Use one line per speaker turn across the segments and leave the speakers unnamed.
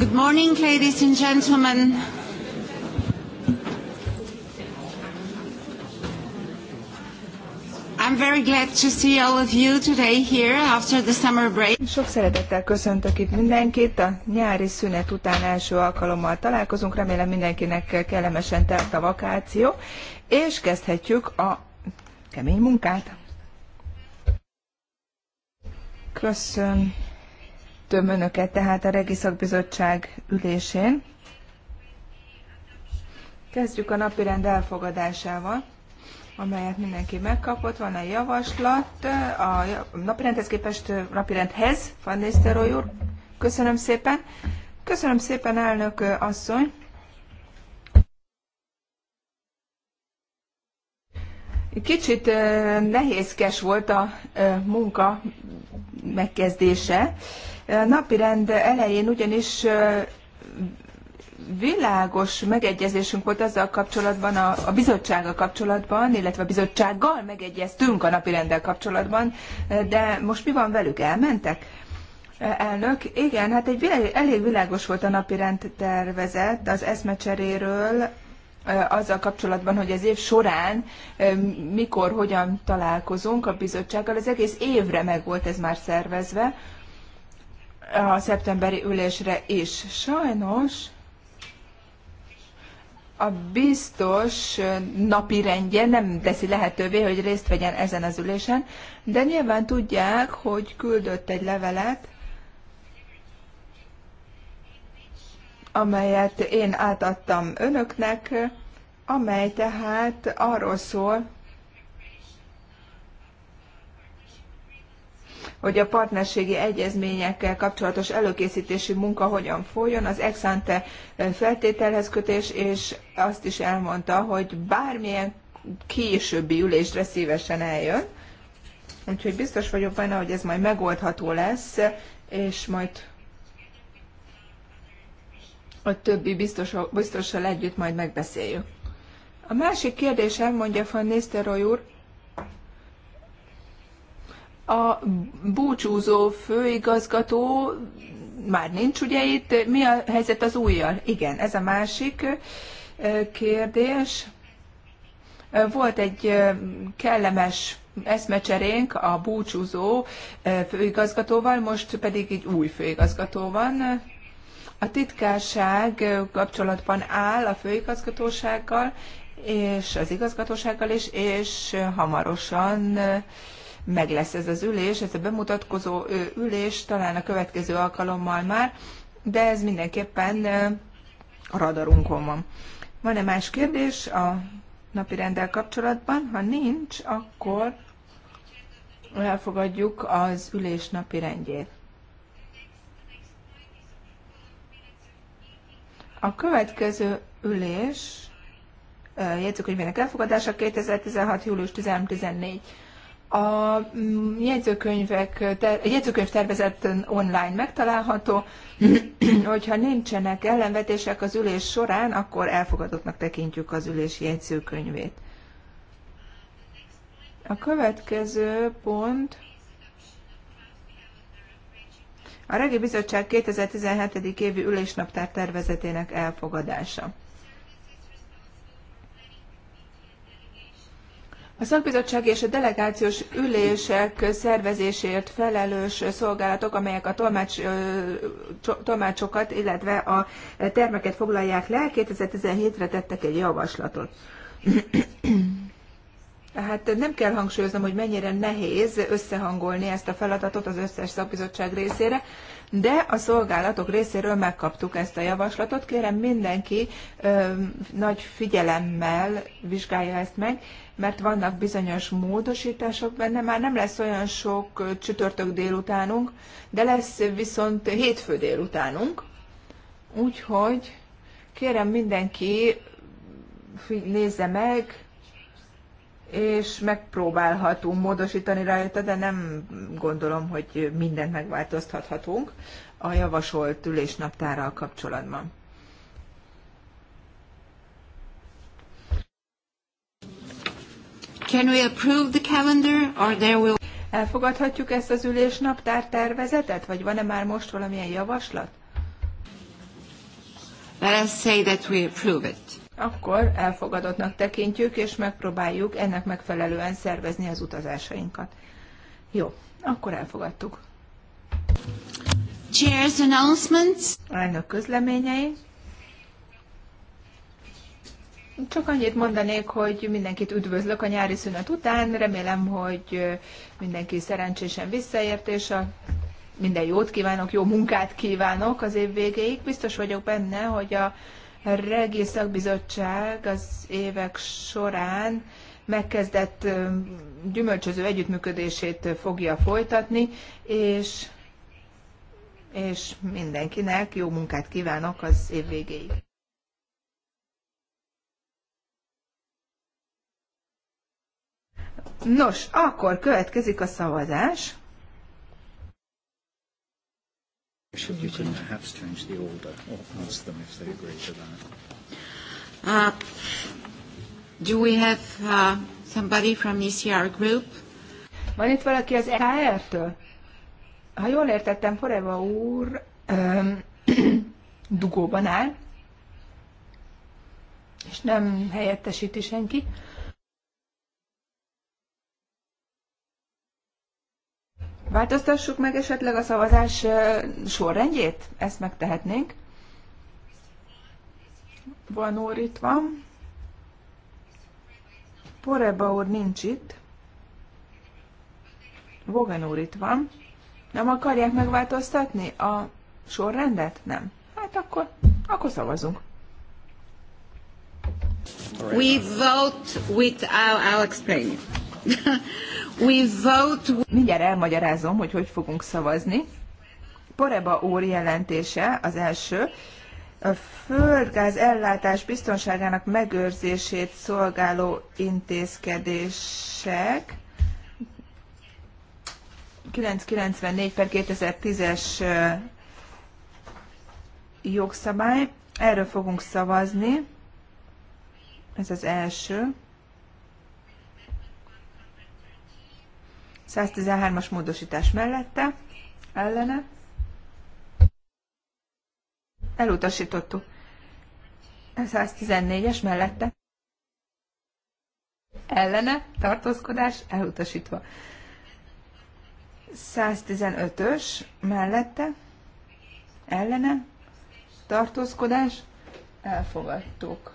Good morning, ladies and gentlemen.
I'm very glad to see all of you today here after the summer break. Sok szeretettel köszöntök itt mindenkit. A nyári szünet után első alkalommal találkozunk. Remélem mindenkinek kellemesen telt a vakáció, és kezdhetjük a kemény munkát. Köszönöm köszöntöm Önöket tehát a Regiszakbizottság ülésén. Kezdjük a napirend elfogadásával, amelyet mindenki megkapott. Van egy javaslat a napirendhez képest napirendhez, Van Nisztelrooy úr. Köszönöm szépen. Köszönöm szépen, elnök asszony. Kicsit nehézkes volt a munka megkezdése, napirend elején ugyanis világos megegyezésünk volt azzal kapcsolatban, a, a bizottsággal kapcsolatban, illetve a bizottsággal megegyeztünk a napirenddel kapcsolatban, de most mi van velük? Elmentek? Elnök, igen, hát egy elég világos volt a rend tervezet az eszmecseréről, azzal kapcsolatban, hogy az év során mikor, hogyan találkozunk a bizottsággal. Az egész évre meg volt ez már szervezve, a szeptemberi ülésre is. Sajnos a biztos napi rendje nem teszi lehetővé, hogy részt vegyen ezen az ülésen, de nyilván tudják, hogy küldött egy levelet, amelyet én átadtam önöknek, amely tehát arról szól, hogy a partnerségi egyezményekkel kapcsolatos előkészítési munka hogyan folyjon, az ex-ante feltételhez kötés, és azt is elmondta, hogy bármilyen későbbi ülésre szívesen eljön. Úgyhogy biztos vagyok benne, hogy ez majd megoldható lesz, és majd a többi biztos, biztossal együtt majd megbeszéljük. A másik kérdésem, mondja Van Nisztelrooy úr, a búcsúzó főigazgató már nincs ugye itt, mi a helyzet az újjal? Igen, ez a másik kérdés. Volt egy kellemes eszmecserénk a búcsúzó főigazgatóval, most pedig egy új főigazgató van. A titkárság kapcsolatban áll a főigazgatósággal, és az igazgatósággal is, és hamarosan meg lesz ez az ülés, ez a bemutatkozó ülés talán a következő alkalommal már, de ez mindenképpen a radarunkon van. Van-e más kérdés a napi rendel kapcsolatban? Ha nincs, akkor elfogadjuk az ülés napi rendjét. A következő ülés minek elfogadása 2016. július 13-14 a mm, jegyzőkönyvek, a jegyzőkönyv tervezett online megtalálható, hogyha nincsenek ellenvetések az ülés során, akkor elfogadottnak tekintjük az ülés jegyzőkönyvét. A következő pont a Regi Bizottság 2017. évi ülésnaptár tervezetének elfogadása. A szakbizottság és a delegációs ülések szervezésért felelős szolgálatok, amelyek a tolmács, tolmácsokat, illetve a termeket foglalják le, 2017-re tettek egy javaslatot. Hát nem kell hangsúlyoznom, hogy mennyire nehéz összehangolni ezt a feladatot az összes szakbizottság részére, de a szolgálatok részéről megkaptuk ezt a javaslatot. Kérem mindenki ö, nagy figyelemmel vizsgálja ezt meg, mert vannak bizonyos módosítások benne, már nem lesz olyan sok csütörtök délutánunk, de lesz viszont hétfő délutánunk. Úgyhogy kérem mindenki nézze meg, és megpróbálhatunk módosítani rajta, de nem gondolom, hogy mindent megváltoztathatunk a javasolt ülésnaptárral kapcsolatban. Can we approve the calendar, or there will... Elfogadhatjuk ezt az ülésnaptár tervezetet, vagy van-e már most valamilyen javaslat?
Let us say that we approve it.
Akkor elfogadottnak tekintjük, és megpróbáljuk ennek megfelelően szervezni az utazásainkat. Jó, akkor elfogadtuk. Chairs announcements. Elnök közleményei. Csak annyit mondanék, hogy mindenkit üdvözlök a nyári szünet után. Remélem, hogy mindenki szerencsésen visszaért, és a minden jót kívánok, jó munkát kívánok az év végéig. Biztos vagyok benne, hogy a Regi Szakbizottság az évek során megkezdett gyümölcsöző együttműködését fogja folytatni, és, és mindenkinek jó munkát kívánok az év végéig. Nos, akkor következik a szavazás.
Uh, do we have uh, somebody from ECR group? Van itt valaki az EKR-től?
Ha jól értettem, Foreva úr um, dugóban áll, és nem helyettesíti senki. Uh, Változtassuk meg esetleg a szavazás sorrendjét? Ezt megtehetnénk. Van úr itt van. Poreba úr nincs itt. Vogan úr itt van. Nem akarják megváltoztatni a sorrendet? Nem. Hát akkor, akkor szavazunk. We vote with I'll explain We vote... Mindjárt elmagyarázom, hogy hogy fogunk szavazni. Poreba úr jelentése az első. A földgáz ellátás biztonságának megőrzését szolgáló intézkedések. 994 per 2010-es jogszabály. Erről fogunk szavazni. Ez az első. 113-as módosítás mellette, ellene. Elutasítottuk. 114-es mellette. Ellene, tartózkodás, elutasítva. 115-ös mellette, ellene, tartózkodás, elfogadtuk.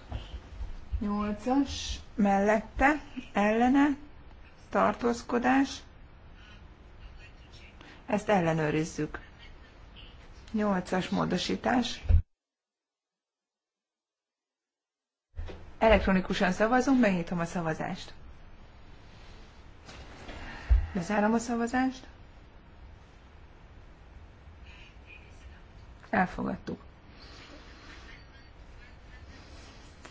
8-as mellette, ellene, tartózkodás, ezt ellenőrizzük. 8-as módosítás. Elektronikusan szavazunk, megnyitom a szavazást. Bezárom a szavazást. Elfogadtuk.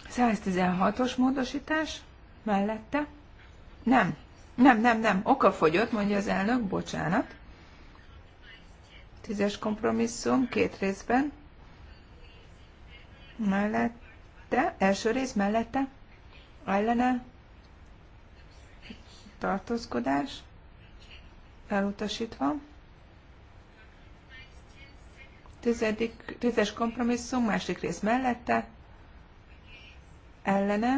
116-os módosítás mellette. Nem, nem, nem, nem, Oka fogyott, mondja az elnök, bocsánat. Tízes kompromisszum két részben. Mellette, első rész mellette, ellene, tartózkodás, elutasítva. Tizedik, tízes kompromisszum, másik rész mellette, ellene,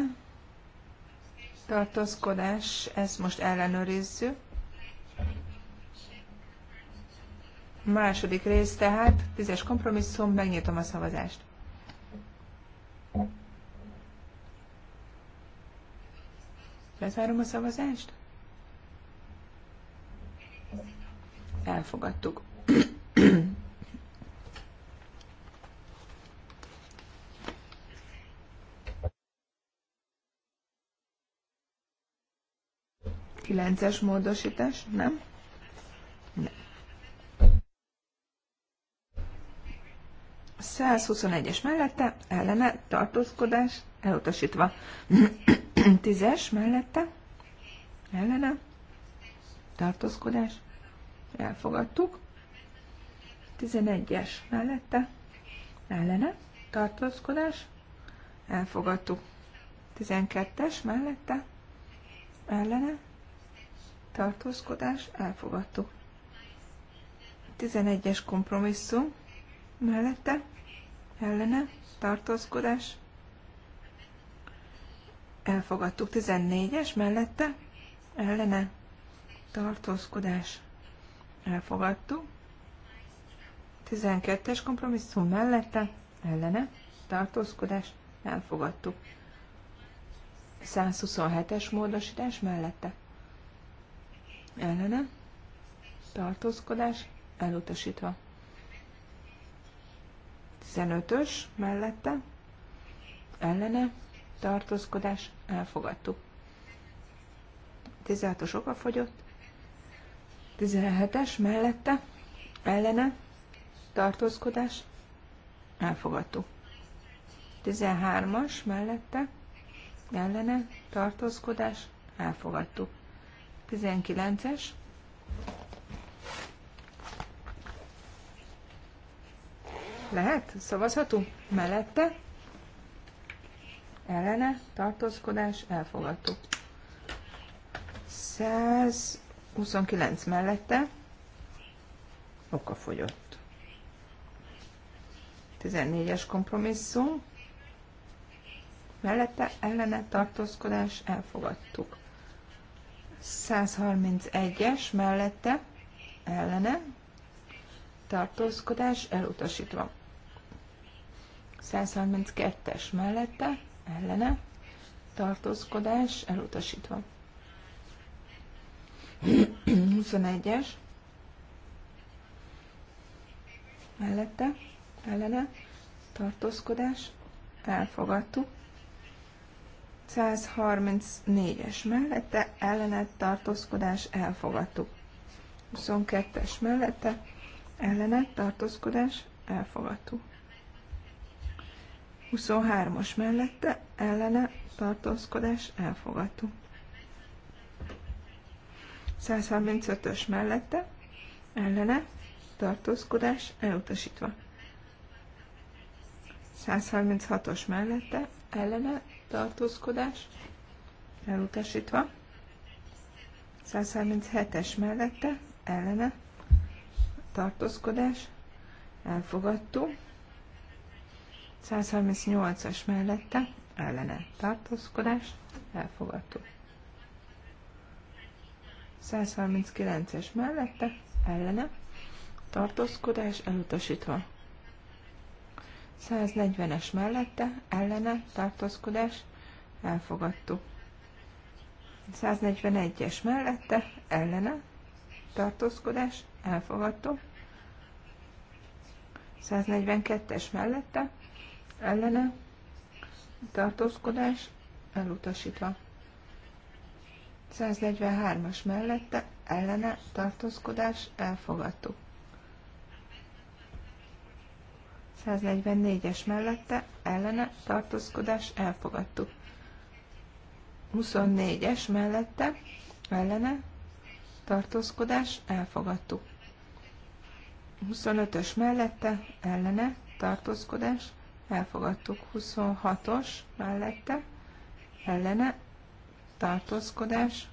tartózkodás, ezt most ellenőrizzük. Második rész tehát, tízes kompromisszum, megnyitom a szavazást. Lezárom a szavazást. Elfogadtuk. Kilences módosítás, nem? 121-es mellette, ellene, tartózkodás, elutasítva. 10-es mellette, ellene, tartózkodás, elfogadtuk. 11-es mellette, ellene, tartózkodás, elfogadtuk. 12-es mellette, ellene, tartózkodás, elfogadtuk. 11-es kompromisszum mellette, ellene tartózkodás. Elfogadtuk 14-es mellette ellene tartózkodás. Elfogadtuk. 12-es kompromisszum mellette ellene tartózkodás. Elfogadtuk. 127-es módosítás mellette ellene tartózkodás elutasítva. 15-ös mellette ellene tartózkodás elfogadtuk. 16-os oka fogyott, 17-es mellette ellene tartózkodás elfogadtuk. 13-as mellette ellene tartózkodás elfogadtuk. 19-es Lehet? Szavazhatunk? Mellette? Ellene? Tartózkodás? Elfogadtuk. 129 mellette. Oka fogyott. 14-es kompromisszum. Mellette ellene tartózkodás elfogadtuk. 131-es mellette ellene tartózkodás elutasítva. 132-es mellette, ellene, tartózkodás elutasítva. 21-es mellette, ellene, tartózkodás, elfogadtuk. 134-es mellette, ellene, tartózkodás, elfogadtuk. 22-es mellette, ellene, tartózkodás, elfogadtuk. 23-as mellette ellene tartózkodás elfogadó. 135-ös mellette ellene tartózkodás elutasítva. 136-os mellette ellene tartózkodás elutasítva. 137-es mellette ellene tartózkodás elfogadtuk. 138-as mellette ellene tartózkodás elfogadó. 139-es mellette ellene tartózkodás elutasítva. 140-es mellette ellene tartózkodás elfogadó. 141-es mellette ellene tartózkodás elfogadó. 142-es mellette ellene, tartózkodás elutasítva. 143-as mellette ellene tartózkodás elfogadtuk. 144-es mellette ellene tartózkodás elfogadtuk. 24-es mellette ellene tartózkodás elfogadtuk. 25-ös mellette ellene tartózkodás elfogadtuk. 26-os mellette, ellene, tartózkodás,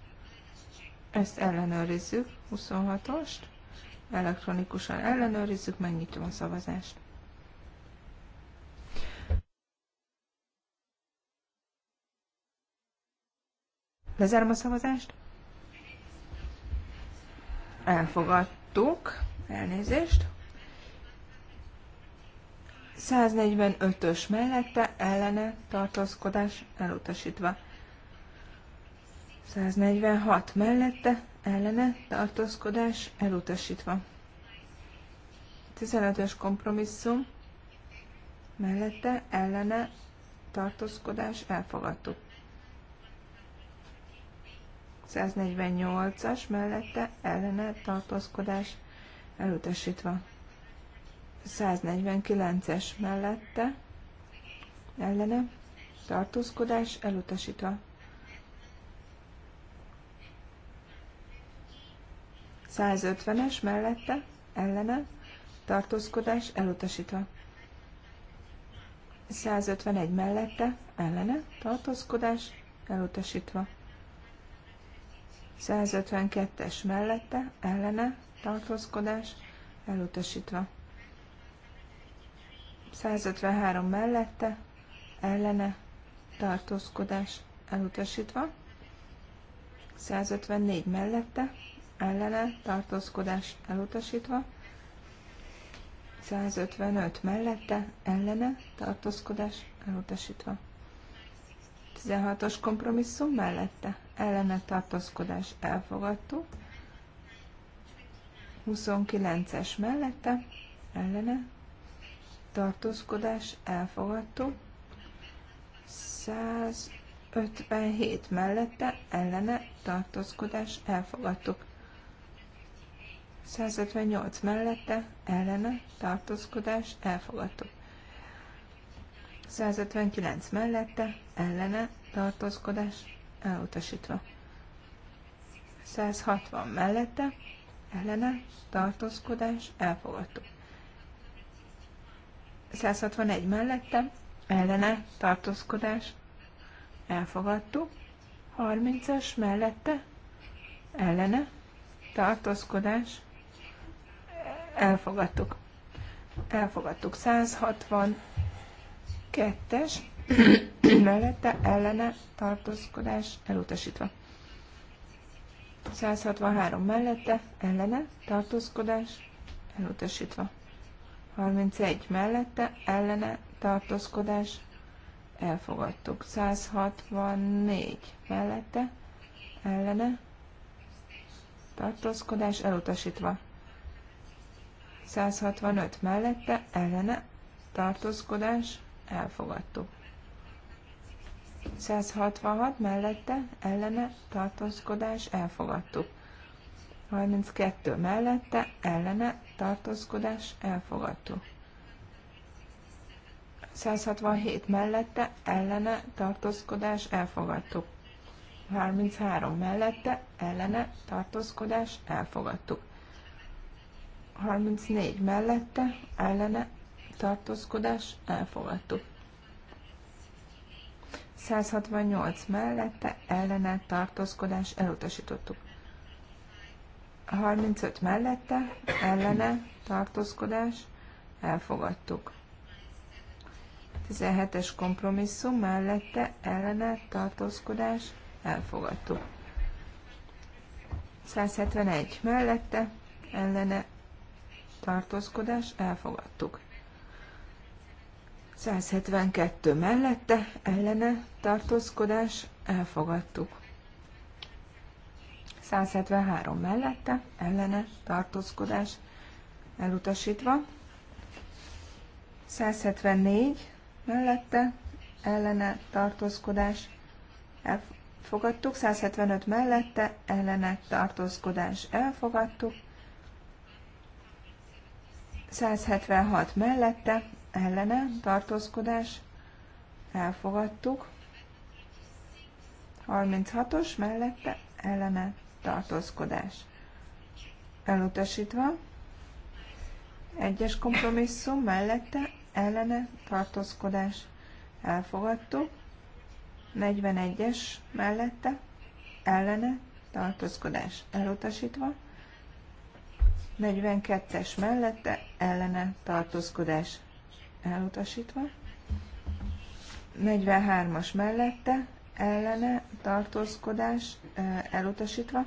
ezt ellenőrizzük, 26-ost, elektronikusan ellenőrizzük, megnyitom a szavazást. Lezárom a szavazást. Elfogadtuk. Elnézést. 145-ös mellette ellene tartózkodás elutasítva. 146 mellette ellene tartózkodás elutasítva. 15-ös kompromisszum mellette ellene tartózkodás elfogadtuk. 148-as mellette ellene tartózkodás elutasítva. 149-es mellette ellene tartózkodás elutasítva. 150-es mellette ellene tartózkodás elutasítva. 151 mellette ellene tartózkodás elutasítva. 152-es mellette ellene tartózkodás elutasítva. 153 mellette, ellene, tartózkodás elutasítva. 154 mellette, ellene, tartózkodás elutasítva. 155 mellette, ellene, tartózkodás elutasítva. 16-os kompromisszum mellette, ellene tartózkodás elfogadtuk. 29-es mellette, ellene tartózkodás elfogadtuk, 157 mellette ellene tartózkodás elfogadtuk, 158 mellette ellene tartózkodás elfogadtuk, 159 mellette ellene tartózkodás elutasítva, 160 mellette ellene tartózkodás elfogadtuk. 161 mellette, ellene, tartózkodás, elfogadtuk. 30-as mellette, ellene, tartózkodás, elfogadtuk. Elfogadtuk. 162-es mellette, ellene, tartózkodás, elutasítva. 163 mellette, ellene, tartózkodás, elutasítva. 31 mellette, ellene, tartózkodás, elfogadtuk. 164 mellette, ellene, tartózkodás, elutasítva. 165 mellette, ellene, tartózkodás, elfogadtuk. 166 mellette, ellene, tartózkodás, elfogadtuk. 32 mellette, ellene, tartózkodás, elfogadtuk. 167 mellette, ellene, tartózkodás, elfogadtuk. 33 mellette, ellene, tartózkodás, elfogadtuk. 34 mellette, ellene, tartózkodás, elfogadtuk. 168 mellette, ellene, tartózkodás, elutasítottuk. 35 mellette, ellene, tartózkodás, elfogadtuk. 17-es kompromisszum mellette, ellene, tartózkodás, elfogadtuk. 171 mellette, ellene, tartózkodás, elfogadtuk. 172 mellette, ellene, tartózkodás, elfogadtuk. 173 mellette, ellene, tartózkodás, elutasítva. 174 mellette, ellene, tartózkodás, elfogadtuk. 175 mellette, ellene, tartózkodás, elfogadtuk. 176 mellette, ellene, tartózkodás, elfogadtuk. 36-os mellette, ellene, tartózkodás elutasítva, egyes kompromisszum mellette ellene tartózkodás elfogadtuk, 41-es mellette ellene tartózkodás elutasítva, 42-es mellette ellene tartózkodás elutasítva, 43-as mellette ellene tartózkodás elutasítva,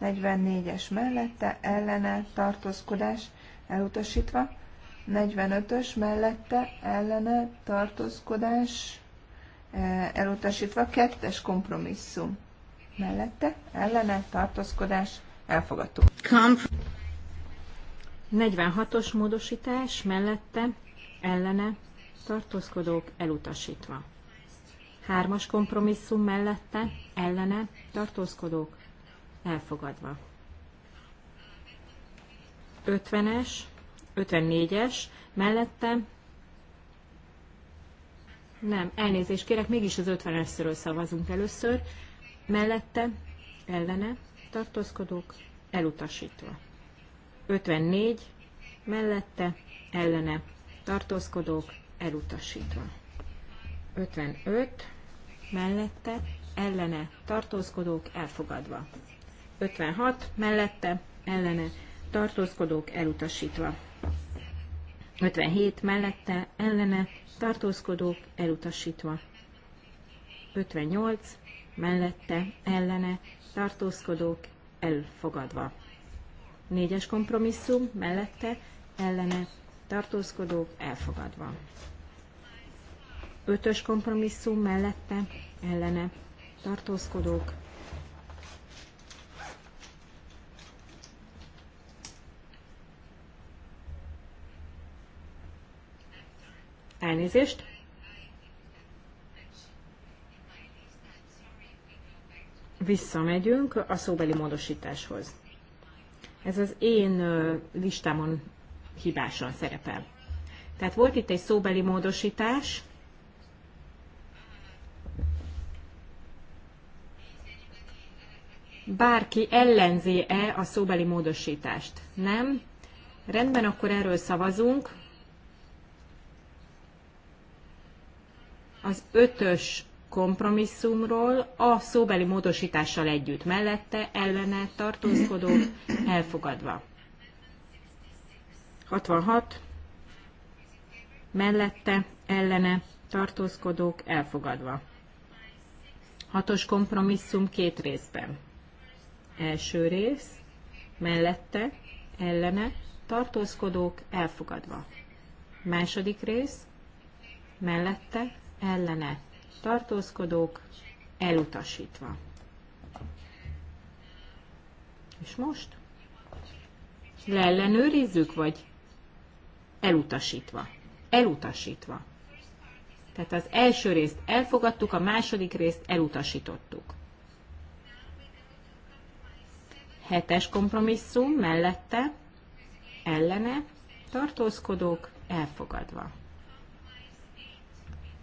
44-es mellette ellene tartózkodás elutasítva, 45-ös mellette ellene tartózkodás elutasítva, kettes kompromisszum mellette
ellene tartózkodás elfogadó. 46-os módosítás mellette ellene tartózkodók elutasítva. Hármas kompromisszum mellette, ellene, tartózkodók, elfogadva. 50-es, 54-es, mellette, nem, elnézést kérek, mégis az 50-esről szavazunk először, mellette, ellene, tartózkodók, elutasítva. 54, mellette, ellene, tartózkodók, elutasítva. 55, mellette, ellene tartózkodók elfogadva. 56 mellette, ellene tartózkodók elutasítva. 57 mellette, ellene tartózkodók elutasítva. 58 mellette, ellene tartózkodók elfogadva. Négyes kompromisszum mellette, ellene tartózkodók elfogadva. Ötös kompromisszum mellette ellene tartózkodók. Elnézést. Visszamegyünk a szóbeli módosításhoz. Ez az én listámon hibásan szerepel. Tehát volt itt egy szóbeli módosítás, bárki ellenzi-e a szóbeli módosítást. Nem? Rendben, akkor erről szavazunk. Az ötös kompromisszumról a szóbeli módosítással együtt mellette ellene tartózkodó elfogadva. 66 mellette ellene tartózkodók elfogadva. Hatos kompromisszum két részben. Első rész, mellette, ellene, tartózkodók elfogadva. Második rész, mellette, ellene, tartózkodók elutasítva. És most? Leellenőrizzük, vagy elutasítva? Elutasítva. Tehát az első részt elfogadtuk, a második részt elutasítottuk. Hetes kompromisszum mellette, ellene, tartózkodók elfogadva.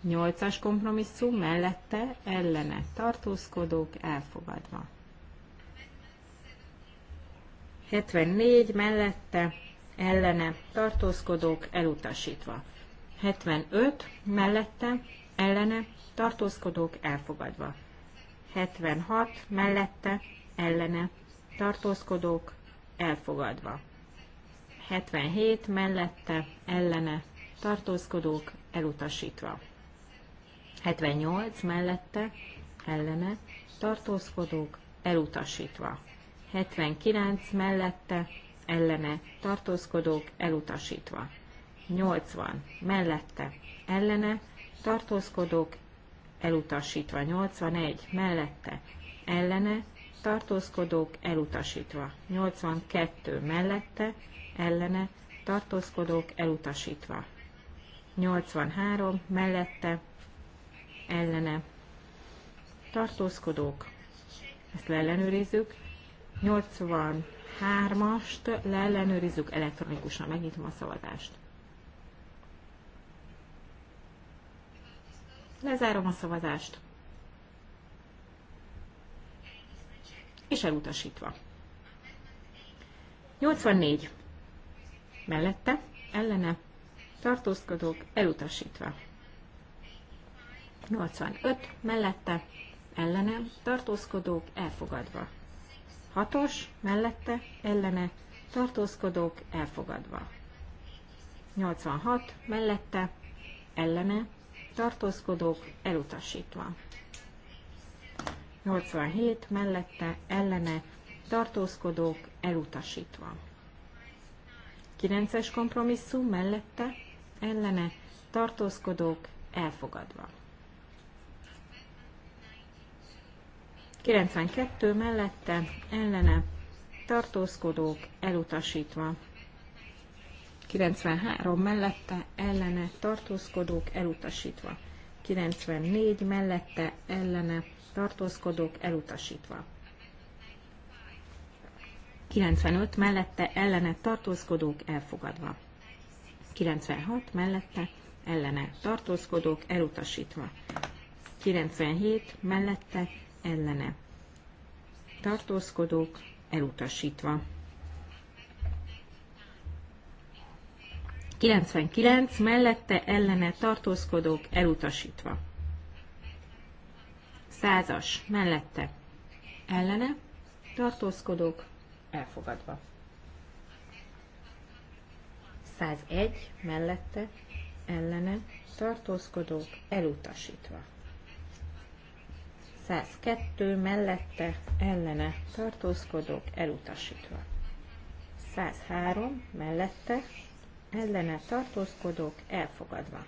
Nyolcas kompromisszum mellette, ellene, tartózkodók elfogadva. 74 mellette, ellene, tartózkodók elutasítva. 75 mellette, ellene, tartózkodók elfogadva. 76 mellette, ellene, tartózkodók elfogadva. 77 mellette ellene tartózkodók elutasítva. 78 mellette ellene tartózkodók elutasítva. 79 mellette ellene tartózkodók elutasítva. 80 mellette ellene tartózkodók elutasítva. 81 mellette ellene tartózkodók elutasítva. 82 mellette, ellene, tartózkodók elutasítva. 83 mellette, ellene, tartózkodók, ezt leellenőrizzük, 83-ast leellenőrizzük elektronikusan, megnyitom a szavazást. Lezárom a szavazást. és elutasítva. 84. Mellette, ellene, tartózkodók, elutasítva. 85. Mellette, ellene, tartózkodók, elfogadva. 6-os, mellette, ellene, tartózkodók, elfogadva. 86. Mellette, ellene, tartózkodók, elutasítva. 87 mellette ellene tartózkodók elutasítva. 9-es kompromisszum mellette ellene tartózkodók elfogadva. 92 mellette ellene tartózkodók elutasítva. 93 mellette ellene tartózkodók elutasítva. 94 mellette ellene tartózkodók elutasítva. 95 mellette ellene tartózkodók elfogadva. 96 mellette ellene tartózkodók elutasítva. 97 mellette ellene tartózkodók elutasítva. 99 mellette ellene tartózkodók elutasítva. Százas mellette ellene tartózkodók elfogadva. 101 mellette ellene tartózkodók elutasítva. 102 mellette ellene tartózkodók elutasítva. 103 mellette ellene tartózkodók elfogadva.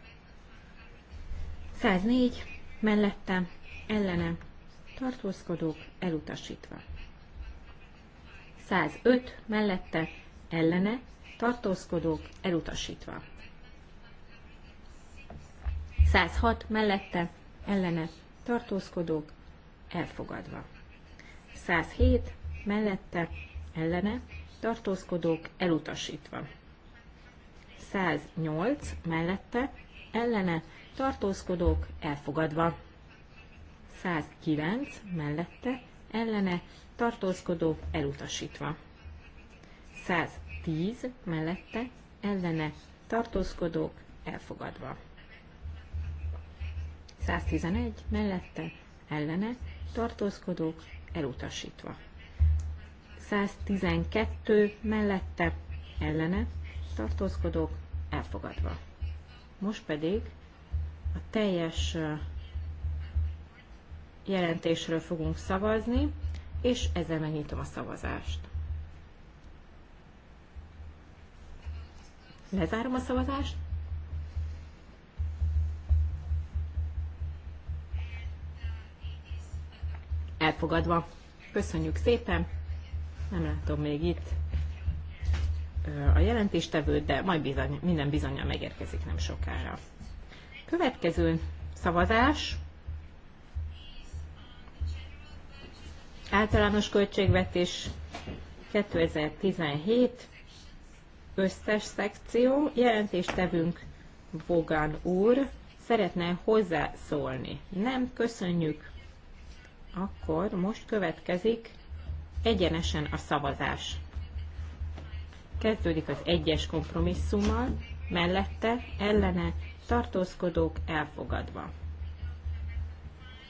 104 mellette ellene tartózkodók elutasítva. 105 mellette ellene tartózkodók elutasítva. 106 mellette ellene tartózkodók elfogadva. 107 mellette ellene tartózkodók elutasítva. 108 mellette ellene tartózkodók elfogadva. 109 mellette ellene tartózkodó, elutasítva. 110 mellette ellene tartózkodók elfogadva. 111 mellette ellene tartózkodók elutasítva. 112 mellette ellene tartózkodók elfogadva. Most pedig a teljes jelentésről fogunk szavazni, és ezzel megnyitom a szavazást. Lezárom a szavazást. Elfogadva. Köszönjük szépen. Nem látom még itt a jelentéstevőt, de majd bizony, minden bizonyal megérkezik nem sokára. Következő szavazás Általános költségvetés 2017, összes szekció, jelentéstevünk Vogan úr szeretne hozzászólni. Nem, köszönjük. Akkor most következik egyenesen a szavazás. Kezdődik az egyes kompromisszummal, mellette, ellene, tartózkodók elfogadva.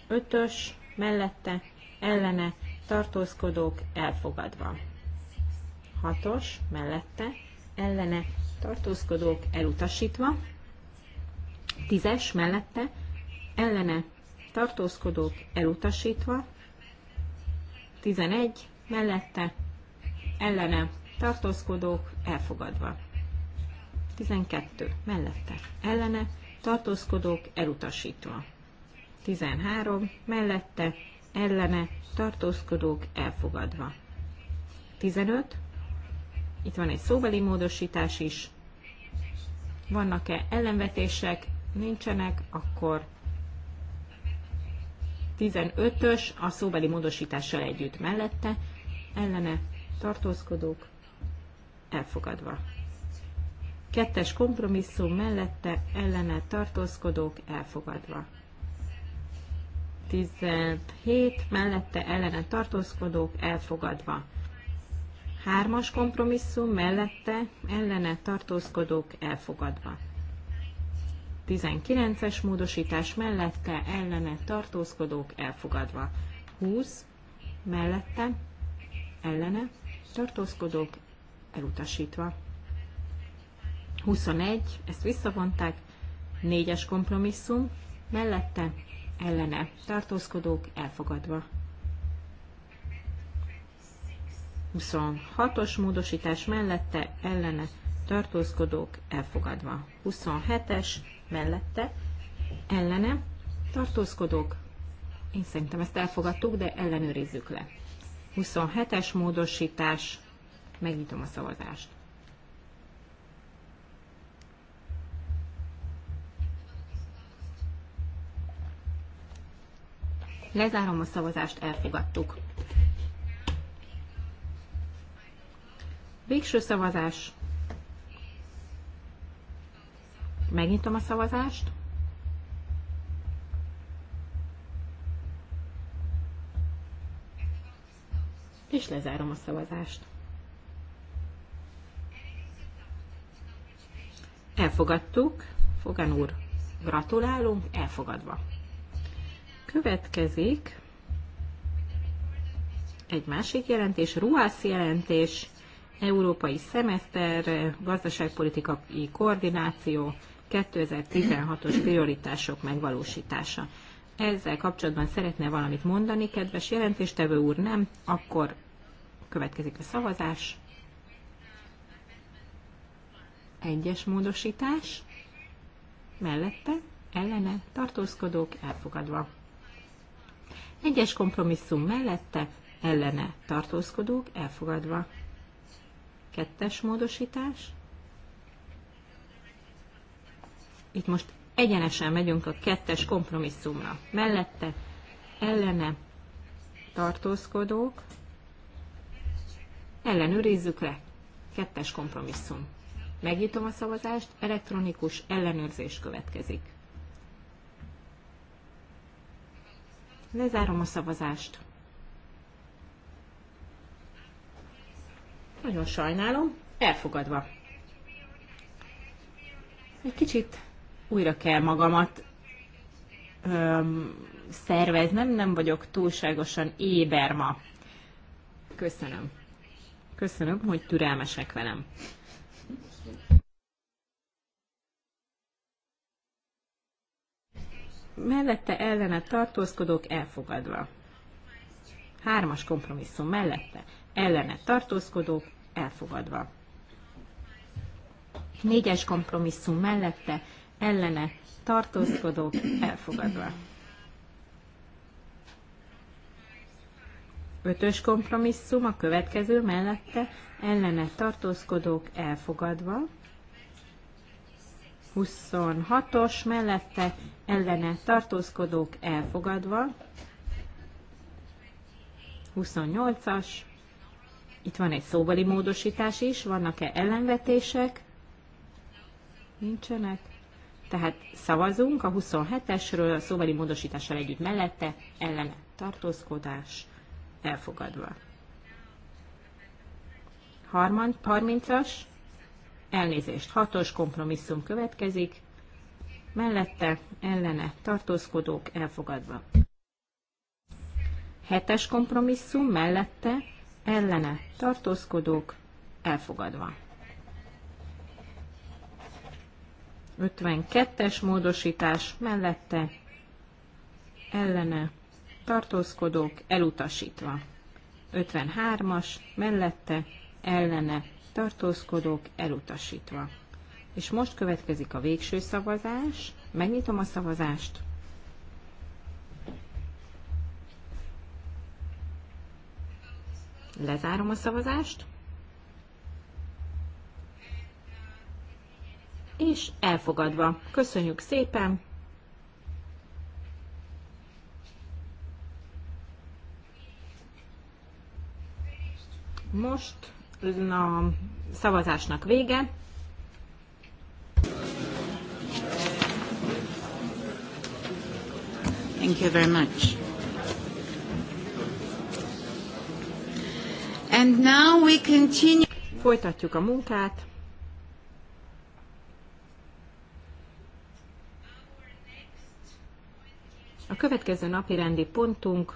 Ötös, mellette, ellene, tartózkodók elfogadva. 6-os mellette ellene tartózkodók elutasítva. 10-es mellette ellene tartózkodók elutasítva. 11 mellette ellene tartózkodók elfogadva. 12 mellette ellene tartózkodók elutasítva. 13 mellette ellene tartózkodók elfogadva. 15. Itt van egy szóbeli módosítás is. Vannak-e ellenvetések? Nincsenek, akkor 15-ös a szóbeli módosítással együtt mellette, ellene tartózkodók elfogadva. Kettes kompromisszum mellette, ellene tartózkodók elfogadva. 17 mellette ellene tartózkodók elfogadva. Hármas kompromisszum mellette ellene tartózkodók elfogadva. 19-es módosítás mellette ellene tartózkodók elfogadva. 20 mellette ellene tartózkodók elutasítva. 21, ezt visszavonták, 4-es kompromisszum, mellette ellene tartózkodók elfogadva. 26-os módosítás mellette ellene tartózkodók elfogadva. 27-es mellette ellene tartózkodók. Én szerintem ezt elfogadtuk, de ellenőrizzük le. 27-es módosítás. Megnyitom a szavazást. Lezárom a szavazást, elfogadtuk. Végső szavazás. Megnyitom a szavazást. És lezárom a szavazást. Elfogadtuk. Fogan úr, gratulálunk, elfogadva. Következik egy másik jelentés, Ruász jelentés, Európai Szemeszter, Gazdaságpolitikai Koordináció, 2016-os prioritások megvalósítása. Ezzel kapcsolatban szeretne valamit mondani, kedves jelentéstevő úr, nem? Akkor következik a szavazás. Egyes módosítás. Mellette, ellene, tartózkodók, elfogadva. Egyes kompromisszum mellette ellene tartózkodók elfogadva. Kettes módosítás. Itt most egyenesen megyünk a kettes kompromisszumra. Mellette ellene tartózkodók. Ellenőrizzük le. Kettes kompromisszum. Megnyitom a szavazást, elektronikus ellenőrzés következik. Lezárom a szavazást. Nagyon sajnálom, elfogadva. Egy kicsit újra kell magamat öm, szerveznem, nem vagyok túlságosan éber ma. Köszönöm. Köszönöm, hogy türelmesek velem. mellette ellene tartózkodók elfogadva. Hármas kompromisszum mellette ellene tartózkodók elfogadva. Négyes kompromisszum mellette ellene tartózkodók elfogadva. Ötös kompromisszum a következő mellette ellene tartózkodók elfogadva. 26-os mellette ellene tartózkodók elfogadva, 28-as, itt van egy szóbeli módosítás is, vannak-e ellenvetések? Nincsenek. Tehát szavazunk a 27-esről, a szóbeli módosítással együtt mellette, ellene tartózkodás elfogadva. 30-as elnézést, hatos kompromisszum következik, mellette ellene tartózkodók elfogadva. Hetes kompromisszum mellette ellene tartózkodók elfogadva. 52-es módosítás mellette ellene tartózkodók elutasítva. 53-as mellette ellene tartózkodók elutasítva. És most következik a végső szavazás. Megnyitom a szavazást. Lezárom a szavazást. És elfogadva. Köszönjük szépen! Most a szavazásnak vége.
Thank you very much. And now we continue. Folytatjuk a munkát.
A következő napi rendi pontunk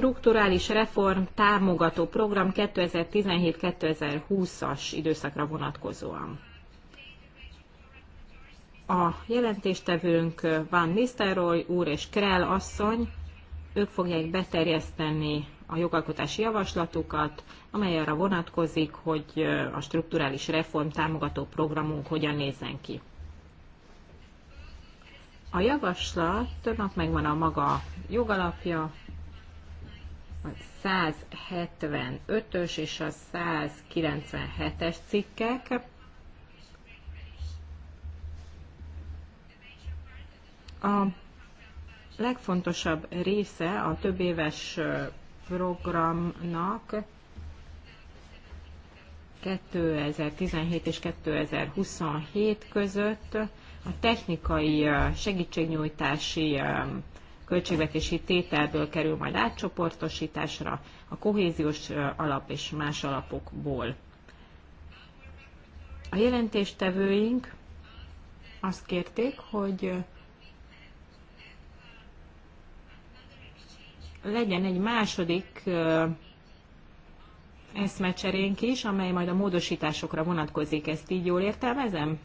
strukturális reform támogató program 2017-2020-as időszakra vonatkozóan. A jelentéstevőnk Van Nistelrooy úr és Krell asszony, ők fogják beterjeszteni a jogalkotási javaslatukat, amely arra vonatkozik, hogy a strukturális reform támogató programunk hogyan nézzen ki. A javaslatnak megvan a maga jogalapja, a 175-ös és a 197-es cikkek. A legfontosabb része a több éves programnak 2017 és 2027 között a technikai segítségnyújtási költségvetési tételből kerül majd átcsoportosításra a kohéziós alap és más alapokból. A jelentéstevőink azt kérték, hogy legyen egy második eszmecserénk is, amely majd a módosításokra vonatkozik. Ezt így jól értelmezem?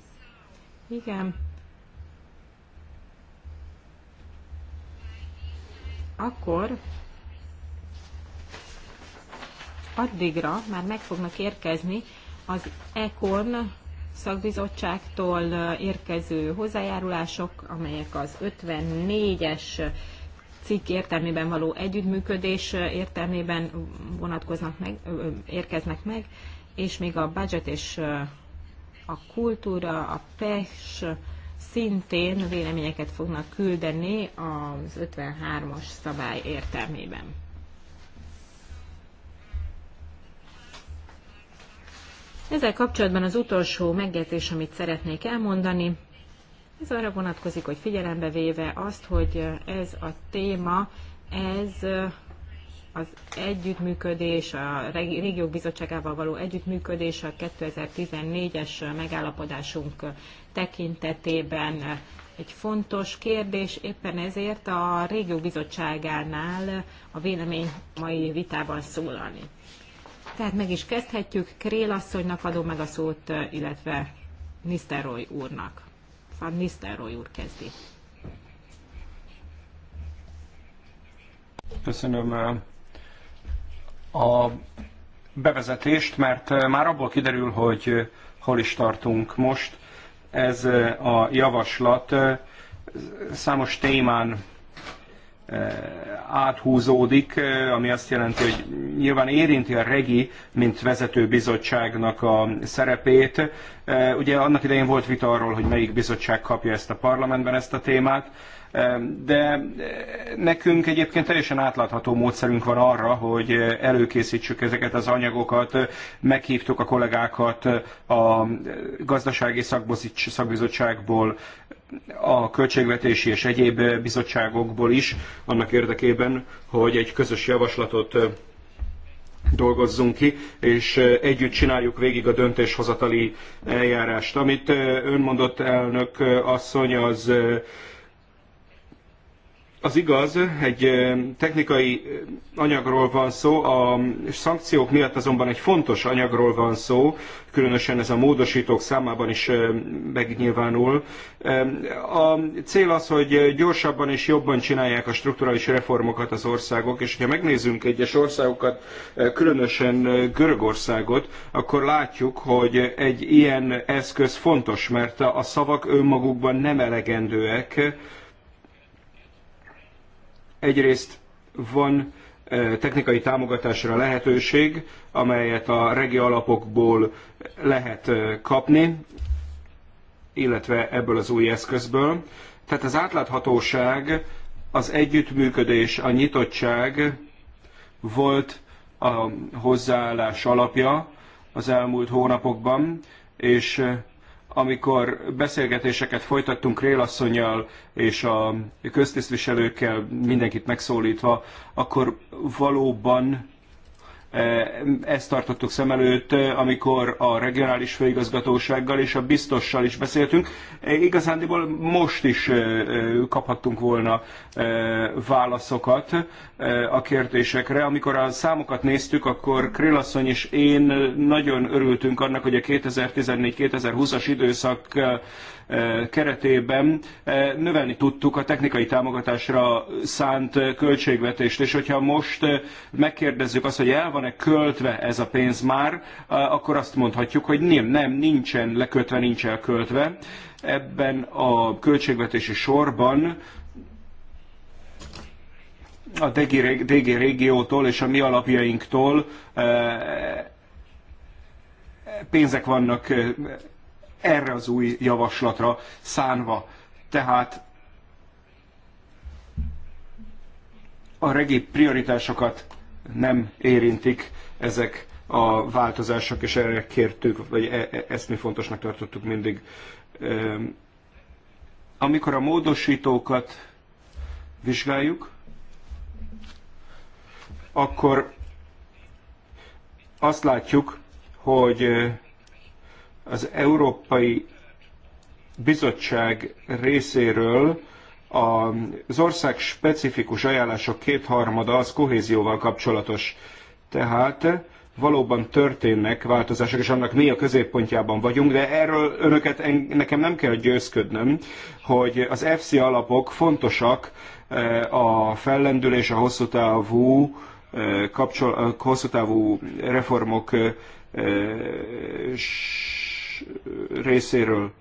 Igen. akkor addigra már meg fognak érkezni az ECON szakbizottságtól érkező hozzájárulások, amelyek az 54-es cikk értelmében való együttműködés értelmében vonatkoznak meg, érkeznek meg, és még a budget és a kultúra, a PES, szintén véleményeket fognak küldeni az 53-as szabály értelmében. Ezzel kapcsolatban az utolsó megjegyzés, amit szeretnék elmondani, ez arra vonatkozik, hogy figyelembe véve azt, hogy ez a téma, ez az együttműködés, a régiók bizottságával való együttműködés a 2014-es megállapodásunk tekintetében egy fontos kérdés, éppen ezért a régió bizottságánál a vélemény mai vitában szólalni. Tehát meg is kezdhetjük. Krél asszonynak adom meg a szót, illetve Nisztelrooy úrnak. Van Nisztelrooy úr kezdi.
Köszönöm eh, a bevezetést, mert eh, már abból kiderül, hogy eh, hol is tartunk most. Ez a javaslat számos témán áthúzódik, ami azt jelenti, hogy nyilván érinti a REGI, mint vezető bizottságnak a szerepét. Ugye annak idején volt vita arról, hogy melyik bizottság kapja ezt a parlamentben ezt a témát. De eh, nekünk egyébként teljesen átlátható módszerünk van arra, hogy eh, előkészítsük ezeket az anyagokat. Eh, meghívtuk a kollégákat a gazdasági szakbizottságból, a költségvetési és egyéb bizottságokból is, annak érdekében, hogy egy közös javaslatot dolgozzunk ki, és együtt csináljuk végig a döntéshozatali eljárást. Amit ön mondott, elnök asszony, az az igaz, egy technikai anyagról van szó, a szankciók miatt azonban egy fontos anyagról van szó, különösen ez a módosítók számában is megnyilvánul. A cél az, hogy gyorsabban és jobban csinálják a strukturális reformokat az országok, és ha megnézzünk egyes országokat, különösen Görögországot, akkor látjuk, hogy egy ilyen eszköz fontos, mert a szavak önmagukban nem elegendőek, Egyrészt van technikai támogatásra lehetőség, amelyet a regi alapokból lehet kapni, illetve ebből az új eszközből. Tehát az átláthatóság, az együttműködés, a nyitottság volt a hozzáállás alapja az elmúlt hónapokban, és amikor beszélgetéseket folytattunk Rélasszonyjal és a köztisztviselőkkel, mindenkit megszólítva, akkor valóban Eh, ezt tartottuk szem előtt, eh, amikor a regionális főigazgatósággal és a biztossal is beszéltünk. Eh, igazándiból most is kaphattunk volna válaszokat a kérdésekre. Amikor a számokat néztük, akkor Krillasszony és én nagyon örültünk annak, hogy a 2014-2020-as időszak keretében növelni tudtuk a technikai támogatásra szánt költségvetést, és hogyha most megkérdezzük azt, hogy el van-e költve ez a pénz már, akkor azt mondhatjuk, hogy nem, nem, nincsen lekötve, nincs elköltve. Ebben a költségvetési sorban a DG régiótól és a mi alapjainktól pénzek vannak erre az új javaslatra szánva. Tehát a regi prioritásokat nem érintik ezek a változások, és erre kértük, vagy e, e ezt mi fontosnak tartottuk mindig. Amikor a módosítókat vizsgáljuk, akkor azt látjuk, hogy az Európai Bizottság részéről az ország specifikus ajánlások kétharmada az kohézióval kapcsolatos. Tehát valóban történnek változások, és annak mi a középpontjában vagyunk, de erről önöket nekem nem kell győzködnöm, hogy az FC alapok fontosak eh, a fellendülés, a hosszú távú, eh, kapcsol, hosszú távú reformok eh, részéről.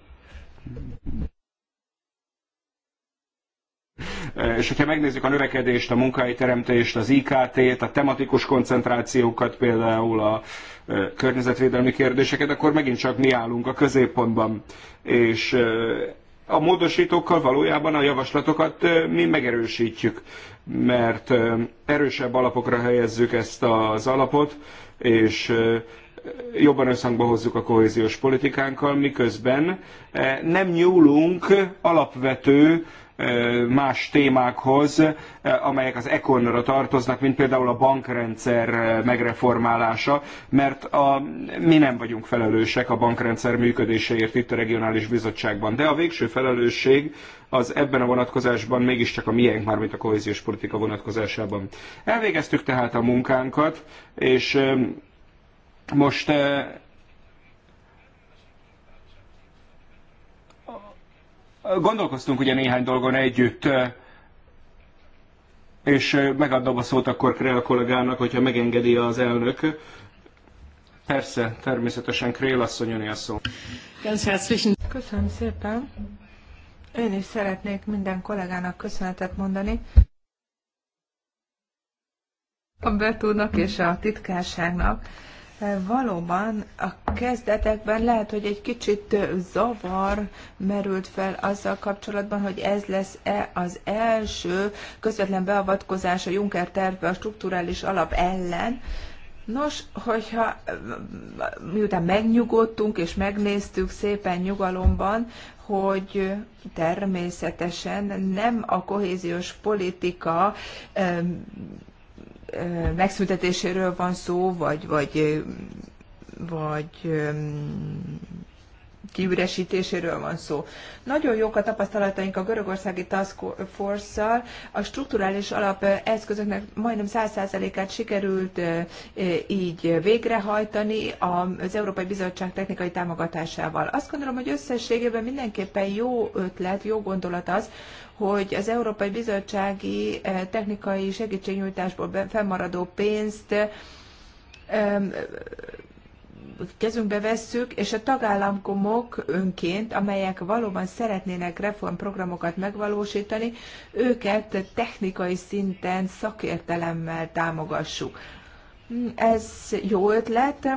És hogyha megnézzük a növekedést, a teremtést, az IKT-t, a tematikus koncentrációkat, például a környezetvédelmi kérdéseket, akkor megint csak mi állunk a középpontban. És a módosítókkal valójában a javaslatokat mi megerősítjük, mert erősebb alapokra helyezzük ezt az alapot, és jobban összhangba hozzuk a kohéziós politikánkkal, miközben eh, nem nyúlunk alapvető eh, más témákhoz, eh, amelyek az Econ-ra tartoznak, mint például a bankrendszer megreformálása, mert a, mi nem vagyunk felelősek a bankrendszer működéséért itt a regionális bizottságban, de a végső felelősség az ebben a vonatkozásban mégiscsak a miénk, mármint a kohéziós politika vonatkozásában. Elvégeztük tehát a munkánkat, és most eh, gondolkoztunk ugye néhány dolgon együtt, eh, és eh, megadom a szót akkor Krél kollégának, hogyha megengedi az elnök. Persze, természetesen Krél asszony a szó.
Köszönöm szépen. Én is szeretnék minden kollégának köszönetet mondani. A Betúnak és a titkárságnak Valóban a kezdetekben lehet, hogy egy kicsit zavar merült fel azzal kapcsolatban, hogy ez lesz-e az első közvetlen beavatkozás a Juncker tervbe a strukturális alap ellen. Nos, hogyha miután megnyugodtunk és megnéztük szépen nyugalomban, hogy természetesen nem a kohéziós politika megszüntetéséről van szó, vagy, vagy, vagy kiüresítéséről van szó. Nagyon jók a tapasztalataink a görögországi Task Force-szal, a strukturális alap eszközöknek majdnem 100%-át sikerült így végrehajtani az Európai Bizottság technikai támogatásával. Azt gondolom, hogy összességében mindenképpen jó ötlet, jó gondolat az, hogy az Európai Bizottsági technikai segítségnyújtásból fennmaradó pénzt kezünkbe vesszük, és a tagállamkomok önként, amelyek valóban szeretnének reformprogramokat megvalósítani, őket technikai szinten szakértelemmel támogassuk. Ez jó ötlet,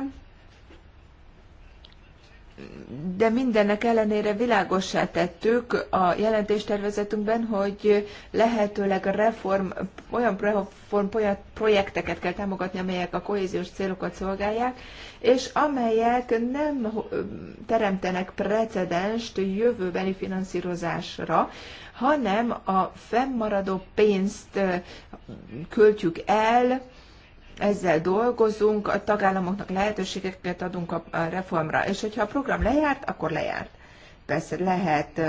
de mindennek ellenére világossá tettük a jelentéstervezetünkben, hogy lehetőleg a reform, olyan reform projekteket kell támogatni, amelyek a kohéziós célokat szolgálják, és amelyek nem teremtenek precedenst jövőbeni finanszírozásra, hanem a fennmaradó pénzt költjük el, ezzel dolgozunk, a tagállamoknak lehetőségeket adunk a reformra, és hogyha a program lejárt, akkor lejárt. Persze lehet,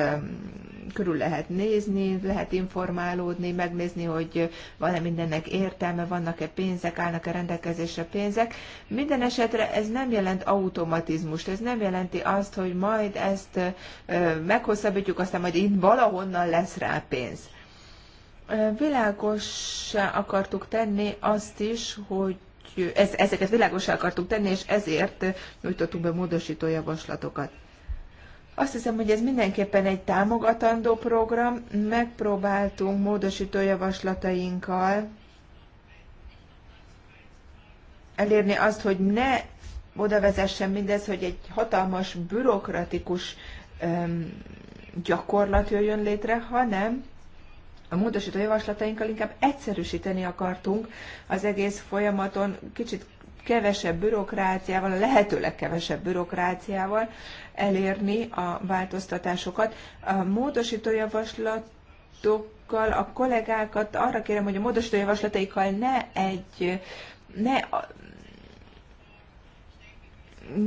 körül lehet nézni, lehet informálódni, megnézni, hogy van-e mindennek értelme, vannak-e pénzek, állnak-e rendelkezésre pénzek. Minden esetre ez nem jelent automatizmust, ez nem jelenti azt, hogy majd ezt meghosszabbítjuk, aztán majd itt valahonnan lesz rá pénz Világossá akartuk tenni azt is, hogy ez, ezeket világosá akartuk tenni, és ezért nyújtottunk be módosító javaslatokat. Azt hiszem, hogy ez mindenképpen egy támogatandó program. Megpróbáltunk módosító javaslatainkkal elérni azt, hogy ne oda vezessen mindez, hogy egy hatalmas bürokratikus öm, gyakorlat jöjjön létre, hanem a módosító javaslatainkkal inkább egyszerűsíteni akartunk az egész folyamaton, kicsit kevesebb bürokráciával, a lehető legkevesebb bürokráciával elérni a változtatásokat. A módosító javaslatokkal a kollégákat arra kérem, hogy a módosító javaslataikkal ne egy ne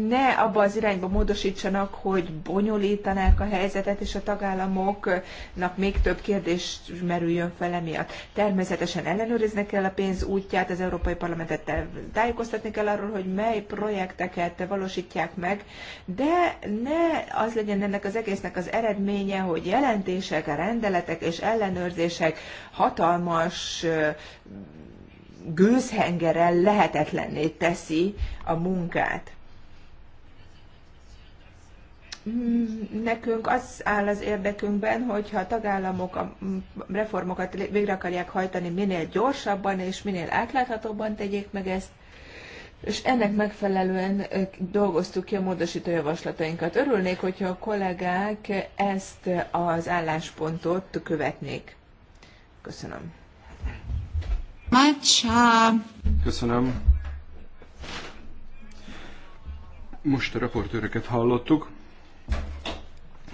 ne abba az irányba módosítsanak, hogy bonyolítanák a helyzetet, és a tagállamoknak még több kérdés merüljön fel emiatt. Természetesen ellenőriznek kell a pénz útját, az Európai Parlamentet tájékoztatni kell arról, hogy mely projekteket valósítják meg, de ne az legyen ennek az egésznek az eredménye, hogy jelentések, rendeletek és ellenőrzések hatalmas gőzhengerrel lehetetlenné teszi a munkát. Mm, nekünk az áll az érdekünkben, hogyha a tagállamok a reformokat végre akarják hajtani, minél gyorsabban és minél átláthatóbban tegyék meg ezt, és ennek megfelelően dolgoztuk ki a módosító javaslatainkat. Örülnék, hogyha a kollégák ezt az álláspontot követnék.
Köszönöm. Uh, Köszönöm. Most a raportőröket hallottuk.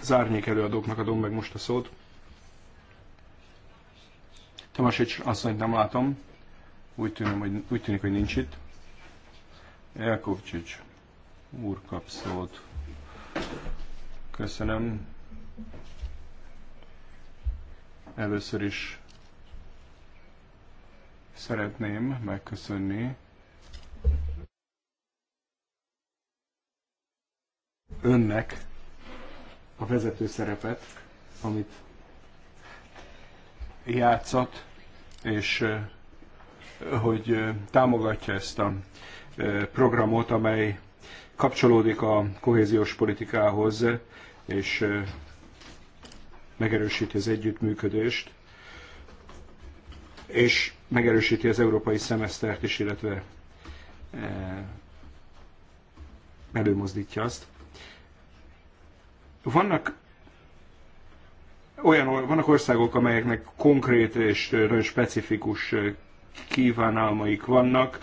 Az árnyék előadóknak adom meg most a szót. Tomasics asszonyt nem látom. Úgy, tűnöm, hogy, úgy tűnik, hogy nincs itt. Elkovcsics úr kap szót. Köszönöm. Először is szeretném megköszönni önnek a vezető szerepet, amit játszat, és hogy támogatja ezt a programot, amely kapcsolódik a kohéziós politikához, és megerősíti az együttműködést, és megerősíti az európai szemesztert is, illetve előmozdítja azt. Vannak olyan, vannak országok, amelyeknek konkrét és nagyon specifikus kívánalmaik vannak.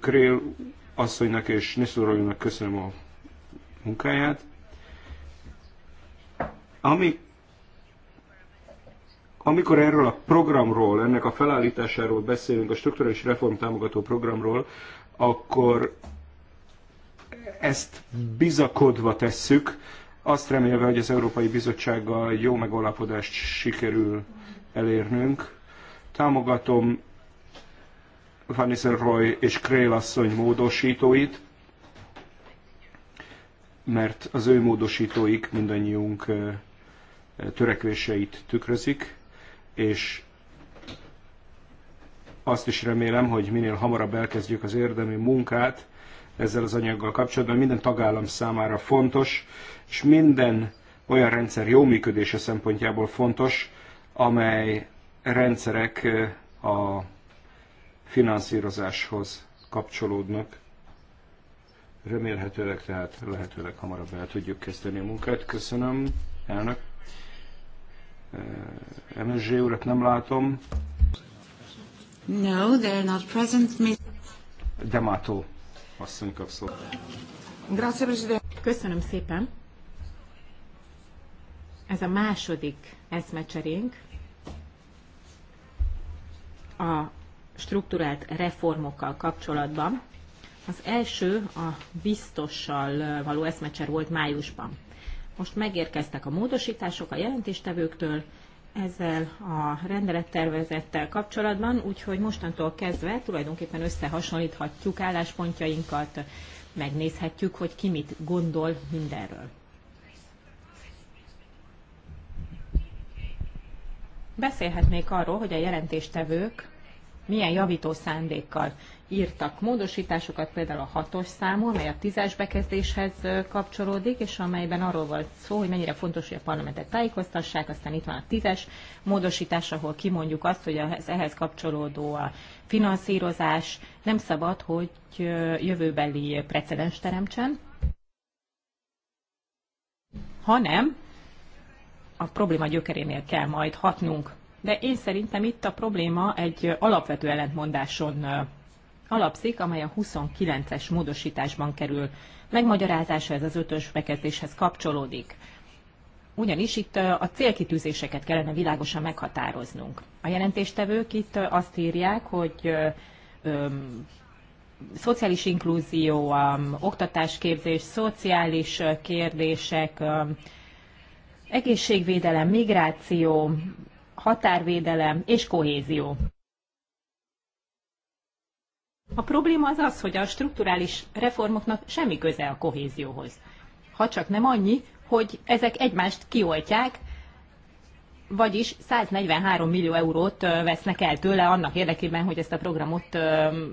Krél asszonynak és Nisztorolónak köszönöm a munkáját. Ami, amikor erről a programról, ennek a felállításáról beszélünk, a strukturális reform támogató programról, akkor ezt bizakodva tesszük, azt remélve, hogy az Európai Bizottsággal jó megállapodást sikerül elérnünk. Támogatom Van Roy és Krél asszony módosítóit, mert az ő módosítóik mindannyiunk törekvéseit tükrözik, és azt is remélem, hogy minél hamarabb elkezdjük az érdemi munkát, ezzel az anyaggal kapcsolatban, minden tagállam számára fontos, és minden olyan rendszer jó működése szempontjából fontos, amely rendszerek eh, a finanszírozáshoz kapcsolódnak. Remélhetőleg, tehát lehetőleg hamarabb el tudjuk kezdeni a munkát. Köszönöm, elnök. Eh, MSZ urat nem látom.
No, they're not present, Miss...
Demato asszony kap szót.
Köszönöm szépen. Ez a második eszmecserénk a strukturált reformokkal kapcsolatban. Az első a biztossal való eszmecser volt májusban. Most megérkeztek a módosítások a jelentéstevőktől, ezzel a rendelettervezettel kapcsolatban, úgyhogy mostantól kezdve tulajdonképpen összehasonlíthatjuk álláspontjainkat, megnézhetjük, hogy ki mit gondol mindenről. Beszélhetnék arról, hogy a jelentéstevők milyen javító szándékkal írtak módosításokat, például a hatos számú, amely a tízes bekezdéshez kapcsolódik, és amelyben arról volt szó, hogy mennyire fontos, hogy a parlamentet tájékoztassák, aztán itt van a tízes módosítás, ahol kimondjuk azt, hogy az ehhez kapcsolódó a finanszírozás nem szabad, hogy jövőbeli precedens teremtsen, hanem a probléma gyökerénél kell majd hatnunk. De én szerintem itt a probléma egy alapvető ellentmondáson alapszik, amely a 29-es módosításban kerül megmagyarázása, ez az ötös bekezdéshez kapcsolódik. Ugyanis itt a célkitűzéseket kellene világosan meghatároznunk. A jelentéstevők itt azt írják, hogy szociális inkluzió, oktatásképzés, szociális kérdések, egészségvédelem, migráció, határvédelem és kohézió. A probléma az az, hogy a strukturális reformoknak semmi köze a kohézióhoz. Ha csak nem annyi, hogy ezek egymást kioltják, vagyis 143 millió eurót vesznek el tőle annak érdekében, hogy ezt a programot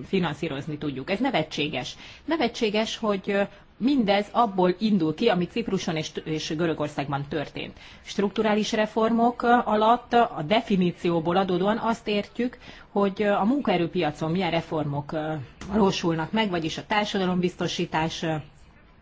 finanszírozni tudjuk. Ez nevetséges. Nevetséges, hogy mindez abból indul ki, ami Cipruson és, Görögországban történt. Strukturális reformok alatt a definícióból adódóan azt értjük, hogy a munkaerőpiacon milyen reformok valósulnak meg, vagyis a társadalombiztosítás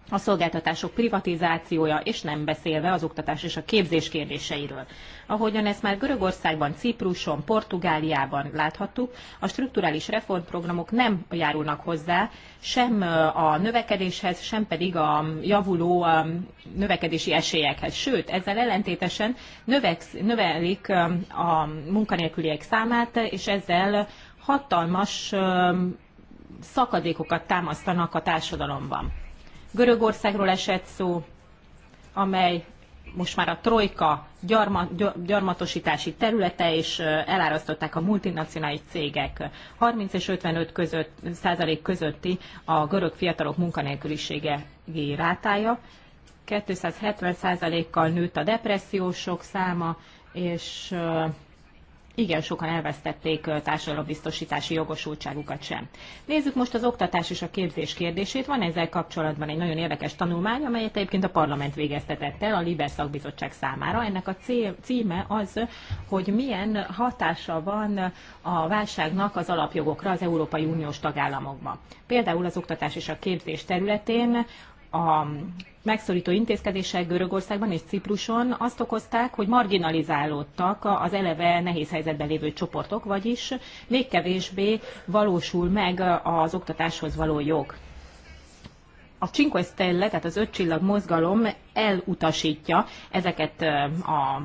a szolgáltatások privatizációja, és nem beszélve az oktatás és a képzés kérdéseiről. Ahogyan ezt már Görögországban, Cipruson, Portugáliában láthattuk, a strukturális reformprogramok nem járulnak hozzá sem a növekedéshez, sem pedig a javuló növekedési esélyekhez. Sőt, ezzel ellentétesen növeksz, növelik a munkanélküliek számát, és ezzel hatalmas szakadékokat támasztanak a társadalomban. Görögországról esett szó, amely most már a trojka gyarma, gyarmatosítási területe, és elárasztották a multinacionális cégek. 30 és 55 között, százalék közötti a görög fiatalok munkanélkülisége rátája. 270 százalékkal nőtt a depressziósok száma, és igen sokan elvesztették társadalombiztosítási jogosultságukat sem. Nézzük most az oktatás és a képzés kérdését. Van ezzel kapcsolatban egy nagyon érdekes tanulmány, amelyet egyébként a parlament végeztetett el a Liber szakbizottság számára. Ennek a címe az, hogy milyen hatása van a válságnak az alapjogokra az Európai Uniós tagállamokban. Például az oktatás és a képzés területén a megszorító intézkedések Görögországban és Cipruson azt okozták, hogy marginalizálódtak az eleve nehéz helyzetben lévő csoportok, vagyis még kevésbé valósul meg az oktatáshoz való jog. A Cinque Stelle, tehát az öt csillag mozgalom elutasítja ezeket a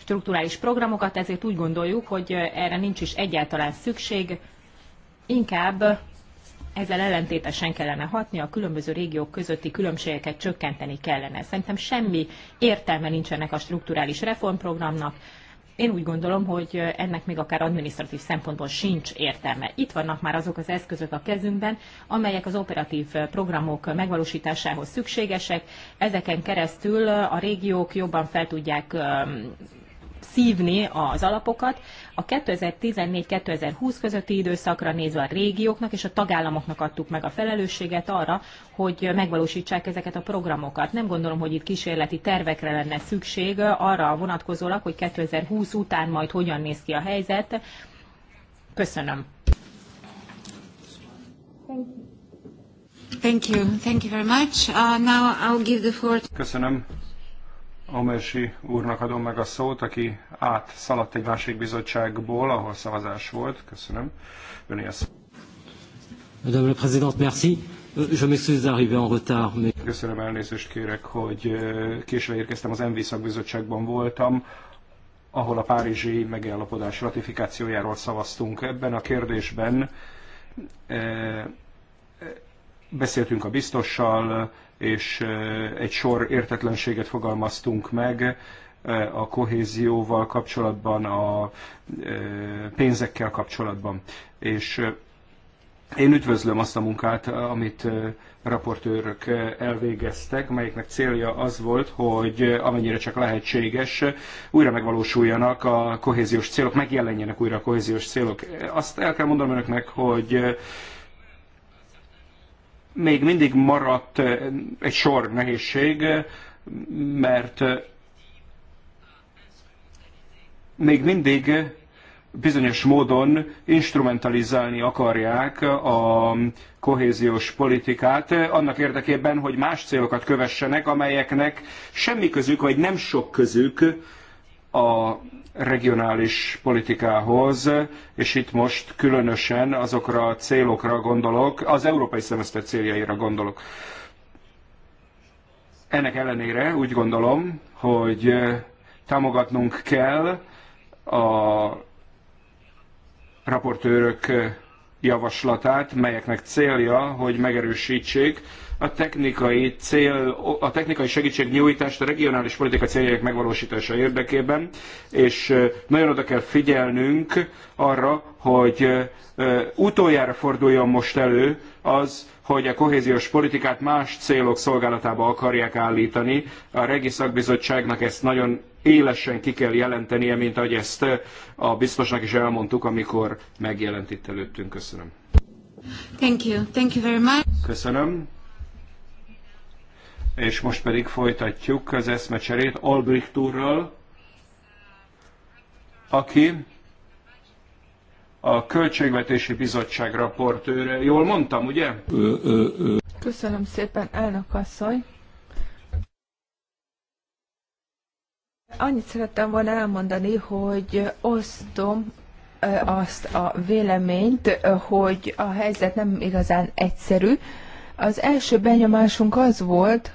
strukturális programokat, ezért úgy gondoljuk, hogy erre nincs is egyáltalán szükség, inkább ezzel ellentétesen kellene hatni, a különböző régiók közötti különbségeket csökkenteni kellene. Szerintem semmi értelme nincsenek a strukturális reformprogramnak. Én úgy gondolom, hogy ennek még akár administratív szempontból sincs értelme. Itt vannak már azok az eszközök a kezünkben, amelyek az operatív programok megvalósításához szükségesek. Ezeken keresztül a régiók jobban fel tudják szívni az alapokat, a 2014-2020 közötti időszakra nézve a régióknak és a tagállamoknak adtuk meg a felelősséget arra, hogy megvalósítsák ezeket a programokat. Nem gondolom, hogy itt kísérleti tervekre lenne szükség arra vonatkozólag, hogy 2020 után majd hogyan néz ki a helyzet. Köszönöm. Thank you. Thank you. very much. Uh, now I'll give the floor.
Köszönöm. Omersi úrnak adom meg a szót, aki átszaladt egy másik bizottságból, ahol szavazás volt. Köszönöm. Önél
Madame la Présidente, merci. Je m'excuse d'arriver en retard. Mais...
Köszönöm, elnézést kérek, hogy késve érkeztem, az MV szakbizottságban voltam ahol a párizsi megállapodás ratifikációjáról szavaztunk. Ebben a kérdésben beszéltünk a biztossal, és egy sor értetlenséget fogalmaztunk meg, a kohézióval kapcsolatban, a e, pénzekkel kapcsolatban. És e, én üdvözlöm azt a munkát, amit e, raportőrök elvégeztek, melyiknek célja az volt, hogy amennyire csak lehetséges, újra megvalósuljanak a kohéziós célok, megjelenjenek újra a kohéziós célok. Azt el kell mondanom önöknek, hogy még mindig maradt egy sor nehézség, mert még mindig bizonyos módon instrumentalizálni akarják a kohéziós politikát annak érdekében, hogy más célokat kövessenek, amelyeknek semmi közük, vagy nem sok közük a regionális politikához, és itt most különösen azokra a célokra gondolok, az európai szemeszter céljaira gondolok. Ennek ellenére úgy gondolom, hogy támogatnunk kell a raportőrök javaslatát, melyeknek célja, hogy megerősítsék a technikai, cél, a technikai segítségnyújtást a regionális politika céljaik megvalósítása érdekében, és nagyon oda kell figyelnünk arra, hogy utoljára forduljon most elő az, hogy a kohéziós politikát más célok szolgálatába akarják állítani. A Regi Szakbizottságnak ezt nagyon élesen ki kell jelentenie, mint ahogy ezt a biztosnak is elmondtuk, amikor megjelent itt előttünk. Köszönöm.
Thank you. Thank you very much.
Köszönöm. És most pedig folytatjuk az eszmecserét Albrecht úrral, aki a Költségvetési Bizottság raportőre. Jól mondtam, ugye?
Köszönöm szépen, elnök asszony. Annyit szerettem volna elmondani, hogy osztom azt a véleményt, hogy a helyzet nem igazán egyszerű. Az első benyomásunk az volt,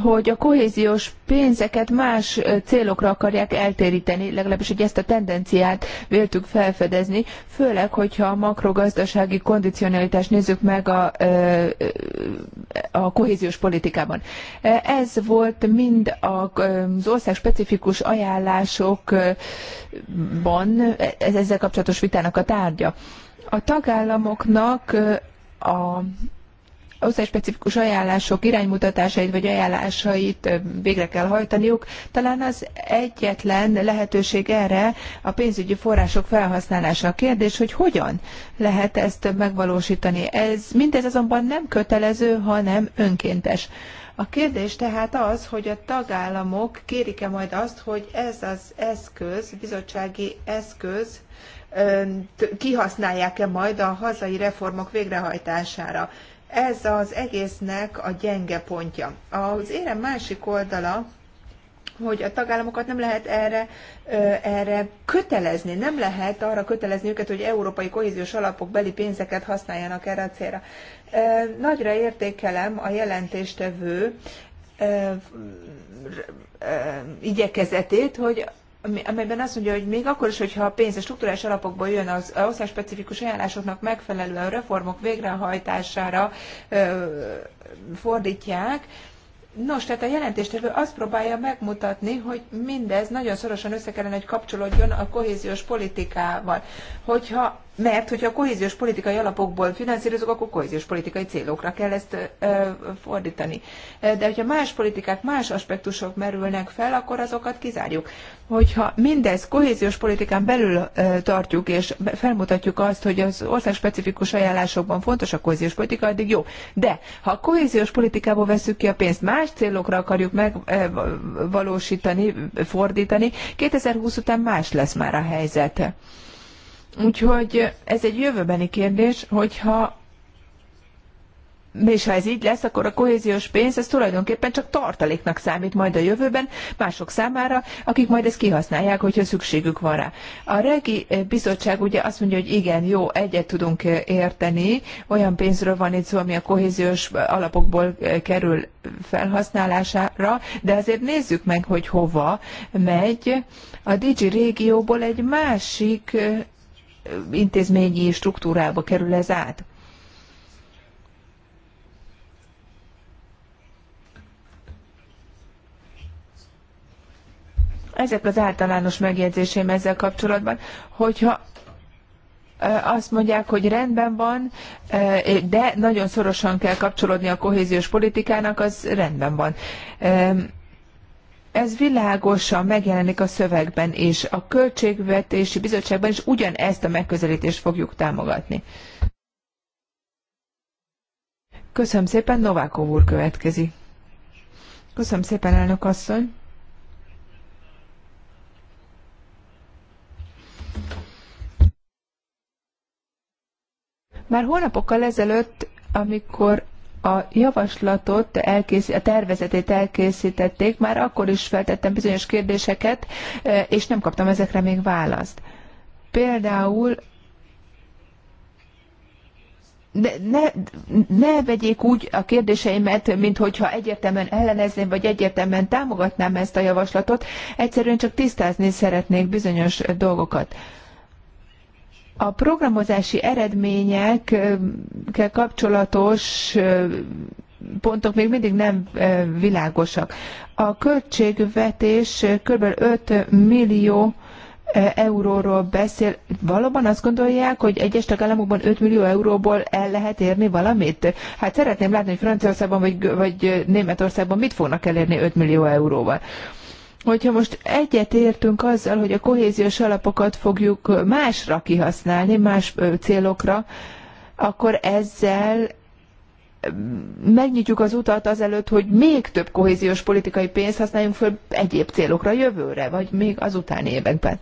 hogy a kohéziós pénzeket más célokra akarják eltéríteni, legalábbis, hogy ezt a tendenciát véltük felfedezni, főleg, hogyha a makrogazdasági kondicionalitást nézzük meg a, a kohéziós politikában. Ez volt mind az ország specifikus ajánlásokban ezzel kapcsolatos vitának a tárgya. A tagállamoknak a osztályspecifikus ajánlások iránymutatásait vagy ajánlásait végre kell hajtaniuk. Talán az egyetlen lehetőség erre a pénzügyi források felhasználása. A kérdés, hogy hogyan lehet ezt megvalósítani. Ez, mindez azonban nem kötelező, hanem önkéntes. A kérdés tehát az, hogy a tagállamok kérik-e majd azt, hogy ez az eszköz, bizottsági eszköz, kihasználják-e majd a hazai reformok végrehajtására. Ez az egésznek a gyenge pontja. Az érem másik oldala, hogy a tagállamokat nem lehet erre, erre kötelezni, nem lehet arra kötelezni őket, hogy európai kohéziós alapok beli pénzeket használjanak erre a célra. Nagyra értékelem a jelentéstevő igyekezetét, hogy amelyben azt mondja, hogy még akkor is, hogyha a pénz a struktúrás alapokból jön az országspecifikus ajánlásoknak megfelelően reformok végrehajtására fordítják, Nos, tehát a jelentéstevő azt próbálja megmutatni, hogy mindez nagyon szorosan össze kellene, hogy kapcsolódjon a kohéziós politikával. Hogyha mert hogyha a kohéziós politikai alapokból finanszírozok, akkor kohéziós politikai célokra kell ezt ö, fordítani. De hogyha más politikák, más aspektusok merülnek fel, akkor azokat kizárjuk. Hogyha mindez kohéziós politikán belül ö, tartjuk, és felmutatjuk azt, hogy az ország specifikus ajánlásokban fontos a kohéziós politika, addig jó. De ha a kohéziós politikából veszük ki a pénzt, más célokra akarjuk megvalósítani, fordítani, 2020 után más lesz már a helyzet. Mhm. Úgyhogy ez egy jövőbeni kérdés, hogyha és ha ez így lesz, akkor a kohéziós pénz ez tulajdonképpen csak tartaléknak számít majd a jövőben mások számára, akik majd ezt kihasználják, hogyha szükségük van rá. A regi bizottság ugye azt mondja, hogy igen, jó, egyet tudunk érteni, olyan pénzről van itt szó, ami a kohéziós alapokból kerül felhasználására, de azért nézzük meg, hogy hova megy. A Digi régióból egy másik intézményi struktúrába kerül ez át. Ezek az általános megjegyzéseim ezzel kapcsolatban, hogyha azt mondják, hogy rendben van, de nagyon szorosan kell kapcsolódni a kohéziós politikának, az rendben van ez világosan megjelenik a szövegben és a Költségvetési Bizottságban is ugyanezt a megközelítést fogjuk támogatni. Köszönöm szépen, Novákov úr következik. Köszönöm szépen, elnök asszony. Már hónapokkal ezelőtt, amikor a javaslatot, elkészít, a tervezetét elkészítették, már akkor is feltettem bizonyos kérdéseket, e, és nem kaptam ezekre még választ. Például ne, ne, ne vegyék úgy a kérdéseimet, mint hogyha egyértelműen ellenezném, vagy egyértelműen támogatnám ezt a javaslatot. Egyszerűen csak tisztázni szeretnék bizonyos dolgokat. A programozási eredményekkel kapcsolatos pontok még mindig nem világosak. A költségvetés kb. 5 millió euróról beszél. Valóban azt gondolják, hogy egyes tagállamokban 5 millió euróból el lehet érni valamit? Hát szeretném látni, hogy Franciaországban vagy, vagy Németországban mit fognak elérni 5 millió euróval hogyha most egyet értünk azzal, hogy a kohéziós alapokat fogjuk másra kihasználni, más célokra, akkor ezzel megnyitjuk az utat azelőtt, hogy még több kohéziós politikai pénzt használjunk föl egyéb célokra jövőre, vagy még az utáni években.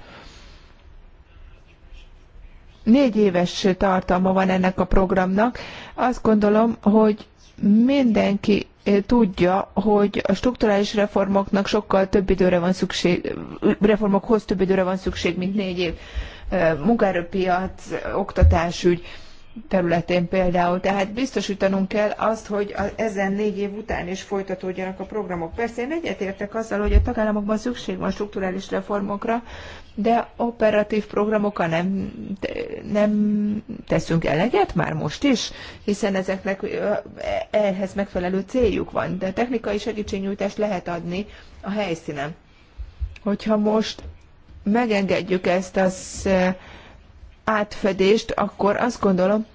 Négy éves tartalma van ennek a programnak. Azt gondolom, hogy mindenki tudja, hogy a strukturális reformoknak sokkal több időre van szükség, reformokhoz több időre van szükség, mint négy év munkaerőpiac, oktatásügy területén például. Tehát biztosítanunk kell azt, hogy a, ezen négy év után is folytatódjanak a programok. Persze én egyetértek azzal, hogy a tagállamokban szükség van strukturális reformokra, de operatív programokkal nem, nem teszünk eleget már most is, hiszen ezeknek ehhez megfelelő céljuk van, de technikai segítségnyújtást lehet adni a helyszínen. Hogyha most megengedjük ezt az átfedést, akkor azt gondolom,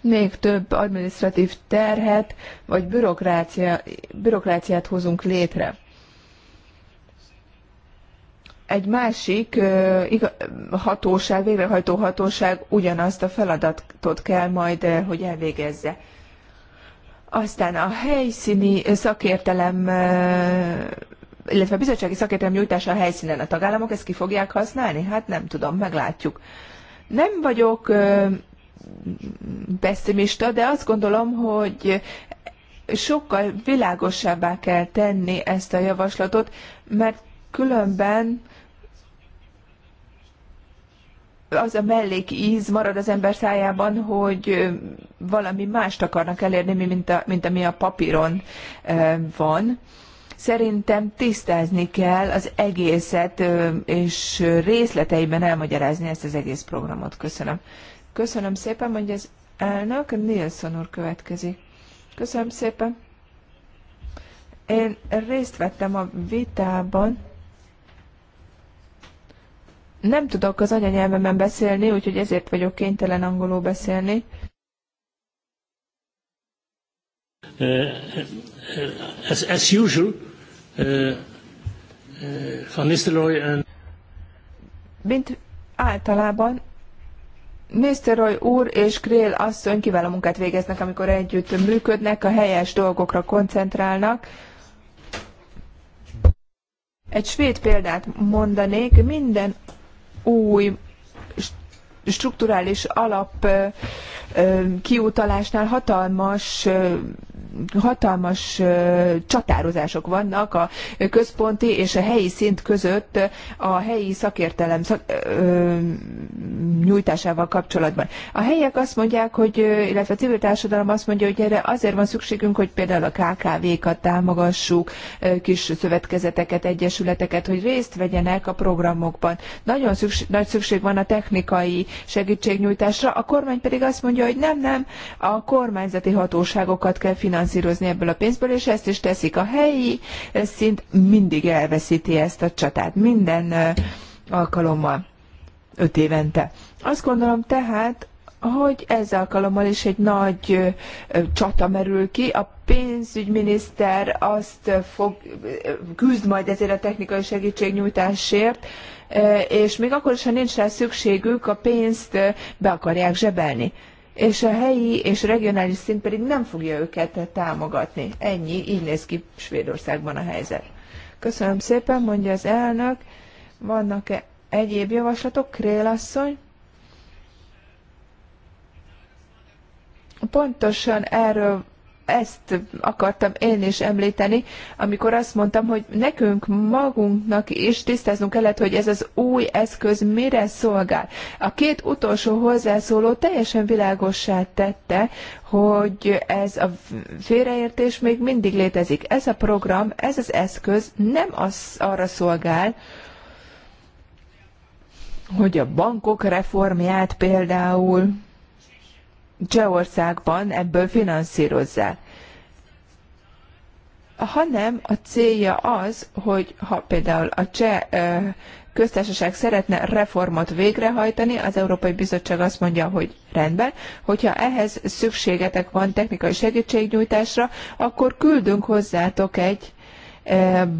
még több administratív terhet vagy bürokrácia, bürokráciát hozunk létre. Egy másik hatóság, végrehajtó hatóság ugyanazt a feladatot kell majd, hogy elvégezze. Aztán a helyszíni szakértelem, illetve a bizottsági szakértelem nyújtása a helyszínen a tagállamok, ezt ki fogják használni? Hát nem tudom, meglátjuk. Nem vagyok pessimista, de azt gondolom, hogy sokkal világosabbá kell tenni ezt a javaslatot, mert különben az a mellékíz marad az ember szájában, hogy valami mást akarnak elérni, mint, a, mint ami a papíron van. Szerintem tisztázni kell az egészet, és részleteiben elmagyarázni ezt az egész programot. Köszönöm. Köszönöm szépen, hogy az elnök Nilsson úr következik. Köszönöm szépen. Én részt vettem a vitában. Nem tudok az anyanyelvemen beszélni, úgyhogy ezért vagyok kénytelen angolul beszélni. Uh, as, as usual, Eh, eh,
Van Nistelrooy and...
Mint általában Nisztelrooy úr és Krél asszony a munkát végeznek, amikor együtt működnek, a helyes dolgokra koncentrálnak. Egy svéd példát mondanék, minden új strukturális alap eh, kiutalásnál hatalmas hatalmas csatározások vannak a központi és a helyi szint között a helyi szakértelem szak, ö, nyújtásával kapcsolatban. A helyiek azt mondják, hogy, illetve a civil társadalom azt mondja, hogy erre azért van szükségünk, hogy például a KKV-kat támogassuk, kis szövetkezeteket, egyesületeket, hogy részt vegyenek a programokban. Nagyon szükség, nagy szükség van a technikai segítségnyújtásra, a kormány pedig azt mondja, hogy nem, nem, a kormányzati hatóságokat kell finanszírozni finanszírozni ebből a pénzből, és ezt is teszik. A helyi szint mindig elveszíti ezt a csatát, minden alkalommal, öt évente. Azt gondolom tehát, hogy ez alkalommal is egy nagy csata merül ki. A pénzügyminiszter azt fog, küzd majd ezért a technikai segítségnyújtásért, és még akkor is, ha nincs rá szükségük, a pénzt be akarják zsebelni és a helyi és regionális szint pedig nem fogja őket támogatni. Ennyi, így néz ki Svédországban a helyzet. Köszönöm szépen, mondja az elnök. Vannak-e egyéb javaslatok? Krélasszony? Pontosan erről ezt akartam én is említeni, amikor azt mondtam, hogy nekünk magunknak is tisztáznunk kellett, hogy ez az új eszköz mire szolgál. A két utolsó hozzászóló teljesen világossá tette, hogy ez a félreértés még mindig létezik. Ez a program, ez az eszköz nem az arra szolgál, hogy a bankok reformját például Csehországban ebből finanszírozzák hanem a célja az, hogy ha például a cseh köztársaság szeretne reformot végrehajtani, az Európai Bizottság azt mondja, hogy rendben, hogyha ehhez szükségetek van technikai segítségnyújtásra, akkor küldünk hozzátok egy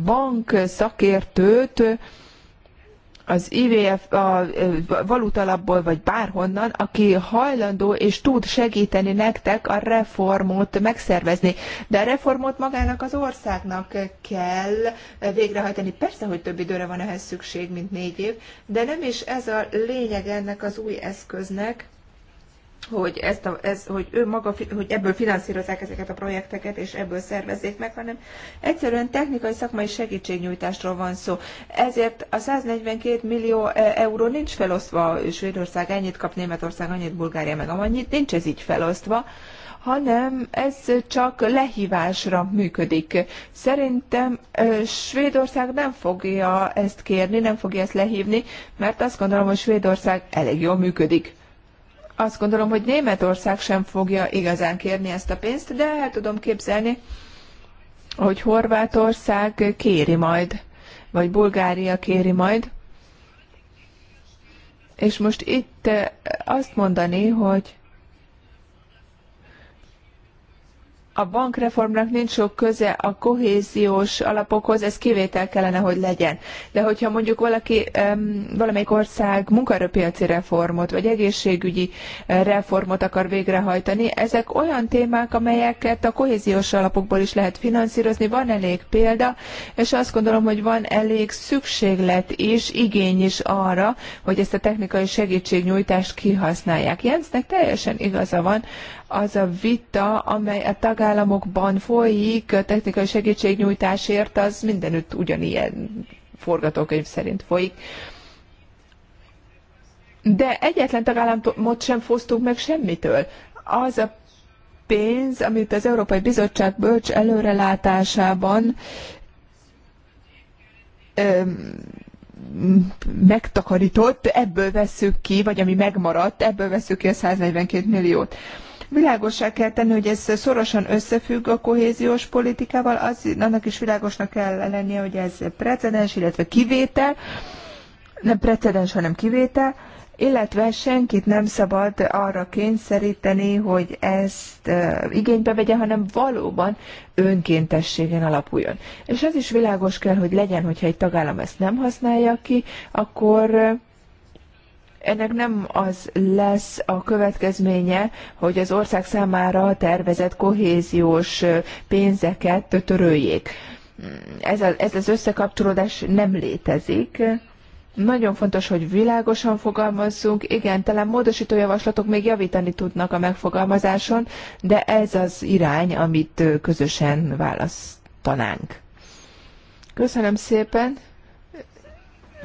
bank szakértőt, az IVF a valutalapból, vagy bárhonnan, aki hajlandó és tud segíteni nektek a reformot megszervezni. De a reformot magának az országnak kell végrehajtani. Persze, hogy több időre van ehhez szükség, mint négy év, de nem is ez a lényeg ennek az új eszköznek, hogy, ezt a, ez, hogy ő maga, hogy ebből finanszírozzák ezeket a projekteket, és ebből szervezzék meg, hanem egyszerűen technikai szakmai segítségnyújtásról van szó. Ezért a 142 millió e, euró nincs felosztva, Svédország ennyit kap, Németország annyit, Bulgária meg amennyit, nincs ez így felosztva hanem ez csak lehívásra működik. Szerintem e, Svédország nem fogja ezt kérni, nem fogja ezt lehívni, mert azt gondolom, hogy Svédország elég jól működik azt gondolom, hogy Németország sem fogja igazán kérni ezt a pénzt, de el tudom képzelni, hogy Horvátország kéri majd, vagy Bulgária kéri majd. És most itt eh, azt mondani, hogy a bankreformnak nincs sok köze a kohéziós alapokhoz, ez kivétel kellene, hogy legyen. De hogyha mondjuk valaki, valamelyik ország munkaerőpiaci reformot, vagy egészségügyi eh, reformot akar végrehajtani, ezek olyan témák, amelyeket a kohéziós alapokból is lehet finanszírozni, van elég példa, és azt gondolom, hogy van elég szükséglet és igény is arra, hogy ezt a technikai segítségnyújtást kihasználják. Jensznek teljesen igaza van, az a vita, amely a tagállamokban folyik a technikai segítségnyújtásért, az mindenütt ugyanilyen forgatókönyv szerint folyik. De egyetlen tagállamot sem fosztunk meg semmitől. Az a pénz, amit az Európai Bizottság bölcs előrelátásában öm, megtakarított, ebből vesszük ki, vagy ami megmaradt, ebből vesszük ki a 142 milliót. Világosá kell tenni, hogy ez szorosan összefügg a kohéziós politikával, az, annak is világosnak kell lennie, hogy ez precedens, illetve kivétel, nem precedens, hanem kivétel, illetve senkit nem szabad arra kényszeríteni, hogy ezt igénybe vegye, hanem valóban önkéntességen alapuljon. És az is világos kell, hogy legyen, hogyha egy tagállam ezt nem használja ki, akkor ennek nem az lesz a következménye, hogy az ország számára tervezett kohéziós pénzeket töröljék. Ez, a, ez az összekapcsolódás nem létezik. Nagyon fontos, hogy világosan fogalmazzunk. Igen, talán módosító javaslatok még javítani tudnak a megfogalmazáson, de ez az irány, amit közösen választanánk. Köszönöm szépen!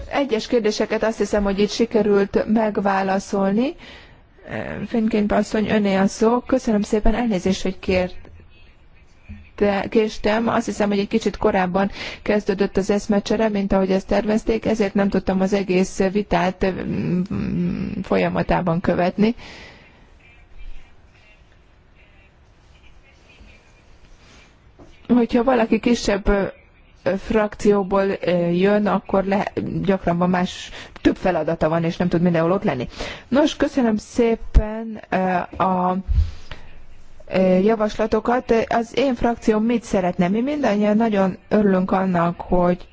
Egyes kérdéseket azt hiszem, hogy itt sikerült megválaszolni. Fényként asszony, öné a szó. Köszönöm szépen, elnézést, hogy kért de késtem, azt hiszem, hogy egy kicsit korábban kezdődött az eszmecsere, mint ahogy ezt tervezték, ezért nem tudtam az egész vitát mm, folyamatában követni. Hogyha valaki kisebb frakcióból jön, akkor le, gyakran van más, több feladata van, és nem tud mindenhol ott lenni. Nos, köszönöm szépen a javaslatokat. Az én frakcióm mit szeretne? Mi mindannyian nagyon örülünk annak, hogy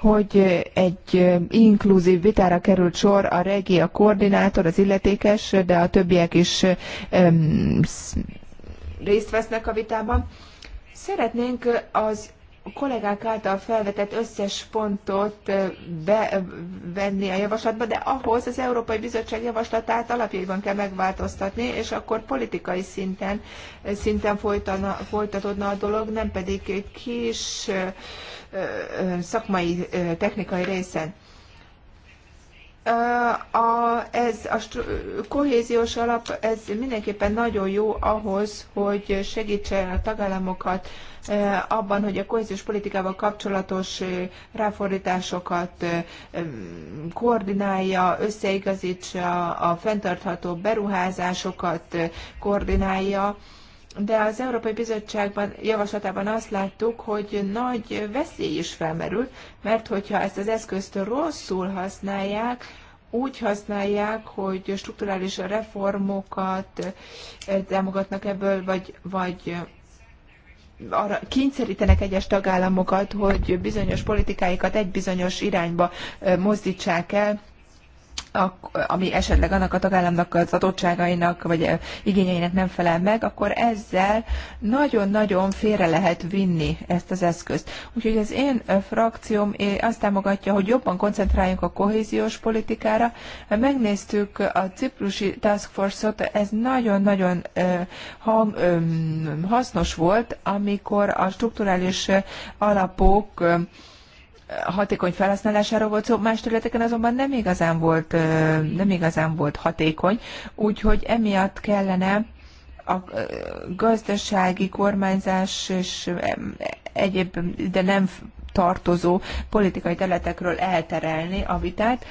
hogy egy inkluzív vitára került sor, a regi, a koordinátor, az illetékes, de a többiek is um, részt vesznek a vitában. Szeretnénk az a kollégák által felvetett összes pontot bevenni a javaslatba, de ahhoz az Európai Bizottság javaslatát alapjaiban kell megváltoztatni, és akkor politikai szinten, szinten folytana, folytatódna a dolog, nem pedig kis szakmai, technikai részen a, ez a kohéziós alap, ez mindenképpen nagyon jó ahhoz, hogy segítsen a tagállamokat abban, hogy a kohéziós politikával kapcsolatos ráfordításokat koordinálja, összeigazítsa, a fenntartható beruházásokat koordinálja, de az Európai Bizottságban javaslatában azt láttuk, hogy nagy veszély is felmerül, mert hogyha ezt az eszközt rosszul használják, úgy használják, hogy strukturális reformokat eh, támogatnak ebből, vagy, vagy eh, arra kényszerítenek egyes tagállamokat, hogy bizonyos politikáikat egy bizonyos irányba eh, mozdítsák el, ami esetleg annak a tagállamnak az adottságainak vagy igényeinek nem felel meg, akkor ezzel nagyon-nagyon félre lehet vinni ezt az eszközt. Úgyhogy az én frakcióm azt támogatja, hogy jobban koncentráljunk a kohéziós politikára. Megnéztük a ciprusi task force-ot, ez nagyon-nagyon hasznos volt, amikor a strukturális alapok hatékony felhasználásáról volt szó, más területeken azonban nem igazán volt, nem igazán volt hatékony, úgyhogy emiatt kellene a gazdasági kormányzás és egyéb, de nem tartozó politikai területekről elterelni a vitát,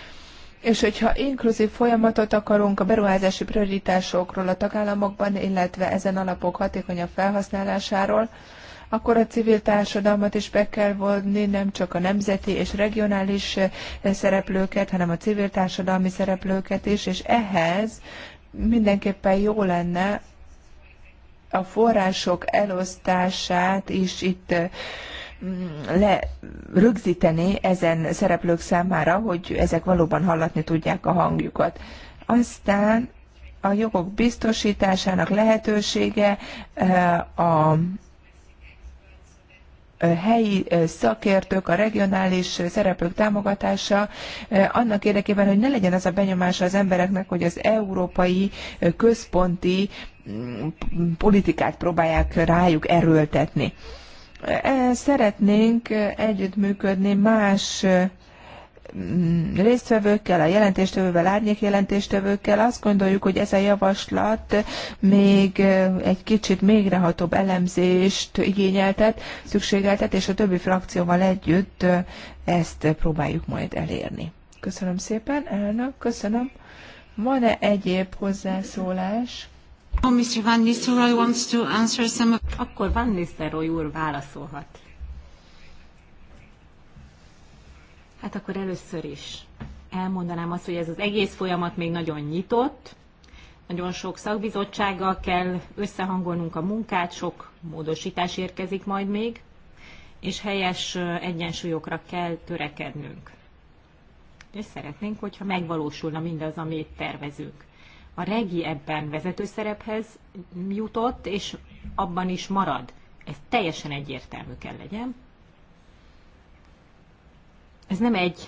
és hogyha inkluzív folyamatot akarunk a beruházási prioritásokról a tagállamokban, illetve ezen alapok hatékonyabb felhasználásáról, akkor a civil társadalmat is be kell vonni, nem csak a nemzeti és regionális eh, szereplőket, hanem a civil társadalmi szereplőket is, és ehhez mindenképpen jó lenne a források elosztását is itt eh, mm, le rögzíteni ezen szereplők számára, hogy ezek valóban hallatni tudják a hangjukat. Aztán a jogok biztosításának lehetősége, eh, a helyi szakértők, a regionális szereplők támogatása annak érdekében, hogy ne legyen az a benyomása az embereknek, hogy az európai központi mm, politikát próbálják rájuk erőltetni. Szeretnénk együttműködni más Mm, résztvevőkkel, a jelentéstevővel, árnyék jelentéstevőkkel. Azt gondoljuk, hogy ez a javaslat még egy kicsit mégrehatóbb elemzést igényeltet, szükségeltet, és a többi frakcióval együtt ezt próbáljuk majd elérni. Köszönöm szépen, elnök, köszönöm. Van-e egyéb hozzászólás?
Oh, Mr. Van Nistelrooy wants to answer some... Akkor Van
Nistelrooy úr válaszolhat. Hát akkor először is elmondanám azt, hogy ez az egész folyamat még nagyon nyitott, nagyon sok szakbizottsággal kell összehangolnunk a munkát, sok módosítás érkezik majd még, és helyes egyensúlyokra kell törekednünk. És szeretnénk, hogyha megvalósulna mindaz, amit tervezünk. A regi ebben vezető szerephez jutott, és abban is marad. Ez teljesen egyértelmű kell legyen. Ez nem egy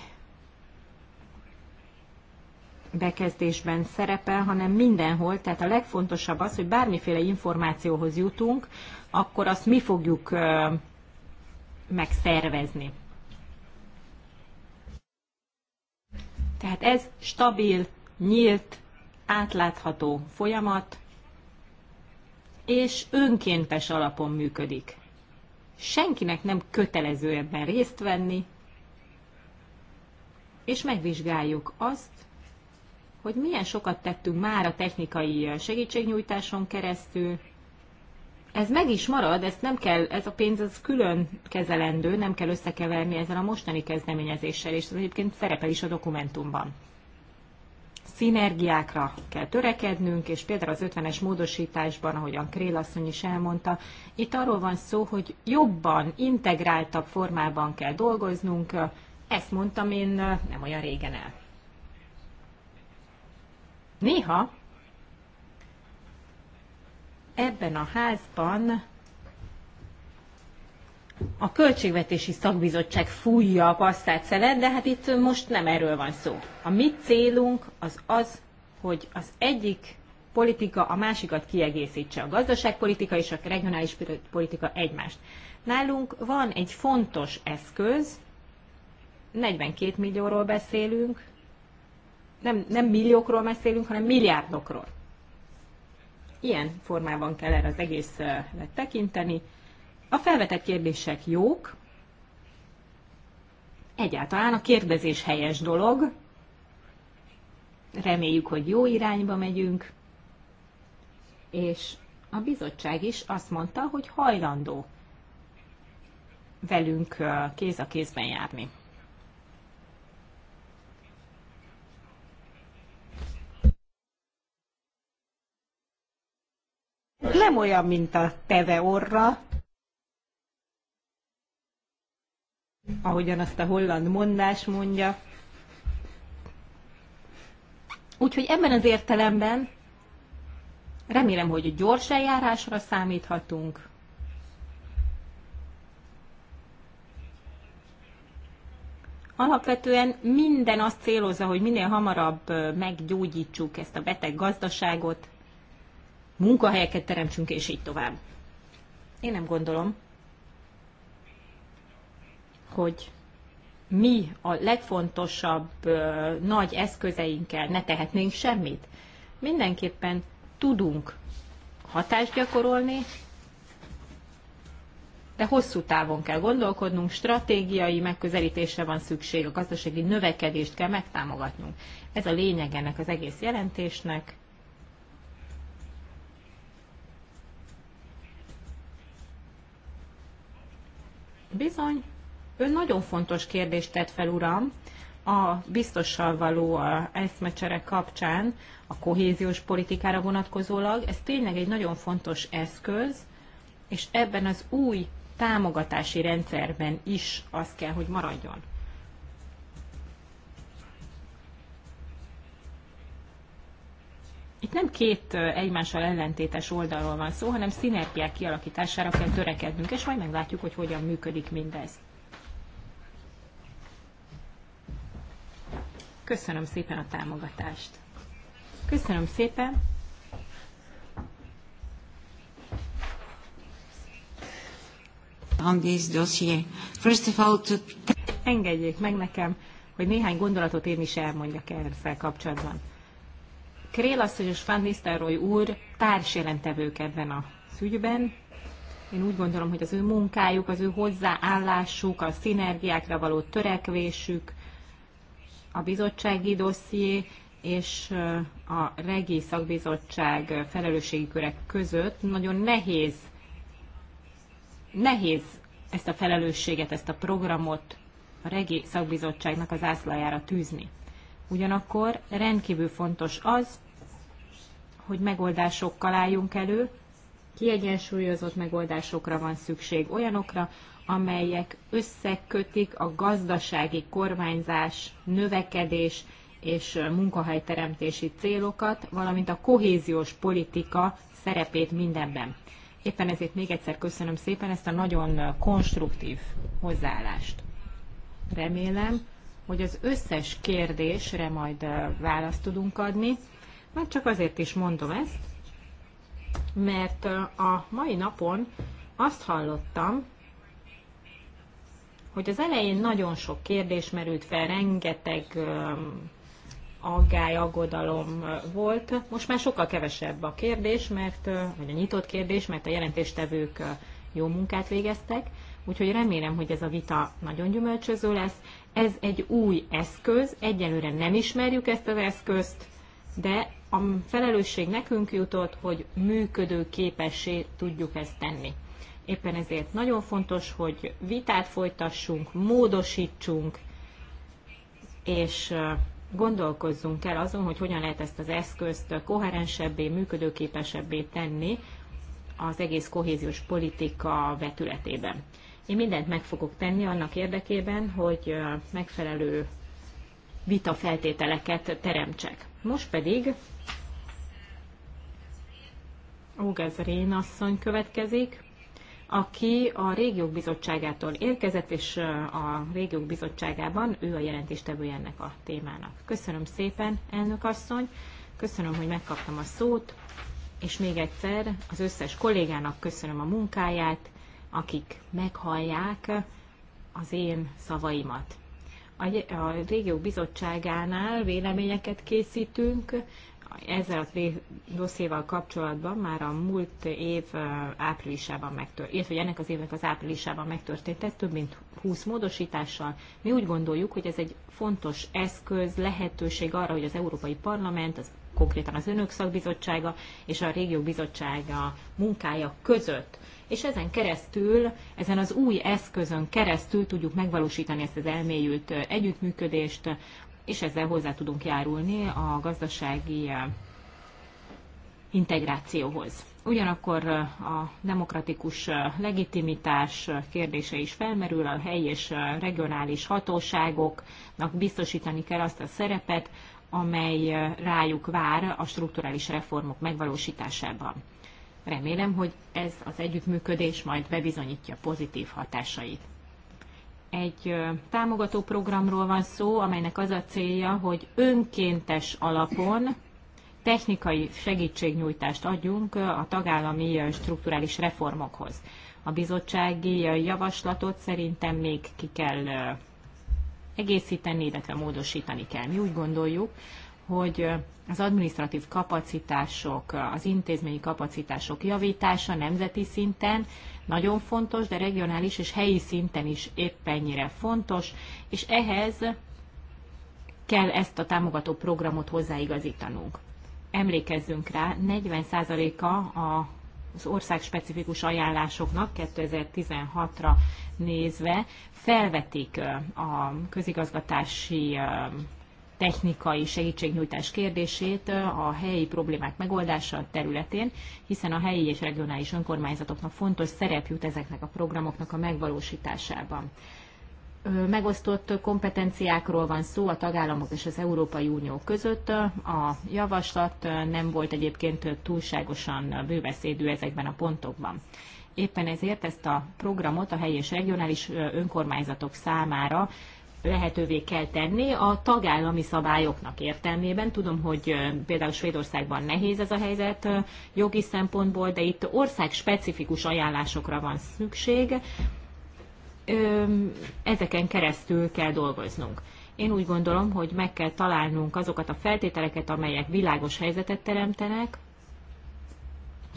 bekezdésben szerepel, hanem mindenhol. Tehát a legfontosabb az, hogy bármiféle információhoz jutunk, akkor azt mi fogjuk megszervezni. Tehát ez stabil, nyílt, átlátható folyamat, és önkéntes alapon működik. Senkinek nem kötelező ebben részt venni, és megvizsgáljuk azt, hogy milyen sokat tettünk már a technikai segítségnyújtáson keresztül. Ez meg is marad, ezt nem kell, ez a pénz az külön kezelendő, nem kell összekeverni ezzel a mostani kezdeményezéssel, és ez egyébként szerepel is a dokumentumban. Szinergiákra kell törekednünk, és például az 50-es módosításban, ahogyan Krél asszony is elmondta, itt arról van szó, hogy jobban, integráltabb formában kell dolgoznunk, ezt mondtam én nem olyan régen el. Néha ebben a házban a Költségvetési Szakbizottság fújja a passzát szelet, de hát itt most nem erről van szó. A mi célunk az az, hogy az egyik politika a másikat kiegészítse, a gazdaságpolitika és a regionális politika egymást. Nálunk van egy fontos eszköz, 42 millióról beszélünk, nem, nem milliókról beszélünk, hanem milliárdokról. Ilyen formában kell erre az egész tekinteni. A felvetett kérdések jók, egyáltalán a kérdezés helyes dolog, reméljük, hogy jó irányba megyünk, és a bizottság is azt mondta, hogy hajlandó velünk kéz a kézben járni. nem olyan, mint a teve orra, ahogyan azt a holland mondás mondja. Úgyhogy ebben az értelemben remélem, hogy gyors eljárásra számíthatunk. Alapvetően minden azt célozza, hogy minél hamarabb meggyógyítsuk ezt a beteg gazdaságot, munkahelyeket teremtsünk, és így tovább. Én nem gondolom, hogy mi a legfontosabb ö, nagy eszközeinkkel ne tehetnénk semmit. Mindenképpen tudunk hatást gyakorolni, de hosszú távon kell gondolkodnunk, stratégiai megközelítésre van szükség, a gazdasági növekedést kell megtámogatnunk. Ez a lényeg ennek az egész jelentésnek. Bizony, ön nagyon fontos kérdést tett fel, uram, a biztossal való eszmecsere kapcsán, a kohéziós politikára vonatkozólag, ez tényleg egy nagyon fontos eszköz, és ebben az új támogatási rendszerben is az kell, hogy maradjon. Itt nem két egymással ellentétes oldalról van szó, hanem szinergiák kialakítására kell törekednünk, és majd meglátjuk, hogy hogyan működik mindez. Köszönöm szépen a támogatást. Köszönöm szépen. On this dossier. First of all, to... Engedjék meg nekem, hogy néhány gondolatot én is elmondjak ezzel kapcsolatban. Krél asszony és Van Nistelrooy úr társjelentevők ebben a ügyben. Én úgy gondolom, hogy az ő munkájuk, az ő hozzáállásuk, a szinergiákra való törekvésük, a bizottsági dosszié és a regi szakbizottság felelősségi körek között nagyon nehéz, nehéz ezt a felelősséget, ezt a programot a regi szakbizottságnak az ászlajára tűzni. Ugyanakkor rendkívül fontos az, hogy megoldásokkal álljunk elő. Kiegyensúlyozott megoldásokra van szükség, olyanokra, amelyek összekötik a gazdasági kormányzás, növekedés és munkahelyteremtési célokat, valamint a kohéziós politika szerepét mindenben. Éppen ezért még egyszer köszönöm szépen ezt a nagyon konstruktív hozzáállást. Remélem, hogy az összes kérdésre majd eh, választ tudunk adni, már hát csak azért is mondom ezt, mert a mai napon azt hallottam, hogy az elején nagyon sok kérdés merült fel, rengeteg aggály, aggodalom volt. Most már sokkal kevesebb a kérdés, mert, vagy a nyitott kérdés, mert a jelentéstevők jó munkát végeztek, úgyhogy remélem, hogy ez a vita nagyon gyümölcsöző lesz. Ez egy új eszköz, egyelőre nem ismerjük ezt az eszközt, de a felelősség nekünk jutott, hogy működő képessé tudjuk ezt tenni. Éppen ezért nagyon fontos, hogy vitát folytassunk, módosítsunk, és gondolkozzunk el azon, hogy hogyan lehet ezt az eszközt koherensebbé, működőképesebbé tenni az egész kohéziós politika vetületében. Én mindent meg fogok tenni annak érdekében, hogy megfelelő vita feltételeket teremtsek. Most pedig Ógezrén asszony következik, aki a Régiók Bizottságától érkezett, és a Régiók Bizottságában ő a jelentéstevője ennek a témának. Köszönöm szépen, elnök asszony, köszönöm, hogy megkaptam a szót, és még egyszer az összes kollégának köszönöm a munkáját, akik meghallják az én szavaimat a régiók bizottságánál véleményeket készítünk, ezzel a dosszéval kapcsolatban már a múlt év áprilisában megtörtént, illetve ennek az évnek az áprilisában megtörtént, ez több mint 20 módosítással. Mi úgy gondoljuk, hogy ez egy fontos eszköz, lehetőség arra, hogy az Európai Parlament, az konkrétan az Önök Szakbizottsága és a Régió Bizottsága munkája között és ezen keresztül, ezen az új eszközön keresztül tudjuk megvalósítani ezt az elmélyült együttműködést, és ezzel hozzá tudunk járulni a gazdasági integrációhoz. Ugyanakkor a demokratikus legitimitás kérdése is felmerül, a helyi és regionális hatóságoknak biztosítani kell azt a szerepet, amely rájuk vár a strukturális reformok megvalósításában. Remélem, hogy ez az együttműködés majd bebizonyítja pozitív hatásait. Egy támogató programról van szó, amelynek az a célja, hogy önkéntes alapon technikai segítségnyújtást adjunk a tagállami strukturális reformokhoz. A bizottsági javaslatot szerintem még ki kell egészíteni, illetve módosítani kell. Mi úgy gondoljuk, hogy az administratív kapacitások, az intézményi kapacitások javítása nemzeti szinten nagyon fontos, de regionális és helyi szinten is éppennyire fontos, és ehhez kell ezt a támogató programot hozzáigazítanunk. Emlékezzünk rá, 40%-a az ország specifikus ajánlásoknak 2016-ra nézve felvetik a közigazgatási technikai segítségnyújtás kérdését a helyi problémák megoldása területén, hiszen a helyi és regionális önkormányzatoknak fontos szerep jut ezeknek a programoknak a megvalósításában. Megosztott kompetenciákról van szó a tagállamok és az Európai Unió között. A javaslat nem volt egyébként túlságosan bőbeszédű ezekben a pontokban. Éppen ezért ezt a programot a helyi és regionális önkormányzatok számára lehetővé kell tenni a tagállami szabályoknak értelmében. Tudom, hogy például Svédországban nehéz ez a helyzet jogi szempontból, de itt ország specifikus ajánlásokra van szükség. Ezeken keresztül kell dolgoznunk. Én úgy gondolom, hogy meg kell találnunk azokat a feltételeket, amelyek világos helyzetet teremtenek,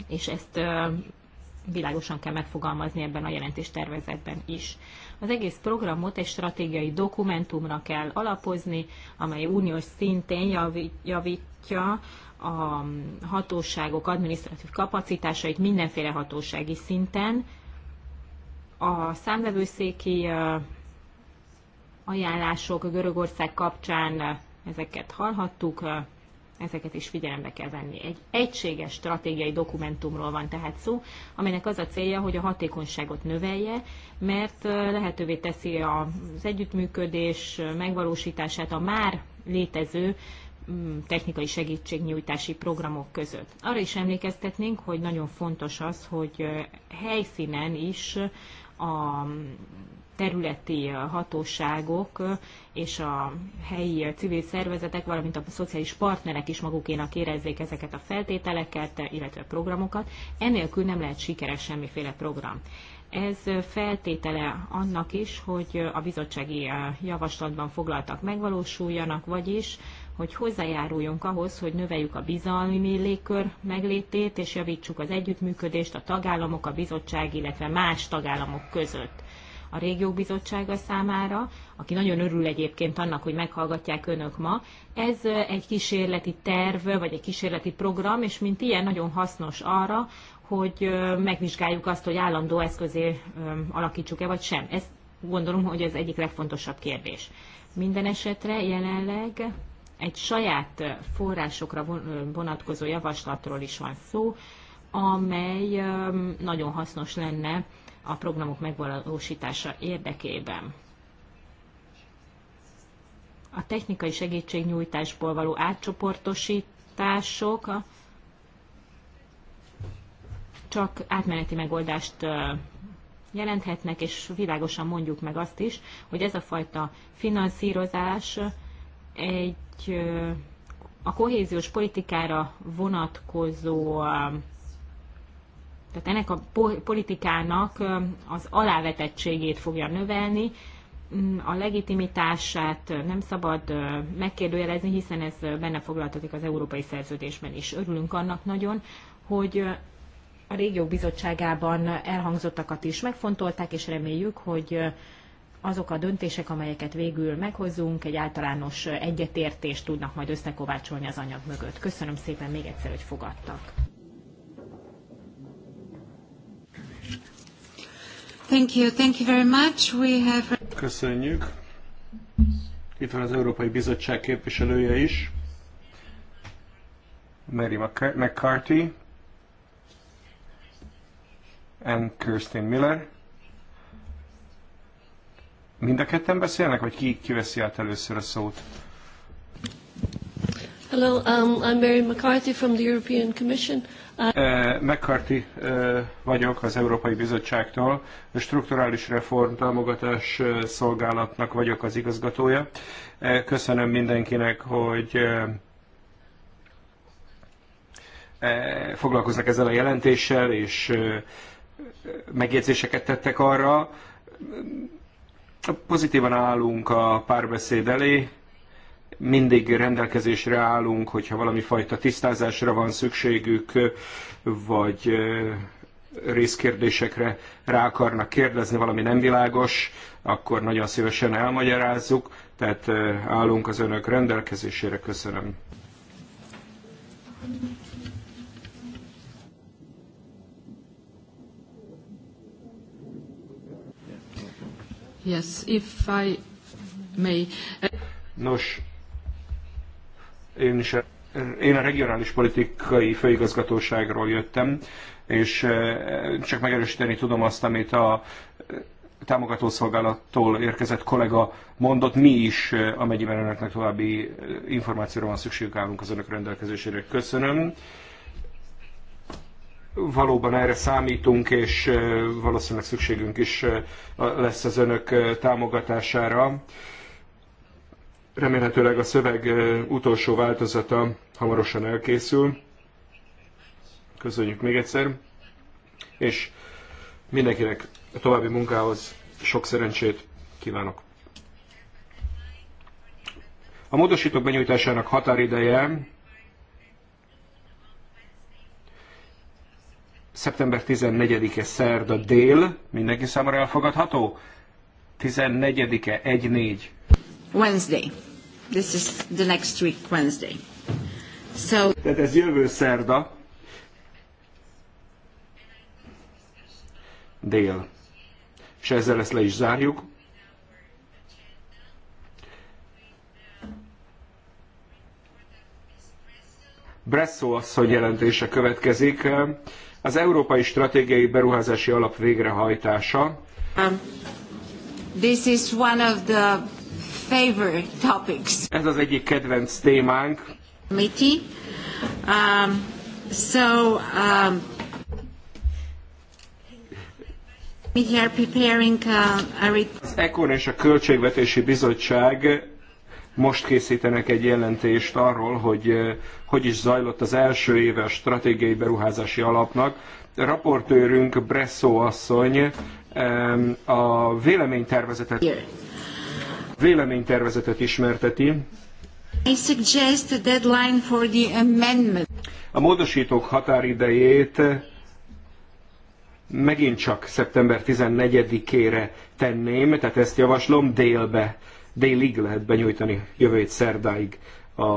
és ezt világosan kell megfogalmazni ebben a jelentéstervezetben is. Az egész programot egy stratégiai dokumentumra kell alapozni, amely uniós szintén javítja a hatóságok adminisztratív kapacitásait mindenféle hatósági szinten. A számvevőszéki ajánlások Görögország kapcsán ezeket hallhattuk, ezeket is figyelembe kell venni. Egy egységes stratégiai dokumentumról van tehát szó, aminek az a célja, hogy a hatékonyságot növelje, mert lehetővé teszi az együttműködés megvalósítását a már létező mm, technikai segítségnyújtási programok között. Arra is emlékeztetnénk, hogy nagyon fontos az, hogy helyszínen is a területi hatóságok és a helyi civil szervezetek, valamint a szociális partnerek is magukénak érezzék ezeket a feltételeket, illetve programokat. Enélkül nem lehet sikeres semmiféle program. Ez feltétele annak is, hogy a bizottsági javaslatban foglaltak megvalósuljanak, vagyis hogy hozzájáruljunk ahhoz, hogy növeljük a bizalmi légkör meglétét, és javítsuk az együttműködést a tagállamok, a bizottság, illetve más tagállamok között a Régiók Bizottsága számára, aki nagyon örül egyébként annak, hogy meghallgatják önök ma. Ez egy kísérleti terv, vagy egy kísérleti program, és mint ilyen nagyon hasznos arra, hogy megvizsgáljuk azt, hogy állandó eszközé alakítsuk-e, vagy sem. Ez gondolom, hogy ez egyik legfontosabb kérdés. Minden esetre jelenleg egy saját forrásokra vonatkozó javaslatról is van szó, amely nagyon hasznos lenne a programok megvalósítása érdekében. A technikai segítségnyújtásból való átcsoportosítások csak átmeneti megoldást jelenthetnek, és világosan mondjuk meg azt is, hogy ez a fajta finanszírozás egy a kohéziós politikára vonatkozó tehát ennek a politikának az alávetettségét fogja növelni, mm, a legitimitását nem szabad megkérdőjelezni, hiszen ez benne foglaltatik az európai szerződésben is. Örülünk annak nagyon, hogy a régiók bizottságában elhangzottakat is megfontolták, és reméljük, hogy azok a döntések, amelyeket végül meghozunk, egy általános egyetértést tudnak majd összekovácsolni az anyag mögött. Köszönöm szépen még egyszer, hogy fogadtak.
Thank you, thank you very much. We have...
Köszönjük. Itt van az Európai Bizottság képviselője is. Mary McCarthy and Kirsten Miller. Mind a ketten beszélnek, vagy ki, kiveszi át először a szót? Hello, um, I'm Mary McCarthy from the European Commission. Eh, McCarthy eh, vagyok az Európai Bizottságtól, a Strukturális Reform Támogatás eh, Szolgálatnak vagyok az igazgatója. Köszönöm mindenkinek, hogy foglalkoznak ezzel a jelentéssel, és megjegyzéseket tettek arra. Pozitívan állunk a párbeszéd elé, mindig rendelkezésre állunk, hogyha valami fajta tisztázásra van szükségük, vagy részkérdésekre rá akarnak kérdezni, valami nem világos, akkor nagyon szívesen elmagyarázzuk, tehát állunk az önök rendelkezésére. Köszönöm.
Yes, if I may.
Nos, én is én a regionális politikai főigazgatóságról jöttem, és eh, csak megerősíteni tudom azt, amit a eh, támogatószolgálattól érkezett kollega mondott, mi is, eh, amennyiben önöknek további információra van szükségük, állunk az önök rendelkezésére. Köszönöm. Valóban erre számítunk, és valószínűleg szükségünk is lesz az önök támogatására. Remélhetőleg a szöveg utolsó változata hamarosan elkészül. Köszönjük még egyszer, és mindenkinek a további munkához sok szerencsét kívánok. A módosítók benyújtásának határideje szeptember 14-e szerda dél, mindenki számára elfogadható? 14-e 1-4.
Wednesday. This is the next week, Wednesday.
So... Tehát ez jövő szerda. Dél. És ezzel ezt le is zárjuk. Bresszó asszony jelentése következik. Az Európai Stratégiai Beruházási Alap végrehajtása.
Um, this is one of the favorite topics.
Ez az egyik kedvenc témánk.
Miti. Um, so, um, uh,
Az ECON és a Költségvetési Bizottság most készítenek egy jelentést arról, hogy uh, hogy is zajlott az első éve a stratégiai beruházási alapnak. A raportőrünk Bresso asszony um, a véleménytervezetet... Here véleménytervezetet ismerteti.
I suggest a deadline for the amendment.
A módosítók határidejét megint csak szeptember 14-ére tenném, tehát ezt javaslom délbe, délig lehet benyújtani jövő szerdáig a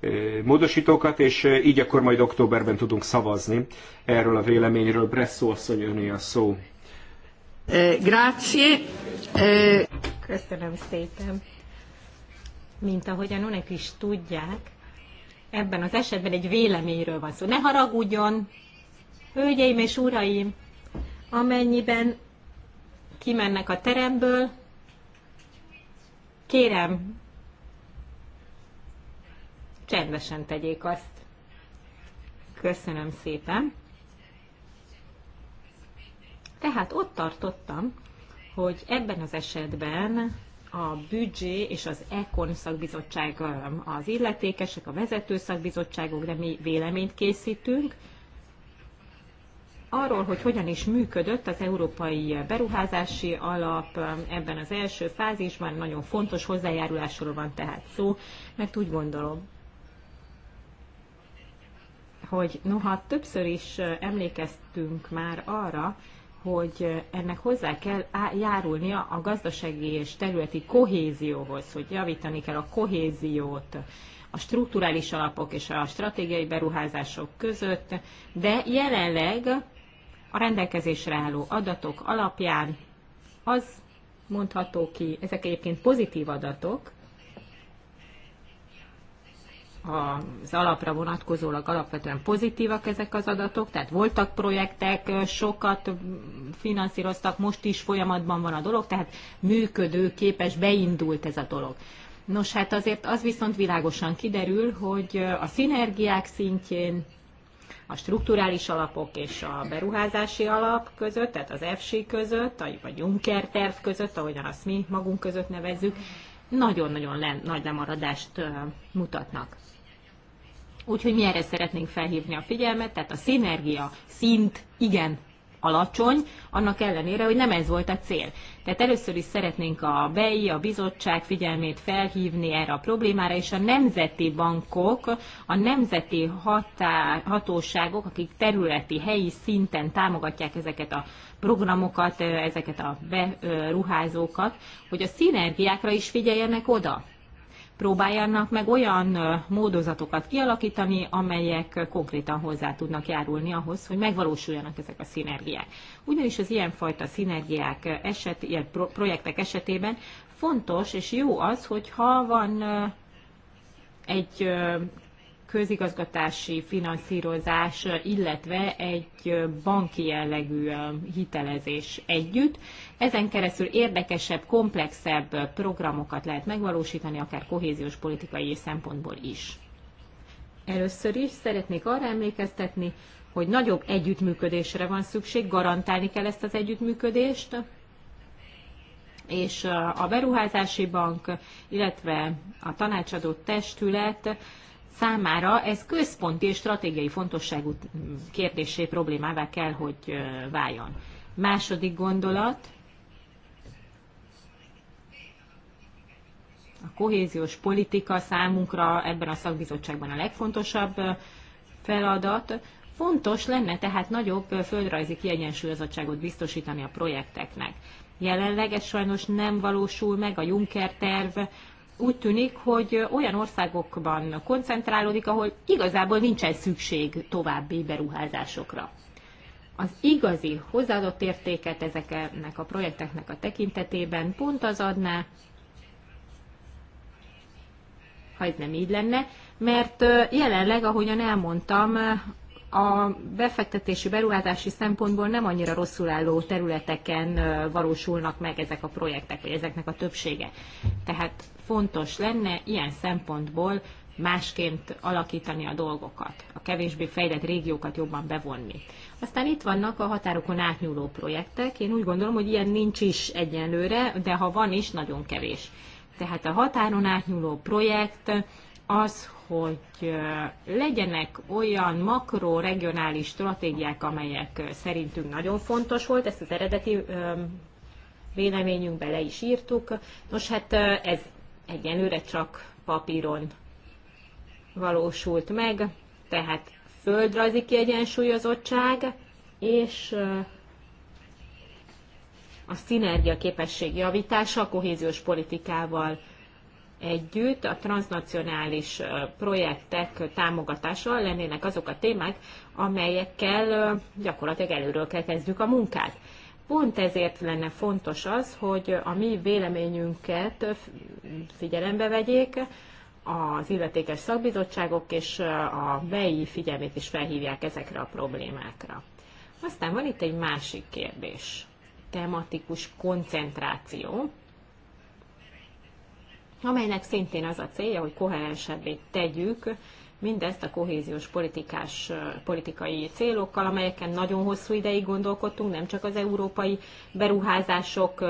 e, módosítókat, és e, így akkor majd októberben tudunk szavazni erről a véleményről. Bresszó asszony a szó. Eh,
grazie. Eh, Köszönöm szépen. Mint ahogyan önök is tudják, ebben az esetben egy véleményről van szó. Ne haragudjon, hölgyeim és uraim, amennyiben kimennek a teremből, kérem, csendesen tegyék azt. Köszönöm szépen. Tehát ott tartottam, hogy ebben az esetben a büdzsé és az ECON szakbizottság az illetékesek, a vezető szakbizottságok, de mi véleményt készítünk, arról, hogy hogyan is működött az Európai Beruházási Alap ebben az első fázisban, nagyon fontos hozzájárulásról van tehát szó, mert úgy gondolom, hogy noha többször is emlékeztünk már arra, hogy ennek hozzá kell járulnia a gazdasági és területi kohézióhoz, hogy javítani kell a kohéziót a strukturális alapok és a stratégiai beruházások között, de jelenleg a rendelkezésre álló adatok alapján az mondható ki, ezek egyébként pozitív adatok, az alapra vonatkozólag alapvetően pozitívak ezek az adatok, tehát voltak projektek, sokat finanszíroztak, most is folyamatban van a dolog, tehát működő, képes, beindult ez a dolog. Nos, hát azért az viszont világosan kiderül, hogy a szinergiák szintjén a strukturális alapok és a beruházási alap között, tehát az EFSI között, vagy Juncker terv között, ahogyan azt mi magunk között nevezzük, nagyon-nagyon le, nagy lemaradást mutatnak. Úgyhogy mi erre szeretnénk felhívni a figyelmet, tehát a szinergia szint igen alacsony, annak ellenére, hogy nem ez volt a cél. Tehát először is szeretnénk a BEI, a bizottság figyelmét felhívni erre a problémára, és a nemzeti bankok, a nemzeti hatá, hatóságok, akik területi, helyi szinten támogatják ezeket a programokat, ezeket a beruházókat, hogy a szinergiákra is figyeljenek oda próbáljanak meg olyan módozatokat kialakítani, amelyek konkrétan hozzá tudnak járulni ahhoz, hogy megvalósuljanak ezek a szinergiák. Ugyanis az ilyenfajta szinergiák eset, ilyen projektek esetében fontos és jó az, hogyha van egy közigazgatási finanszírozás, illetve egy banki jellegű hitelezés együtt. Ezen keresztül érdekesebb, komplexebb programokat lehet megvalósítani, akár kohéziós politikai szempontból is. Először is szeretnék arra emlékeztetni, hogy nagyobb együttműködésre van szükség, garantálni kell ezt az együttműködést, és a beruházási bank, illetve a tanácsadó testület számára ez központi és stratégiai fontosságú kérdésé problémává kell, hogy váljon. Második gondolat, a kohéziós politika számunkra ebben a szakbizottságban a legfontosabb feladat. Fontos lenne tehát nagyobb földrajzi kiegyensúlyozottságot biztosítani a projekteknek. Jelenleg ez sajnos nem valósul meg, a Juncker terv úgy tűnik, hogy olyan országokban koncentrálódik, ahol igazából nincsen szükség további beruházásokra. Az igazi hozzáadott értéket ezeknek a projekteknek a tekintetében pont az adná, ha ez nem így lenne, mert jelenleg, ahogyan elmondtam, a befektetési beruházási szempontból nem annyira rosszul álló területeken valósulnak meg ezek a projektek, vagy ezeknek a többsége. Tehát fontos lenne ilyen szempontból másként alakítani a dolgokat, a kevésbé fejlett régiókat jobban bevonni. Aztán itt vannak a határokon átnyúló projektek. Én úgy gondolom, hogy ilyen nincs is egyenlőre, de ha van is, nagyon kevés. Tehát a határon átnyúló projekt az, hogy legyenek olyan makroregionális stratégiák, amelyek szerintünk nagyon fontos volt, ezt az eredeti véleményünkbe le is írtuk. Nos, hát ez egyenlőre csak papíron valósult meg, tehát földrajzi kiegyensúlyozottság és a szinergia képesség javítása a kohéziós politikával együtt a transnacionális projektek támogatása lennének azok a témák, amelyekkel gyakorlatilag előről kell kezdjük a munkát. Pont ezért lenne fontos az, hogy a mi véleményünket figyelembe vegyék, az illetékes szakbizottságok és a BEI figyelmét is felhívják ezekre a problémákra. Aztán van itt egy másik kérdés, tematikus koncentráció amelynek szintén az a célja, hogy koherensebbé tegyük mindezt a kohéziós politikás, politikai célokkal, amelyeken nagyon hosszú ideig gondolkodtunk, nem csak az európai beruházások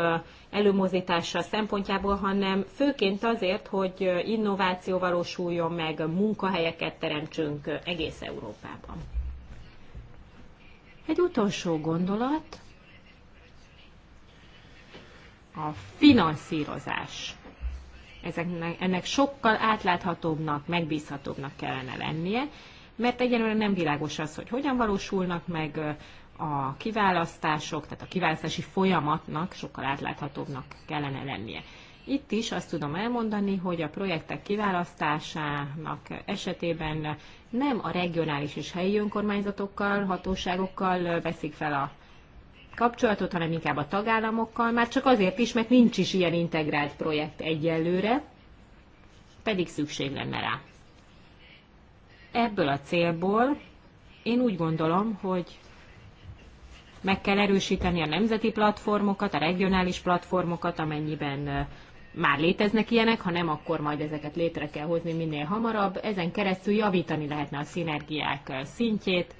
előmozítása szempontjából, hanem főként azért, hogy innováció valósuljon meg, munkahelyeket teremtsünk egész Európában. Egy utolsó gondolat, a finanszírozás ezeknek, ennek sokkal átláthatóbbnak, megbízhatóbbnak kellene lennie, mert egyelőre nem világos az, hogy hogyan valósulnak meg a kiválasztások, tehát a kiválasztási folyamatnak sokkal átláthatóbbnak kellene lennie. Itt is azt tudom elmondani, hogy a projektek kiválasztásának esetében nem a regionális és helyi önkormányzatokkal, hatóságokkal veszik fel a kapcsolatot, hanem inkább a tagállamokkal, már csak azért is, mert nincs is ilyen integrált projekt egyelőre, pedig szükség lenne rá. Ebből a célból én úgy gondolom, hogy meg kell erősíteni a nemzeti platformokat, a regionális platformokat, amennyiben már léteznek ilyenek, ha nem, akkor majd ezeket létre kell hozni minél hamarabb. Ezen keresztül javítani lehetne a szinergiák szintjét,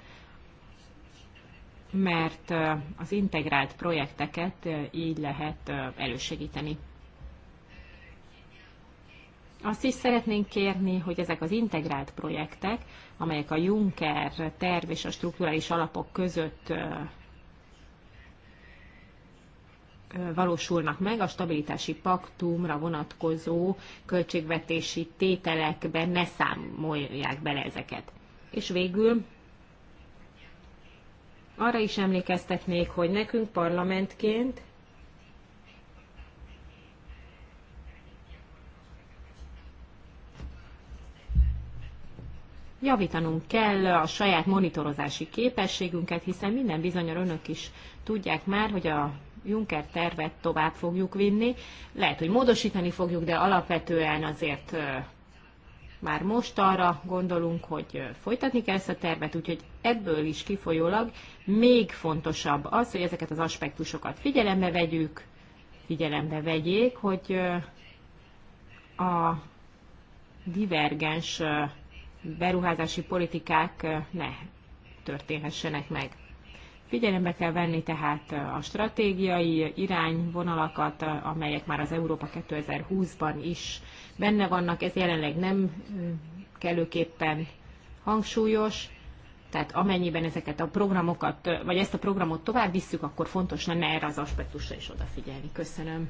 mert az integrált projekteket így lehet elősegíteni. Azt is szeretnénk kérni, hogy ezek az integrált projektek, amelyek a Juncker terv és a strukturális alapok között valósulnak meg, a stabilitási paktumra vonatkozó költségvetési tételekben ne számolják bele ezeket. És végül arra is emlékeztetnék, hogy nekünk parlamentként javítanunk kell a saját monitorozási képességünket, hiszen minden bizonyos önök is tudják már, hogy a Juncker tervet tovább fogjuk vinni. Lehet, hogy módosítani fogjuk, de alapvetően azért már most arra gondolunk, hogy folytatni kell ezt a tervet, úgyhogy ebből is kifolyólag még fontosabb az, hogy ezeket az aspektusokat figyelembe vegyük, figyelembe vegyék, hogy a divergens beruházási politikák ne történhessenek meg. Figyelembe kell venni tehát a stratégiai irányvonalakat, amelyek már az Európa 2020-ban is benne vannak. Ez jelenleg nem kellőképpen hangsúlyos, tehát amennyiben ezeket a programokat, vagy ezt a programot tovább visszük, akkor fontos lenne erre az aspektusra is odafigyelni. Köszönöm.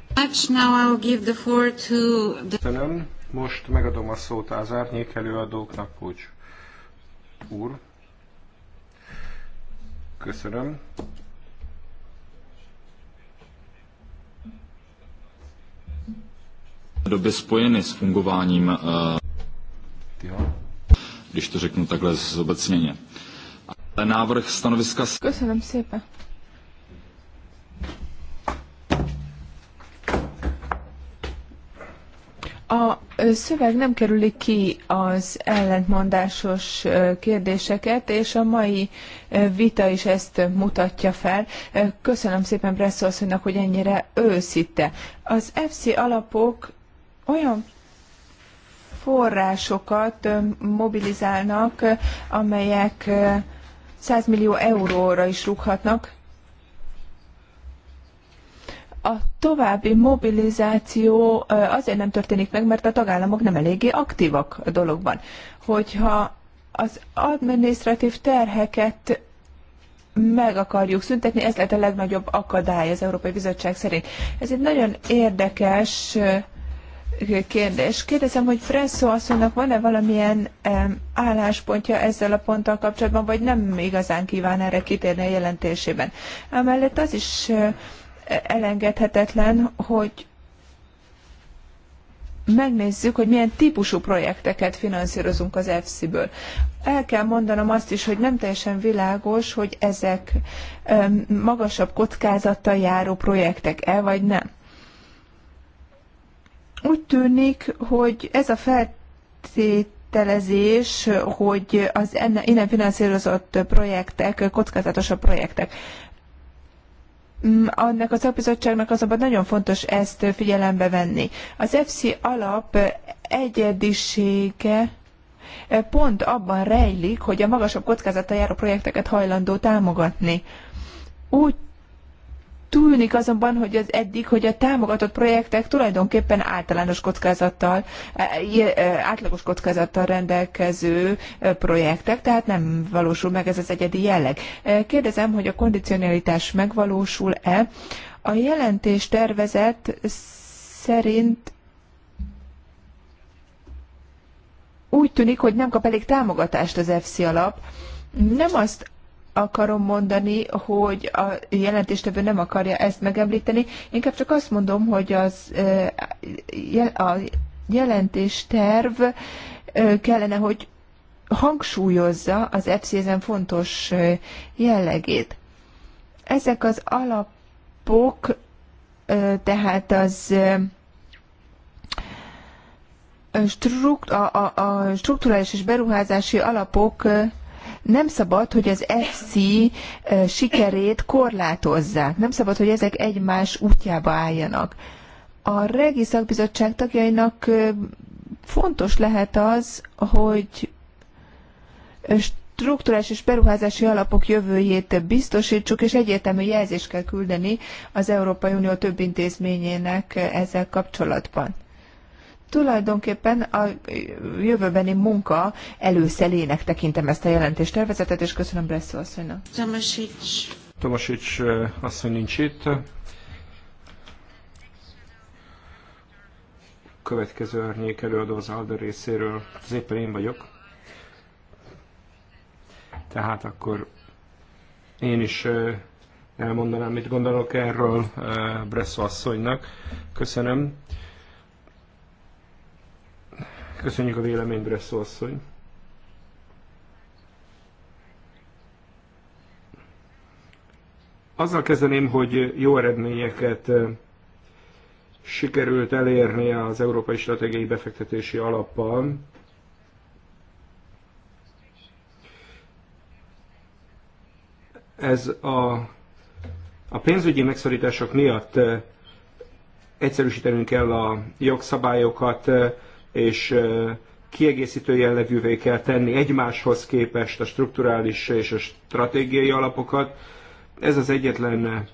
Köszönöm. Most megadom a szót az árnyék előadóknak, Pucs úr. Köszönöm. doby spojeny s fungováním, eh, když to řeknu takhle zobecněně. Návrh stanoviska...
Köszönöm szépen. A szöveg nem kerüli ki az ellentmondásos kérdéseket, és a mai vita is ezt mutatja fel. Köszönöm szépen Presszolszonynak, hogy ennyire őszinte. Az FC alapok olyan forrásokat mobilizálnak, amelyek 100 millió euróra is rúghatnak, a további mobilizáció azért nem történik meg, mert a tagállamok nem eléggé aktívak a dologban. Hogyha az administratív terheket meg akarjuk szüntetni, ez lehet a legnagyobb akadály az Európai Bizottság szerint. Ez egy nagyon érdekes kérdés. Kérdezem, hogy Fresso asszonynak van-e valamilyen álláspontja ezzel a ponttal kapcsolatban, vagy nem igazán kíván erre kitérni a jelentésében. Emellett az is elengedhetetlen, hogy megnézzük, hogy milyen típusú projekteket finanszírozunk az EFSI-ből. El kell mondanom azt is, hogy nem teljesen világos, hogy ezek magasabb kockázattal járó projektek-e, vagy nem. Úgy tűnik, hogy ez a feltételezés, hogy az innen finanszírozott projektek kockázatosabb projektek. Mm, annak a szakbizottságnak azonban nagyon fontos ezt figyelembe venni. Az FC alap egyedisége pont abban rejlik, hogy a magasabb kockázattal járó projekteket hajlandó támogatni. Úgy tűnik azonban, hogy az eddig, hogy a támogatott projektek tulajdonképpen általános kockázattal, e, e, e, átlagos kockázattal rendelkező projektek, tehát nem valósul meg ez az egyedi jelleg. Kérdezem, hogy a kondicionalitás megvalósul-e? A jelentés tervezet szerint úgy tűnik, hogy nem kap elég támogatást az EFSI alap. Nem azt akarom mondani, hogy a jelentéstevő nem akarja ezt megemlíteni, inkább csak azt mondom, hogy az, a jelentésterv kellene, hogy hangsúlyozza az EPSZ-en fontos jellegét. Ezek az alapok, tehát az strukt, a, a, és beruházási alapok nem szabad, hogy az FC sikerét korlátozzák. Nem szabad, hogy ezek egymás útjába álljanak. A Regi Szakbizottság tagjainak fontos lehet az, hogy strukturális és beruházási alapok jövőjét biztosítsuk, és egyértelmű jelzést kell küldeni az Európai Unió több intézményének ezzel kapcsolatban. Tulajdonképpen a jövőbeni munka előszelének tekintem ezt a jelentéstervezetet, és köszönöm Bresszó asszonynak. Tomasics.
Tomasics asszony nincs itt. Következő árnyék előadó az Alder részéről, az éppen én vagyok. Tehát akkor én is elmondanám, mit gondolok erről Bresszó asszonynak. Köszönöm. Köszönjük a véleményt, Bresszó asszony. Azzal kezdeném, hogy jó eredményeket sikerült elérni az Európai Stratégiai Befektetési Alappal. Ez a, a pénzügyi megszorítások miatt egyszerűsítenünk kell a jogszabályokat, és kiegészítő jellegűvé kell tenni egymáshoz képest a strukturális és a stratégiai alapokat. Ez az egyetlen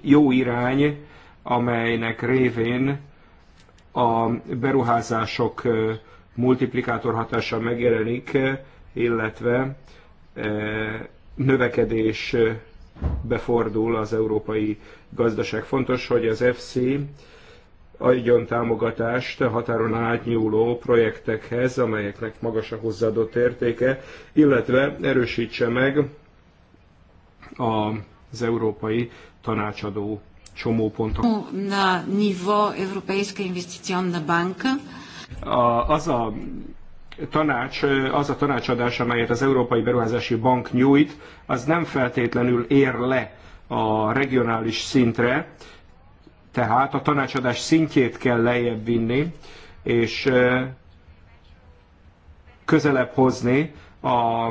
jó irány, amelynek révén a beruházások multiplikátor hatása megjelenik, illetve növekedés befordul az európai gazdaság. Fontos, hogy az FC adjon támogatást határon átnyúló projektekhez, amelyeknek magas a hozzáadott értéke, illetve erősítse meg az európai tanácsadó csomópontok.
Na niveau Európai Investicionna Bank.
Az a tanács, az a tanácsadás, amelyet az Európai Beruházási Bank nyújt, az nem feltétlenül ér le a regionális szintre, tehát a tanácsadás szintjét kell lejjebb vinni, és közelebb hozni a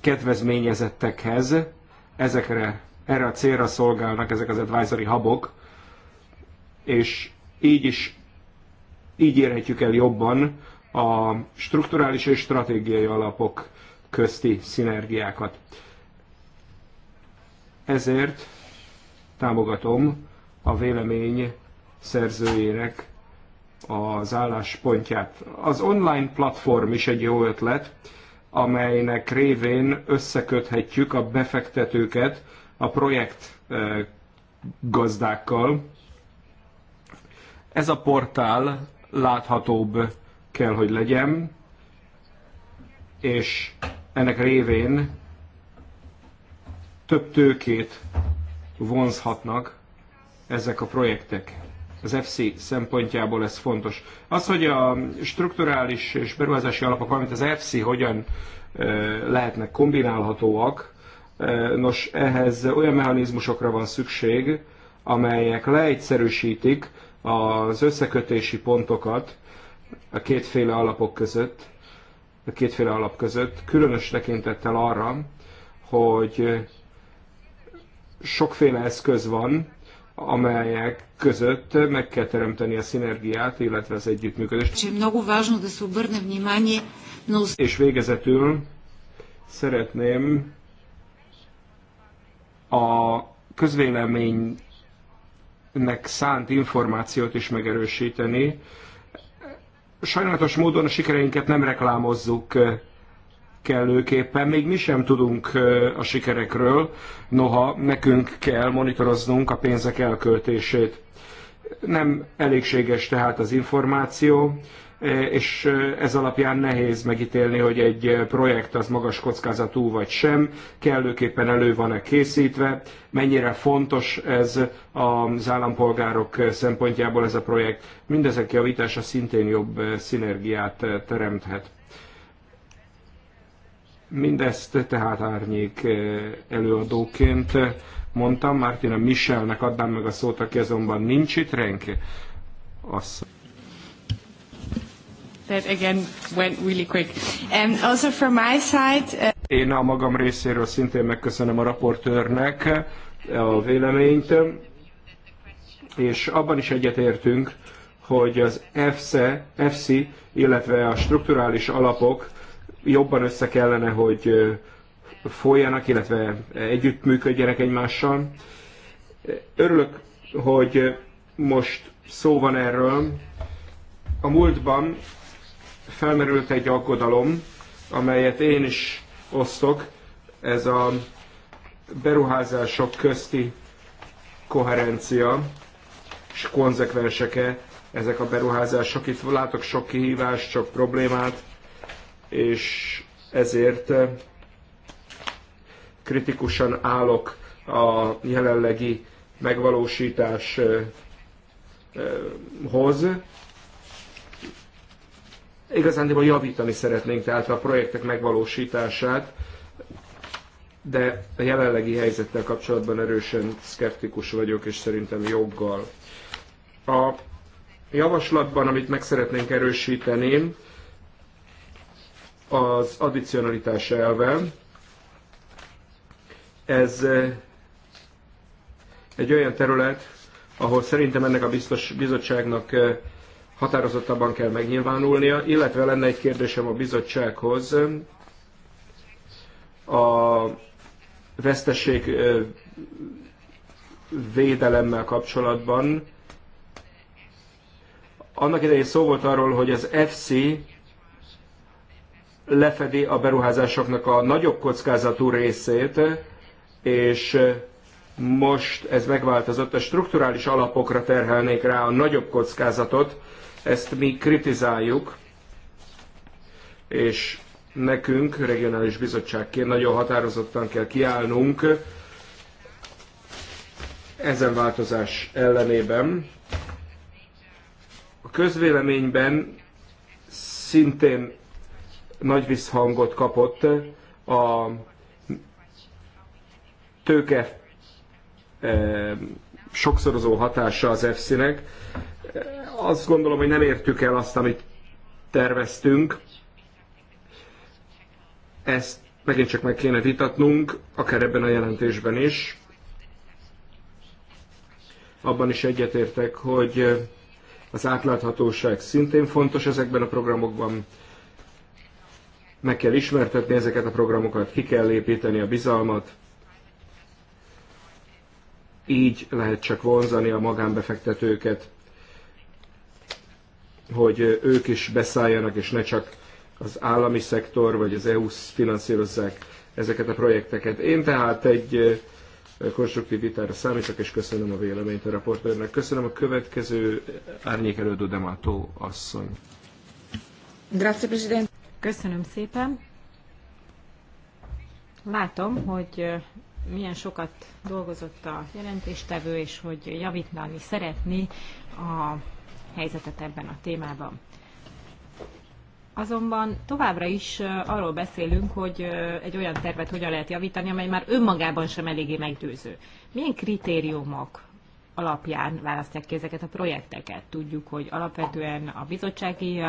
kedvezményezettekhez. Ezekre, erre a célra szolgálnak ezek az advisory hubok, és így is így érhetjük el jobban a strukturális és stratégiai alapok közti szinergiákat. Ezért támogatom a vélemény szerzőjének az álláspontját. Az online platform is egy jó ötlet, amelynek révén összeköthetjük a befektetőket a projekt eh, gazdákkal. Ez a portál láthatóbb kell, hogy legyen, és ennek révén több tőkét vonzhatnak ezek a projektek. Az FC szempontjából ez fontos. Az, hogy a strukturális és beruházási alapok, valamint az FC hogyan lehetnek kombinálhatóak, nos, ehhez olyan mechanizmusokra van szükség, amelyek leegyszerűsítik az összekötési pontokat a kétféle alapok között, a kétféle alap között, különös tekintettel arra, hogy sokféle eszköz van, amelyek között meg kell teremteni a szinergiát, illetve az együttműködést. És végezetül szeretném a közvéleménynek szánt információt is megerősíteni. Sajnálatos módon a sikereinket nem reklámozzuk kellőképpen. Még mi sem tudunk a sikerekről, noha nekünk kell monitoroznunk a pénzek elköltését. Nem elégséges tehát az információ, és ez alapján nehéz megítélni, hogy egy projekt az magas kockázatú vagy sem, kellőképpen elő van-e készítve, mennyire fontos ez az állampolgárok szempontjából ez a projekt. Mindezek javítása szintén jobb szinergiát teremthet. Mindezt tehát árnyék eh, előadóként mondtam, a Michelnek adnám meg a szót, aki azonban nincs itt, Renke Azt.
That again went really quick. And um, also from my side...
Uh... Én a magam részéről szintén megköszönöm a raportőrnek a véleményt, és abban is egyetértünk, hogy az EFSE, EFSI, illetve a strukturális alapok jobban össze kellene, hogy folyjanak, illetve együttműködjenek egymással. Örülök, hogy most szó van erről. A múltban felmerült egy aggodalom, amelyet én is osztok, ez a beruházások közti koherencia és konzekvenseke ezek a beruházások. Itt látok sok kihívást, sok problémát, és ezért eh, kritikusan állok a jelenlegi megvalósításhoz. Eh, eh, Igazándiból javítani szeretnénk tehát a projektek megvalósítását, de a jelenlegi helyzettel kapcsolatban erősen szkeptikus vagyok, és szerintem joggal. A javaslatban, amit meg szeretnénk erősíteni, az addicionalitás elve. Ez eh, egy olyan terület, ahol szerintem ennek a biztos bizottságnak eh, határozottabban kell megnyilvánulnia, illetve lenne egy kérdésem a bizottsághoz. A vesztesség eh, védelemmel kapcsolatban. Annak idején szó volt arról, hogy az FC lefedi a beruházásoknak a nagyobb kockázatú részét, és most ez megváltozott, a strukturális alapokra terhelnék rá a nagyobb kockázatot, ezt mi kritizáljuk, és nekünk, regionális bizottságként nagyon határozottan kell kiállnunk ezen változás ellenében. A közvéleményben szintén nagy visszhangot kapott a tőke e, sokszorozó hatása az EFSZ-nek. Azt gondolom, hogy nem értük el azt, amit terveztünk. Ezt megint csak meg kéne vitatnunk, akár ebben a jelentésben is. Abban is egyetértek, hogy az átláthatóság szintén fontos ezekben a programokban meg kell ismertetni ezeket a programokat, ki kell építeni a bizalmat, így lehet csak vonzani a magánbefektetőket, hogy ők is beszálljanak, és ne csak az állami szektor vagy az EU finanszírozzák ezeket a projekteket. Én tehát egy konstruktív vitára számítok, és köszönöm a véleményt a raportőrnek. Köszönöm a következő árnyékelődő Demató asszony.
Grazie, Presidente. Köszönöm szépen. Látom, hogy milyen sokat dolgozott a jelentéstevő, és hogy javítani szeretni a helyzetet ebben a témában. Azonban továbbra is arról beszélünk, hogy egy olyan tervet hogyan lehet javítani, amely már önmagában sem eléggé meggyőző. Milyen kritériumok alapján választják ki ezeket a projekteket. Tudjuk, hogy alapvetően a bizottsági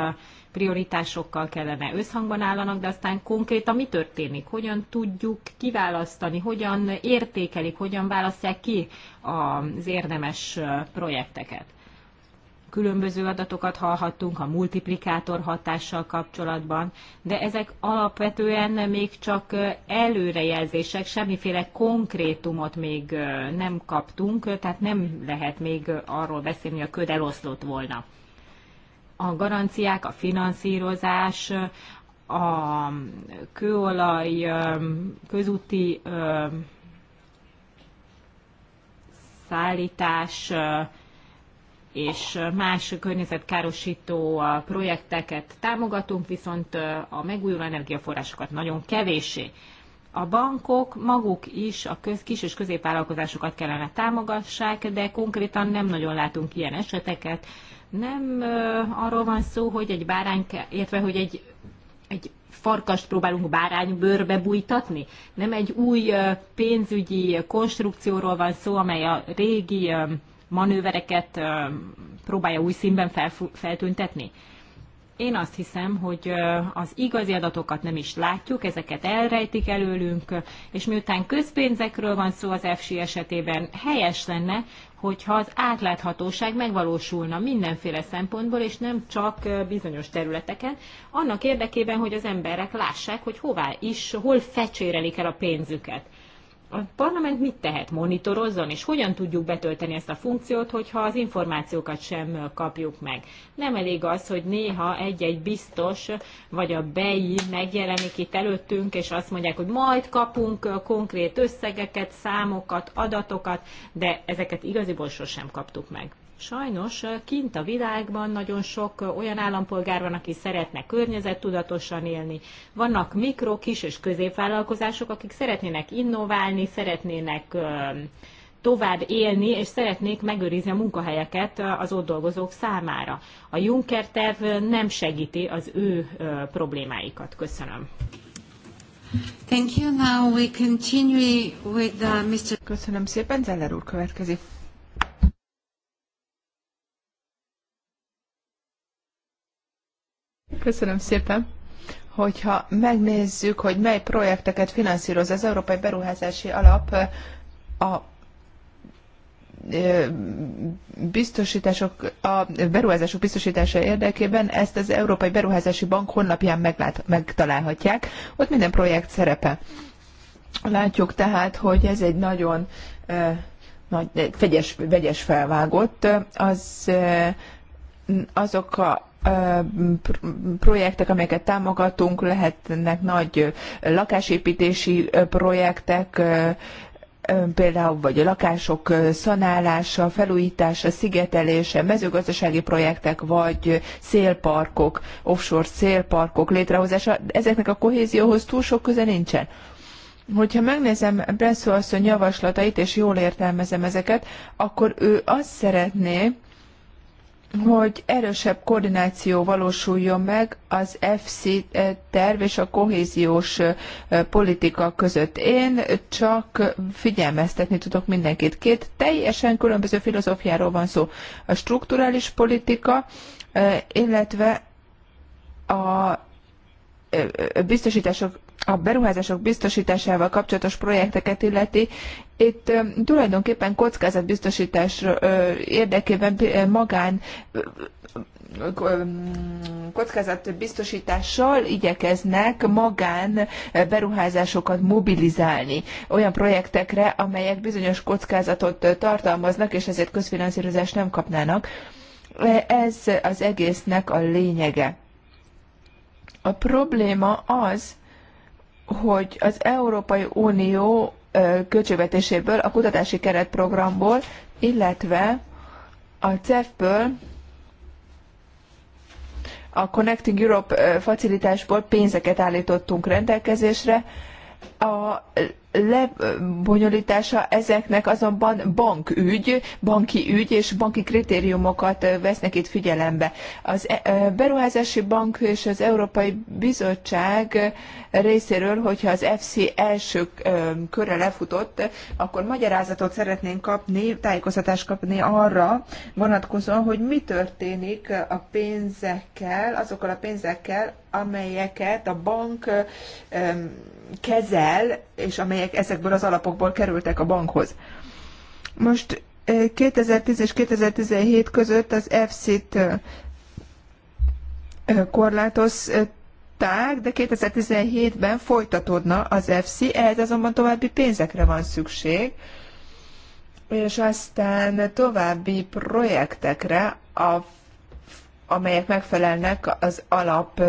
prioritásokkal kellene összhangban állanak, de aztán konkrétan mi történik? Hogyan tudjuk kiválasztani, hogyan értékelik, hogyan választják ki az érdemes projekteket? különböző adatokat hallhattunk a multiplikátor hatással kapcsolatban, de ezek alapvetően még csak előrejelzések, semmiféle konkrétumot még nem kaptunk, tehát nem lehet még arról beszélni, hogy a köd eloszlott volna. A garanciák, a finanszírozás, a kőolaj közúti szállítás, és más környezetkárosító projekteket támogatunk, viszont a megújuló energiaforrásokat nagyon kevéssé. A bankok maguk is a köz, kis és középvállalkozásokat kellene támogassák, de konkrétan nem nagyon látunk ilyen eseteket. Nem ö, arról van szó, hogy egy bárány, illetve hogy egy, egy farkast próbálunk báránybőrbe bújtatni. Nem egy új pénzügyi konstrukcióról van szó, amely a régi manővereket próbálja új színben feltüntetni? Én azt hiszem, hogy az igazi adatokat nem is látjuk, ezeket elrejtik előlünk, és miután közpénzekről van szó az FSI esetében, helyes lenne, hogyha az átláthatóság megvalósulna mindenféle szempontból, és nem csak bizonyos területeken, annak érdekében, hogy az emberek lássák, hogy hová is, hol fecsérelik el a pénzüket a parlament mit tehet? Monitorozzon, és hogyan tudjuk betölteni ezt a funkciót, hogyha az információkat sem kapjuk meg? Nem elég az, hogy néha egy-egy biztos, vagy a BEI megjelenik itt előttünk, és azt mondják, hogy majd kapunk konkrét összegeket, számokat, adatokat, de ezeket igaziból sosem kaptuk meg. Sajnos kint a világban nagyon sok olyan állampolgár van, aki szeretne környezettudatosan élni. Vannak mikro, kis és középvállalkozások, akik szeretnének innoválni, szeretnének tovább élni, és szeretnék megőrizni a munkahelyeket az ott dolgozók számára. A Juncker terv nem segíti az ő problémáikat. Köszönöm.
Thank you. Now we continue
with, uh, Mr. Köszönöm szépen, Zeller úr következik. Köszönöm szépen. Hogyha megnézzük, hogy mely projekteket finanszíroz az Európai Beruházási Alap, a biztosítások, a beruházások biztosítása érdekében ezt az Európai Beruházási Bank honlapján meglát, megtalálhatják. Ott minden projekt szerepe. Látjuk tehát, hogy ez egy nagyon nagy, vegyes, vegyes felvágott. Az, azok a projektek, amelyeket támogatunk, lehetnek nagy lakásépítési projektek, például vagy a lakások szanálása, felújítása, szigetelése, mezőgazdasági projektek, vagy szélparkok, offshore szélparkok létrehozása, ezeknek a kohézióhoz túl sok köze nincsen. Hogyha megnézem Bresszó asszony javaslatait, és jól értelmezem ezeket, akkor ő azt szeretné, hogy erősebb koordináció valósuljon meg az FC terv és a kohéziós politika között. Én csak figyelmeztetni tudok mindenkit. Két teljesen különböző filozófiáról van szó. A strukturális politika, illetve a biztosítások a beruházások biztosításával kapcsolatos projekteket illeti, itt tulajdonképpen kockázatbiztosítás érdekében magán kockázatbiztosítással igyekeznek magán beruházásokat mobilizálni olyan projektekre, amelyek bizonyos kockázatot tartalmaznak, és ezért közfinanszírozást nem kapnának. Ez az egésznek a lényege. A probléma az, hogy az Európai Unió költségvetéséből, a kutatási keretprogramból, illetve a CEF-ből, a Connecting Europe facilitásból pénzeket állítottunk rendelkezésre, a lebonyolítása ezeknek azonban bankügy, banki ügy és banki kritériumokat vesznek itt figyelembe. Az e, e, Beruházási Bank és az Európai Bizottság részéről, hogyha az FC első körre lefutott, akkor magyarázatot szeretnénk kapni, tájékoztatást kapni arra vonatkozóan, hogy mi történik a pénzekkel, azokkal a pénzekkel, amelyeket a bank kezel, és amelyek ezekből az alapokból kerültek a bankhoz. Most 2010 és 2017 között az EFSZ-t korlátozták, de 2017-ben folytatódna az FC, ehhez azonban további pénzekre van szükség, és aztán további projektekre, a, amelyek megfelelnek az alap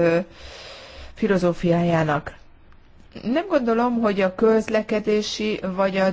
filozófiájának. Nem gondolom, hogy a közlekedési vagy a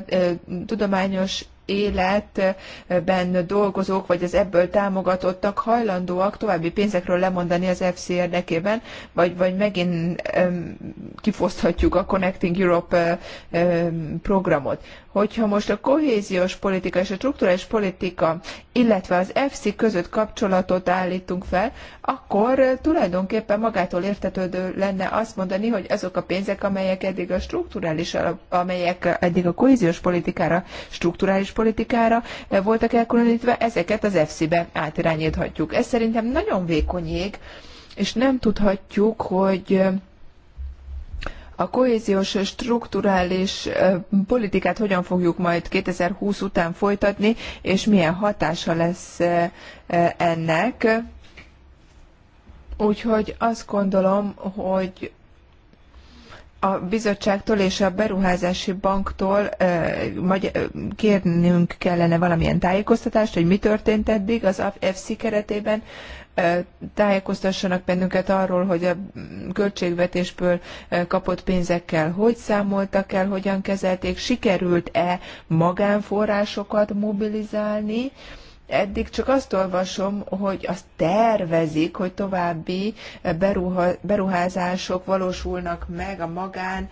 tudományos életben dolgozók, vagy az ebből támogatottak hajlandóak további pénzekről lemondani az FC érdekében, vagy, vagy megint um, kifoszthatjuk a Connecting Europe um, programot hogyha most a kohéziós politika és a strukturális politika, illetve az EFSI között kapcsolatot állítunk fel, akkor tulajdonképpen magától értetődő lenne azt mondani, hogy azok a pénzek, amelyek eddig a strukturális, amelyek eddig a kohéziós politikára, strukturális politikára voltak elkülönítve, ezeket az EFSI-be átirányíthatjuk. Ez szerintem nagyon vékony jég, és nem tudhatjuk, hogy a kohéziós strukturális politikát hogyan fogjuk majd 2020 után folytatni, és milyen hatása lesz ennek. Úgyhogy azt gondolom, hogy a bizottságtól és a beruházási banktól kérnünk kellene valamilyen tájékoztatást, hogy mi történt eddig az FC keretében, tájékoztassanak bennünket arról, hogy a költségvetésből kapott pénzekkel hogy számoltak el, hogyan kezelték, sikerült-e magánforrásokat mobilizálni, Eddig csak azt olvasom, hogy azt tervezik, hogy további beruházások valósulnak meg a magán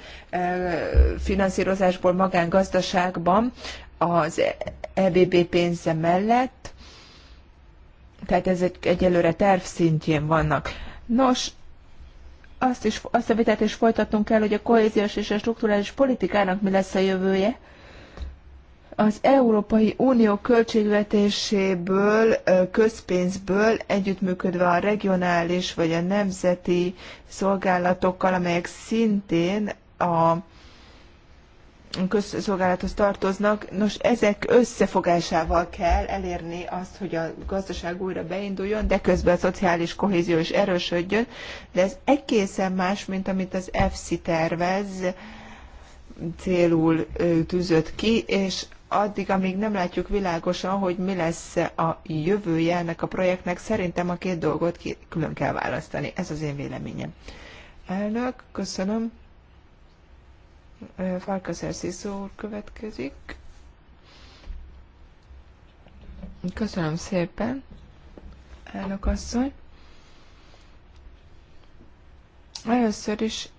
finanszírozásból, magángazdaságban az EBB e pénze mellett. Tehát ezek egyelőre terv szintjén vannak. Nos, azt, is, azt a vitát is folytatnunk kell, hogy a kohéziós és a strukturális politikának mi lesz a jövője. Az Európai Unió költségvetéséből, közpénzből együttműködve a regionális vagy a nemzeti szolgálatokkal, amelyek szintén a közszolgálathoz tartoznak. Nos, ezek összefogásával kell elérni azt, hogy a gazdaság újra beinduljon, de közben a szociális kohézió is erősödjön, de ez egészen más, mint amit az EFSI tervez, célul tűzött ki, és addig, amíg nem látjuk világosan, hogy mi lesz a jövője ennek a projektnek, szerintem a két dolgot külön kell választani. Ez az én véleményem. Elnök, köszönöm. Farkazer Sziszó következik. Köszönöm szépen, elnök asszony. Először is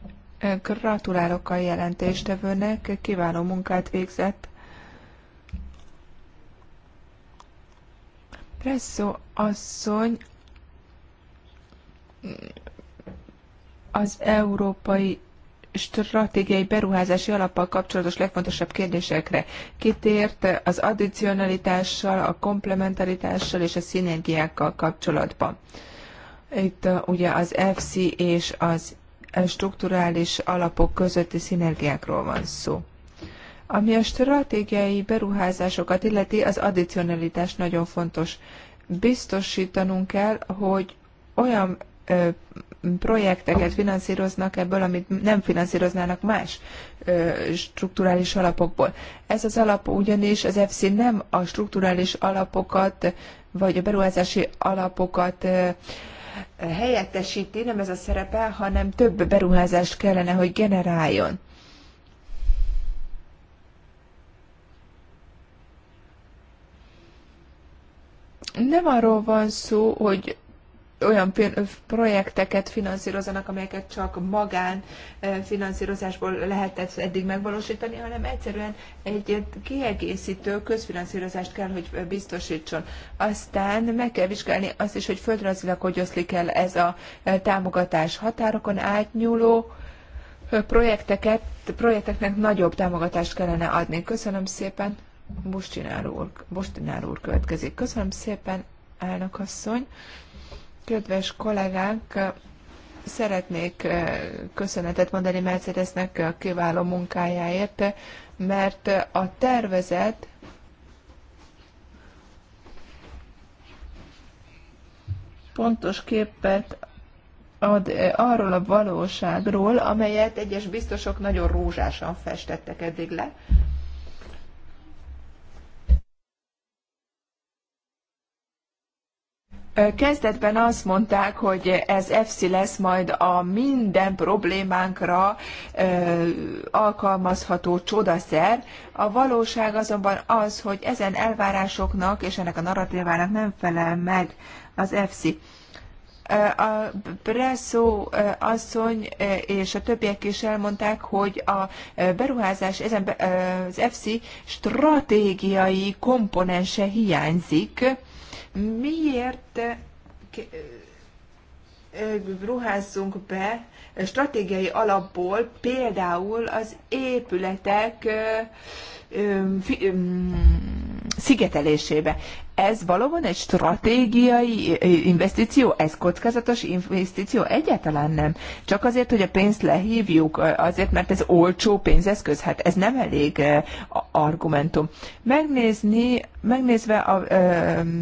gratulálok a jelentéstevőnek, kiváló munkát végzett. Presszó asszony mm, az európai stratégiai beruházási alappal kapcsolatos legfontosabb kérdésekre kitért az addicionalitással, a komplementaritással és a szinergiákkal kapcsolatban. Itt uh, ugye az FC és az strukturális alapok közötti szinergiákról van szó. Ami a stratégiai beruházásokat illeti, az addicionalitás nagyon fontos. Biztosítanunk kell, hogy olyan projekteket finanszíroznak ebből, amit nem finanszíroznának más strukturális alapokból. Ez az alap ugyanis az FC nem a strukturális alapokat vagy a beruházási alapokat helyettesíti, nem ez a szerepe, hanem több beruházást kellene, hogy generáljon. Nem arról van szó, hogy olyan projekteket finanszírozanak, amelyeket csak magán eh, finanszírozásból lehetett eddig megvalósítani, hanem egyszerűen egy kiegészítő közfinanszírozást kell, hogy biztosítson. Aztán meg kell vizsgálni azt is, hogy földrajzilag hogy oszlik el ez a eh, támogatás határokon átnyúló, eh, projekteket, projekteknek nagyobb támogatást kellene adni. Köszönöm szépen, Bustinár úr, Bustinár úr következik. Köszönöm szépen, elnök asszony. Kedves kollégák, szeretnék eh, köszönetet mondani Mercedesnek a kiváló munkájáért, mert a tervezet pontos képet ad eh, arról a valóságról, amelyet egyes biztosok nagyon rózsásan festettek eddig le, Kezdetben azt mondták, hogy ez EFSI lesz majd a minden problémánkra alkalmazható csodaszer. A valóság azonban az, hogy ezen elvárásoknak és ennek a narratívának nem felel meg az EFSI. A Bresso asszony és a többiek is elmondták, hogy a beruházás, ezen az EFSI stratégiai komponense hiányzik, miért eh, eh, ruházzunk be stratégiai alapból például az épületek eh, mm, szigetelésébe. Ez valóban egy stratégiai investíció? Ez kockázatos investíció? Egyáltalán nem. Csak azért, hogy a pénzt lehívjuk, azért, mert ez olcsó pénzeszköz, hát ez nem elég argumentum. Megnézni, megnézve a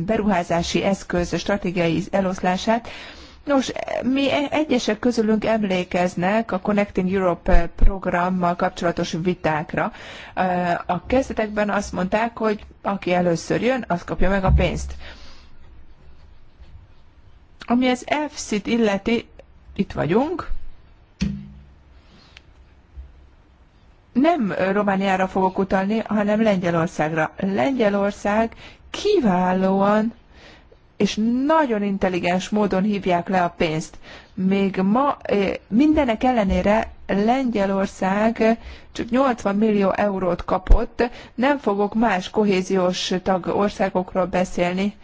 beruházási eszköz stratégiai eloszlását, Nos, mi e- egyesek közülünk emlékeznek a Connecting Europe eh, programmal kapcsolatos vitákra. Eh, a kezdetekben azt mondták, hogy aki először jön, az kapja meg a pénzt. Ami az EFSZ-t illeti, itt vagyunk, nem Romániára fogok utalni, hanem Lengyelországra. Lengyelország kiválóan és nagyon intelligens módon hívják le a pénzt. Még ma eh, mindenek ellenére Lengyelország csak 80 millió eurót kapott, nem fogok más kohéziós tag országokról beszélni.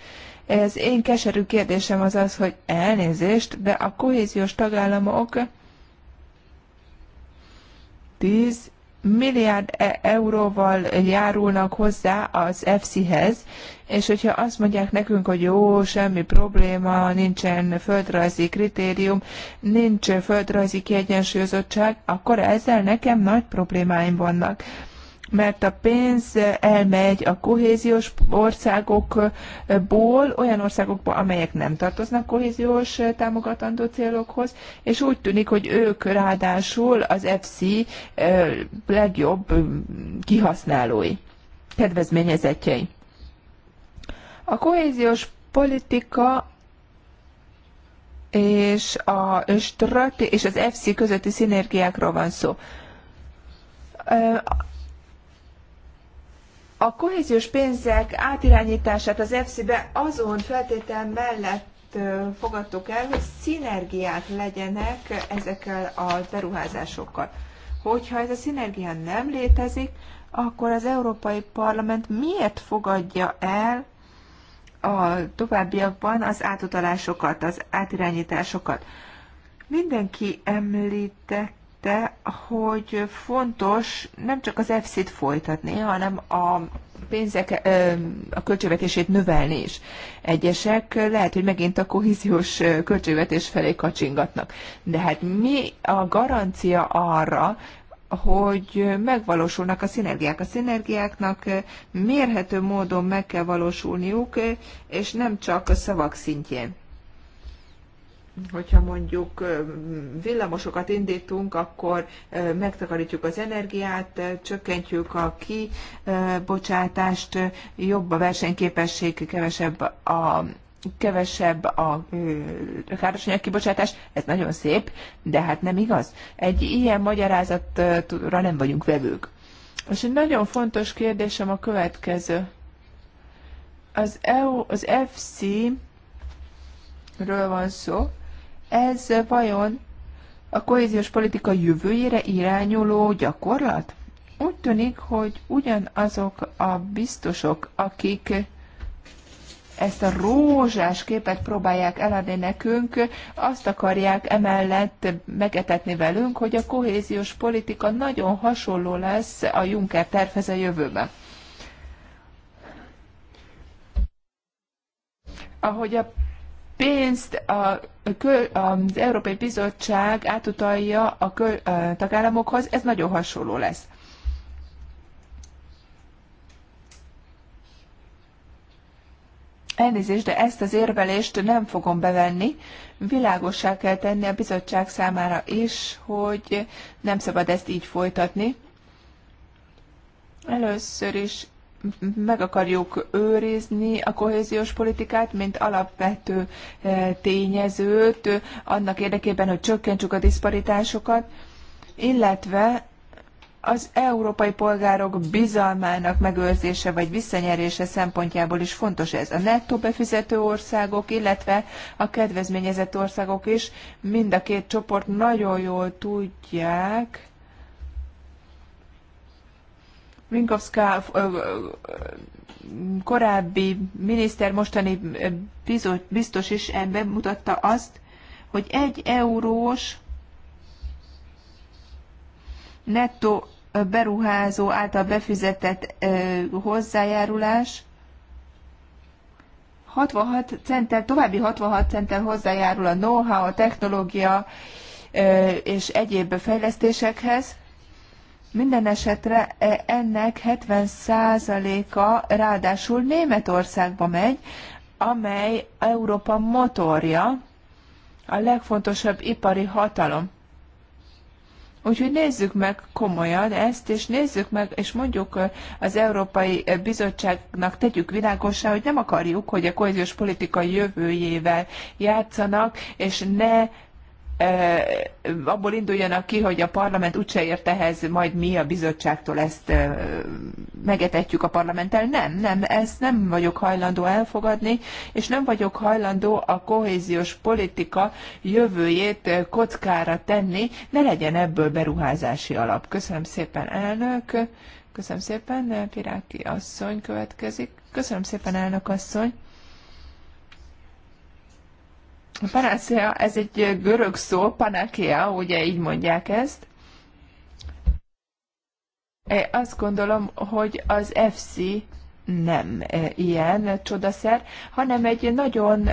Ez én keserű kérdésem az az, hogy elnézést, de a kohéziós tagállamok 10 milliárd e- euróval járulnak hozzá az EFSI-hez, és hogyha azt mondják nekünk, hogy jó, semmi probléma, nincsen földrajzi kritérium, nincs földrajzi kiegyensúlyozottság, akkor ezzel nekem nagy problémáim vannak mert a pénz elmegy a kohéziós országokból olyan országokba, amelyek nem tartoznak kohéziós támogatandó célokhoz, és úgy tűnik, hogy ők ráadásul az FC legjobb kihasználói, kedvezményezetjei. A kohéziós politika és, a és az FC közötti szinergiákról van szó a kohéziós pénzek átirányítását az EFSI-be azon feltétel mellett fogadtuk el, hogy szinergiák legyenek ezekkel a beruházásokkal. Hogyha ez a szinergia nem létezik, akkor az Európai Parlament miért fogadja el a továbbiakban az átutalásokat, az átirányításokat? Mindenki említett említette, hogy fontos nem csak az EFSZ-t folytatni, hanem a pénzek a költségvetését növelni is. Egyesek lehet, hogy megint a kohíziós költségvetés felé kacsingatnak. De hát mi a garancia arra, hogy megvalósulnak a szinergiák. A szinergiáknak mérhető módon meg kell valósulniuk, és nem csak a szavak szintjén hogyha mondjuk villamosokat indítunk, akkor megtakarítjuk az energiát, csökkentjük a kibocsátást, jobb a versenyképesség, kevesebb a kevesebb a károsanyag kibocsátás, ez nagyon szép, de hát nem igaz. Egy ilyen magyarázatra nem vagyunk vevők. És egy nagyon fontos kérdésem a következő. Az, EU, az FC ről van szó, ez vajon a kohéziós politika jövőjére irányuló gyakorlat? Úgy tűnik, hogy ugyanazok a biztosok, akik ezt a rózsás képet próbálják eladni nekünk, azt akarják emellett megetetni velünk, hogy a kohéziós politika nagyon hasonló lesz a Juncker tervez a jövőben. Ahogy a pénzt a, az Európai Bizottság átutalja a, köl, a tagállamokhoz, ez nagyon hasonló lesz. Elnézést, de ezt az érvelést nem fogom bevenni. Világossá kell tenni a bizottság számára is, hogy nem szabad ezt így folytatni. Először is meg akarjuk őrizni a kohéziós politikát, mint alapvető eh, tényezőt, annak érdekében, hogy csökkentsük a diszparitásokat, illetve az európai polgárok bizalmának megőrzése vagy visszanyerése szempontjából is fontos ez. A nettó befizető országok, illetve a kedvezményezett országok is, mind a két csoport nagyon jól tudják, Minkovská korábbi miniszter, mostani biztos is ebben mutatta azt, hogy egy eurós nettó beruházó által befizetett hozzájárulás 66 centtel, további 66 centtel hozzájárul a know-how, a technológia és egyéb fejlesztésekhez. Minden esetre e, ennek 70%-a ráadásul Németországba megy, amely Európa motorja, a legfontosabb ipari hatalom. Úgyhogy nézzük meg komolyan ezt, és nézzük meg, és mondjuk e, az Európai Bizottságnak tegyük világosá, hogy nem akarjuk, hogy a kohéziós politika jövőjével játszanak, és ne abból induljanak ki, hogy a parlament úgyse ért ehhez, majd mi a bizottságtól ezt megetetjük a parlamenttel. Nem, nem, ezt nem vagyok hajlandó elfogadni, és nem vagyok hajlandó a kohéziós politika jövőjét kockára tenni, ne legyen ebből beruházási alap. Köszönöm szépen, elnök. Köszönöm szépen, Piráki asszony következik. Köszönöm szépen, elnök asszony. Panacea, ez egy görög szó, panakea, ugye így mondják ezt. Én azt gondolom, hogy az FC nem eh, ilyen csodaszer, hanem egy nagyon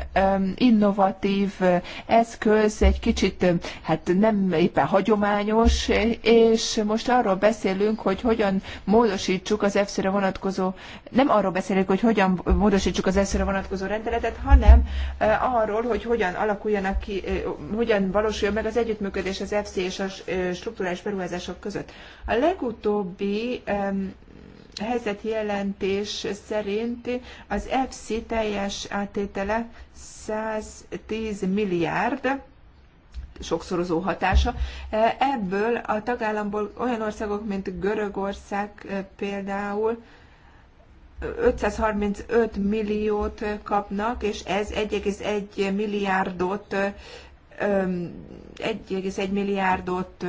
innovatív eh, eszköz, egy kicsit hát nem éppen hagyományos, eh, és most arról beszélünk, hogy hogyan módosítsuk az efsz vonatkozó, nem arról beszélünk, hogy hogyan módosítsuk az efsz vonatkozó rendeletet, hanem arról, hogy hogyan alakuljanak ki, hogyan valósuljon meg az együttműködés az EFSZ és a strukturális beruházások között. A legutóbbi helyzetjelentés szerint az EFSI teljes átétele 110 milliárd, sokszorozó hatása. Ebből a tagállamból olyan országok, mint Görögország eh, például 535 eh, milliót kapnak, és ez 1,1 milliárdot eh, 1,1 milliárdot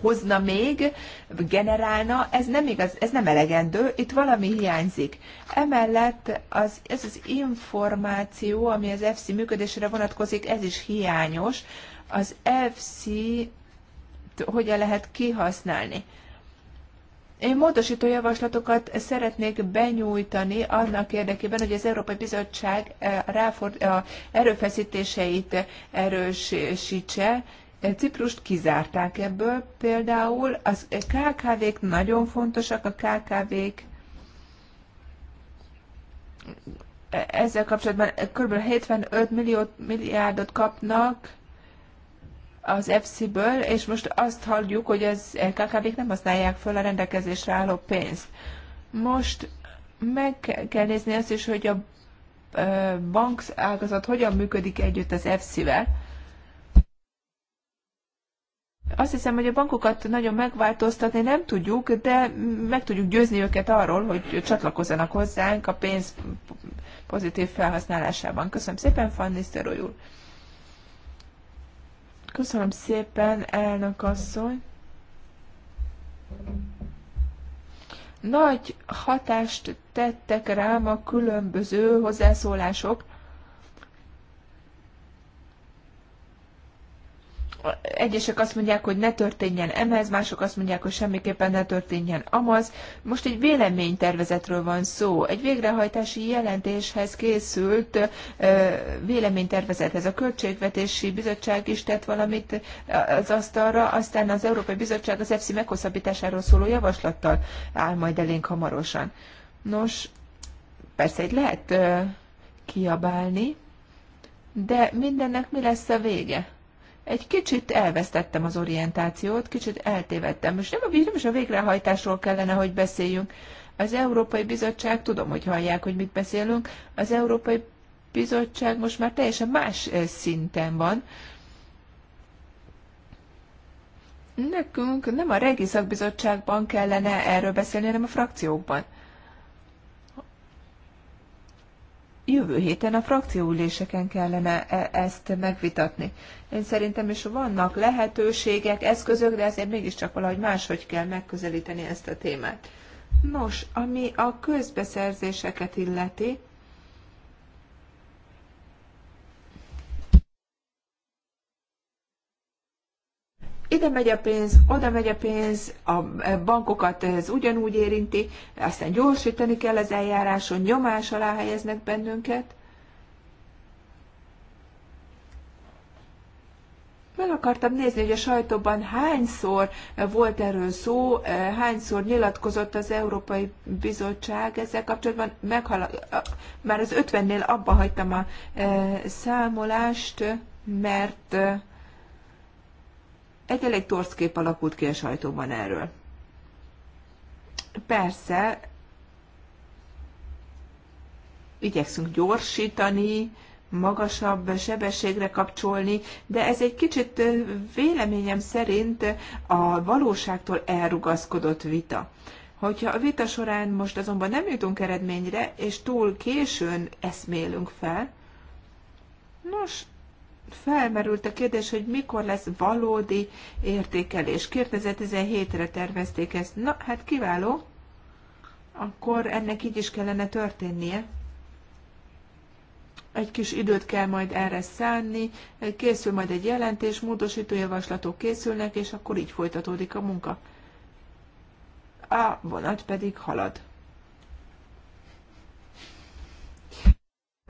hozna még, generálna, ez nem igaz, ez nem elegendő, itt valami hiányzik. Emellett az, ez az információ, ami az FC működésére vonatkozik, ez is hiányos. Az FC hogyan lehet kihasználni? Én módosító javaslatokat szeretnék benyújtani annak érdekében, hogy az Európai Bizottság eh, ráford, a erőfeszítéseit erősítse. Ciprust kizárták ebből például. Az KKV-k nagyon fontosak, a KKV-k ezzel kapcsolatban kb. 75 millió, milliárdot kapnak az EFSI-ből, és most azt halljuk, hogy az KKV-k nem használják föl a rendelkezésre álló pénzt. Most meg kell nézni azt is, hogy a ágazat hogyan működik együtt az EFSI-vel. Azt hiszem, hogy a bankokat nagyon megváltoztatni nem tudjuk, de meg tudjuk győzni őket arról, hogy csatlakozzanak hozzánk a pénz pozitív felhasználásában. Köszönöm szépen, Fanny Szteroly Köszönöm szépen, elnök asszony. Nagy hatást tettek rám a különböző hozzászólások, egyesek azt mondják, hogy ne történjen emez, mások azt mondják, hogy semmiképpen ne történjen amaz. Most egy véleménytervezetről van szó, egy végrehajtási jelentéshez készült véleménytervezethez. A Költségvetési Bizottság is tett valamit az asztalra, aztán az Európai Bizottság az EFSZI meghosszabbításáról szóló javaslattal áll majd elénk hamarosan. Nos, persze egy lehet kiabálni, de mindennek mi lesz a vége? egy kicsit elvesztettem az orientációt, kicsit eltévedtem. Most nem, a, nem is a végrehajtásról kellene, hogy beszéljünk. Az Európai Bizottság, tudom, hogy hallják, hogy mit beszélünk, az Európai Bizottság most már teljesen más eh, szinten van. Nekünk nem a Regi Szakbizottságban kellene erről beszélni, hanem a frakciókban. jövő héten a frakcióüléseken kellene e- ezt megvitatni. Én szerintem is vannak lehetőségek, eszközök, de ezért mégiscsak valahogy máshogy kell megközelíteni ezt a témát. Nos, ami a közbeszerzéseket illeti, ide megy a pénz, oda megy a pénz, a e, bankokat ez ugyanúgy érinti, aztán gyorsítani kell az eljáráson, nyomás alá helyeznek bennünket. Meg akartam nézni, hogy a sajtóban hányszor volt erről szó, e, hányszor nyilatkozott az Európai Bizottság ezzel kapcsolatban. Meghal- már az 50-nél abba hagytam a e, számolást, mert egy elég torsz kép alakult ki a sajtóban erről. Persze, igyekszünk gyorsítani, magasabb sebességre kapcsolni, de ez egy kicsit véleményem szerint a valóságtól elrugaszkodott vita. Hogyha a vita során most azonban nem jutunk eredményre, és túl későn eszmélünk fel, nos, felmerült a kérdés, hogy mikor lesz valódi értékelés. 2017-re tervezték ezt. Na, hát kiváló. Akkor ennek így is kellene történnie. Egy kis időt kell majd erre szánni, készül majd egy jelentés, módosító javaslatok készülnek, és akkor így folytatódik a munka. A vonat pedig halad.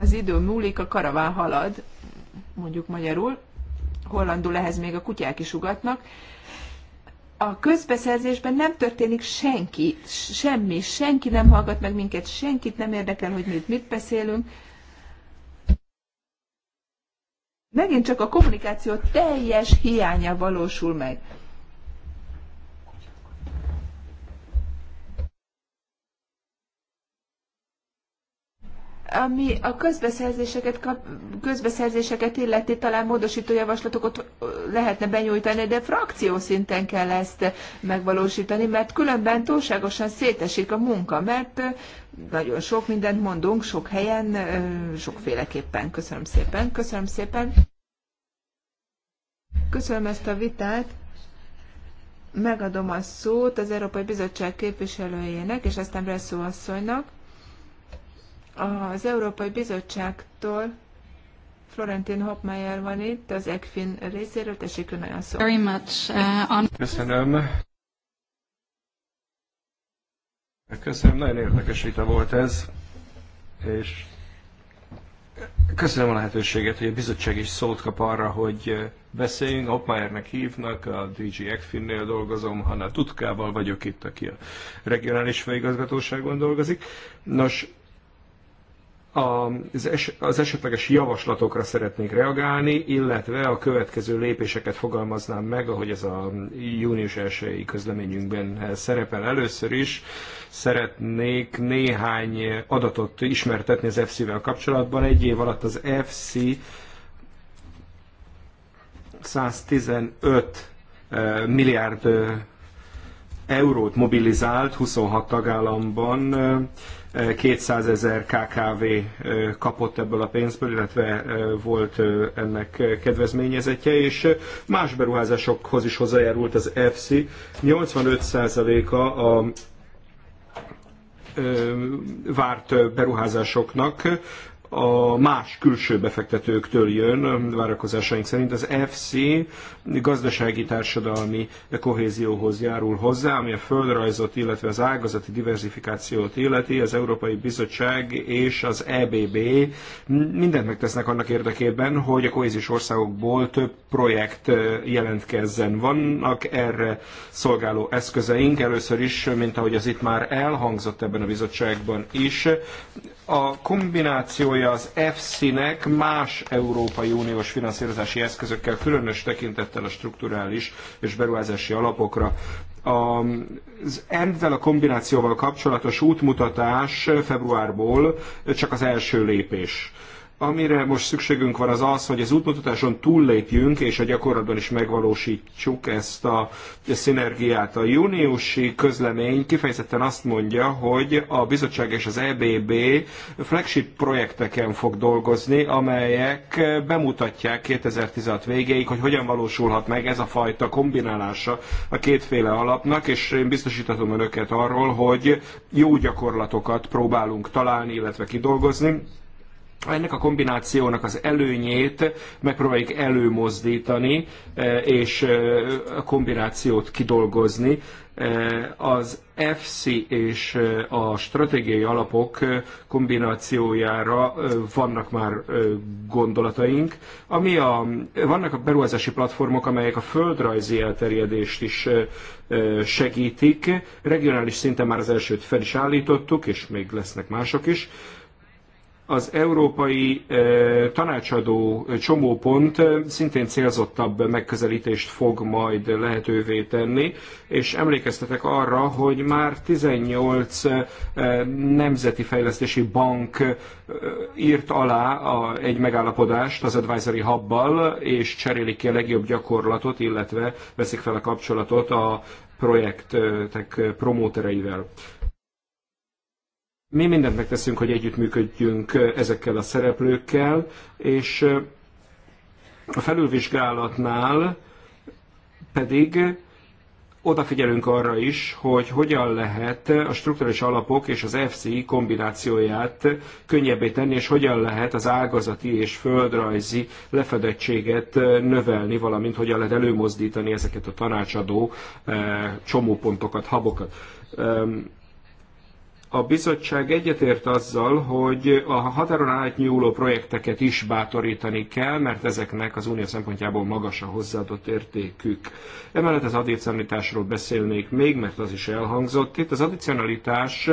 Az idő múlik, a karaván halad mondjuk magyarul, hollandul ehhez még a kutyák is ugatnak, a közbeszerzésben nem történik senki, semmi, senki nem hallgat meg minket, senkit nem érdekel, hogy mit, mit beszélünk. Megint csak a kommunikáció teljes hiánya valósul meg. Ami a közbeszerzéseket, kap, közbeszerzéseket illeti, talán módosító javaslatokat lehetne benyújtani, de frakció szinten kell ezt megvalósítani, mert különben túlságosan szétesik a munka, mert nagyon sok mindent mondunk, sok helyen, sokféleképpen. Köszönöm szépen, köszönöm szépen. Köszönöm ezt a vitát. Megadom a szót az Európai Bizottság képviselőjének, és aztán Bresszó asszonynak az Európai Bizottságtól Florentin Hopmeyer van itt, az ECFIN részéről, tessék ön olyan szó. Very
much, uh, on...
Köszönöm. Köszönöm, nagyon érdekes vita volt ez, és köszönöm a lehetőséget, hogy a bizottság is szót kap arra, hogy beszéljünk. Hopmeyernek hívnak, a DG ECFIN-nél dolgozom, Hanna Tutkával vagyok itt, aki a regionális főigazgatóságon dolgozik. Nos, az, es, az esetleges javaslatokra szeretnék reagálni, illetve a következő lépéseket fogalmaznám meg, ahogy ez a június 1 közleményünkben szerepel először is. Szeretnék néhány adatot ismertetni az FC-vel kapcsolatban. Egy év alatt az FC 115 eh, milliárd eh, eurót mobilizált 26 tagállamban eh, 200 ezer KKV kapott ebből a pénzből, illetve volt ennek kedvezményezetje, és más beruházásokhoz is hozzájárult az EFSI. 85%-a a várt beruházásoknak a más külső befektetőktől jön, várakozásaink szerint az FC gazdasági társadalmi kohézióhoz járul hozzá, ami a földrajzot, illetve az ágazati diversifikációt illeti, az Európai Bizottság és az EBB mindent megtesznek annak érdekében, hogy a kohéziós országokból több projekt jelentkezzen. Vannak erre szolgáló eszközeink, először is, mint ahogy az itt már elhangzott ebben a bizottságban is, a kombinációja az EFSZ-nek más Európai Uniós finanszírozási eszközökkel, különös tekintettel a strukturális és beruházási alapokra. Az ezzel a kombinációval kapcsolatos útmutatás februárból csak az első lépés Amire most szükségünk van az az, hogy az útmutatáson túllépjünk, és a gyakorlatban is megvalósítsuk ezt a szinergiát. A júniusi közlemény kifejezetten azt mondja, hogy a bizottság és az EBB flagship projekteken fog dolgozni, amelyek bemutatják 2016 végéig, hogy hogyan valósulhat meg ez a fajta kombinálása a kétféle alapnak, és én biztosítatom önöket arról, hogy jó gyakorlatokat próbálunk találni, illetve kidolgozni ennek a kombinációnak az előnyét megpróbáljuk előmozdítani, e, és e, a kombinációt kidolgozni. E, az FC és a stratégiai alapok kombinációjára vannak már gondolataink, ami a, vannak a beruházási platformok, amelyek a földrajzi elterjedést is segítik. Regionális szinten már az elsőt fel is állítottuk, és még lesznek mások is az európai tanácsadó csomópont szintén célzottabb megközelítést fog majd lehetővé tenni, és emlékeztetek arra, hogy már 18 nemzeti fejlesztési bank írt alá a, egy megállapodást az Advisory Hubbal, és cserélik ki a legjobb gyakorlatot, illetve veszik fel a kapcsolatot a projektek promótereivel. Mi mindent megteszünk, hogy együttműködjünk ezekkel a szereplőkkel, és a felülvizsgálatnál pedig odafigyelünk arra is, hogy hogyan lehet a strukturális alapok és az FC kombinációját könnyebbé tenni, és hogyan lehet az ágazati és földrajzi lefedettséget növelni, valamint hogyan lehet előmozdítani ezeket a tanácsadó csomópontokat, habokat a bizottság egyetért azzal, hogy a határon átnyúló projekteket is bátorítani kell, mert ezeknek az unió szempontjából magas a hozzáadott értékük. Emellett az addicionalitásról beszélnék még, mert az is elhangzott itt. Az addicionalitás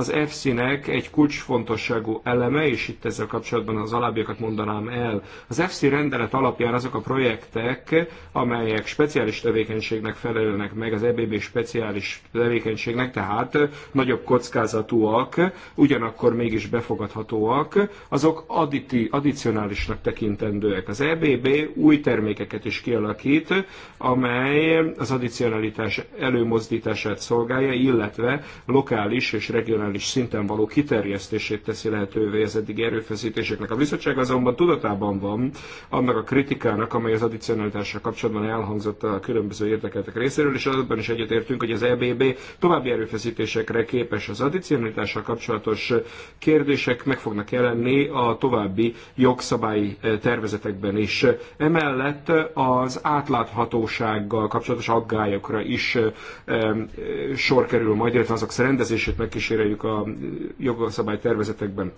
az EFSZ-nek egy kulcsfontosságú eleme, és itt ezzel kapcsolatban az alábbiakat mondanám el. Az EFSZ rendelet alapján azok a projektek, amelyek speciális tevékenységnek felelnek meg, az EBB speciális tevékenységnek, tehát nagyobb kockázatúak, ugyanakkor mégis befogadhatóak, azok additi, addicionálisnak tekintendőek. Az EBB új termékeket is kialakít, amely az addicionalitás előmozdítását szolgálja, illetve lokális és regionális regionális szinten való kiterjesztését teszi lehetővé az eddigi erőfeszítéseknek. A bizottság azonban tudatában van annak a kritikának, amely az addicionalitással kapcsolatban elhangzott a különböző érdekeltek részéről, és azban is egyetértünk, hogy az EBB további erőfeszítésekre képes az addicionalitással kapcsolatos kérdések meg fognak jelenni a további jogszabályi eh, tervezetekben is. Emellett az átláthatósággal kapcsolatos aggályokra is eh, eh, sor kerül majd, illetve azok rendezését megkíséreljük mondjuk a jogszabály tervezetekben.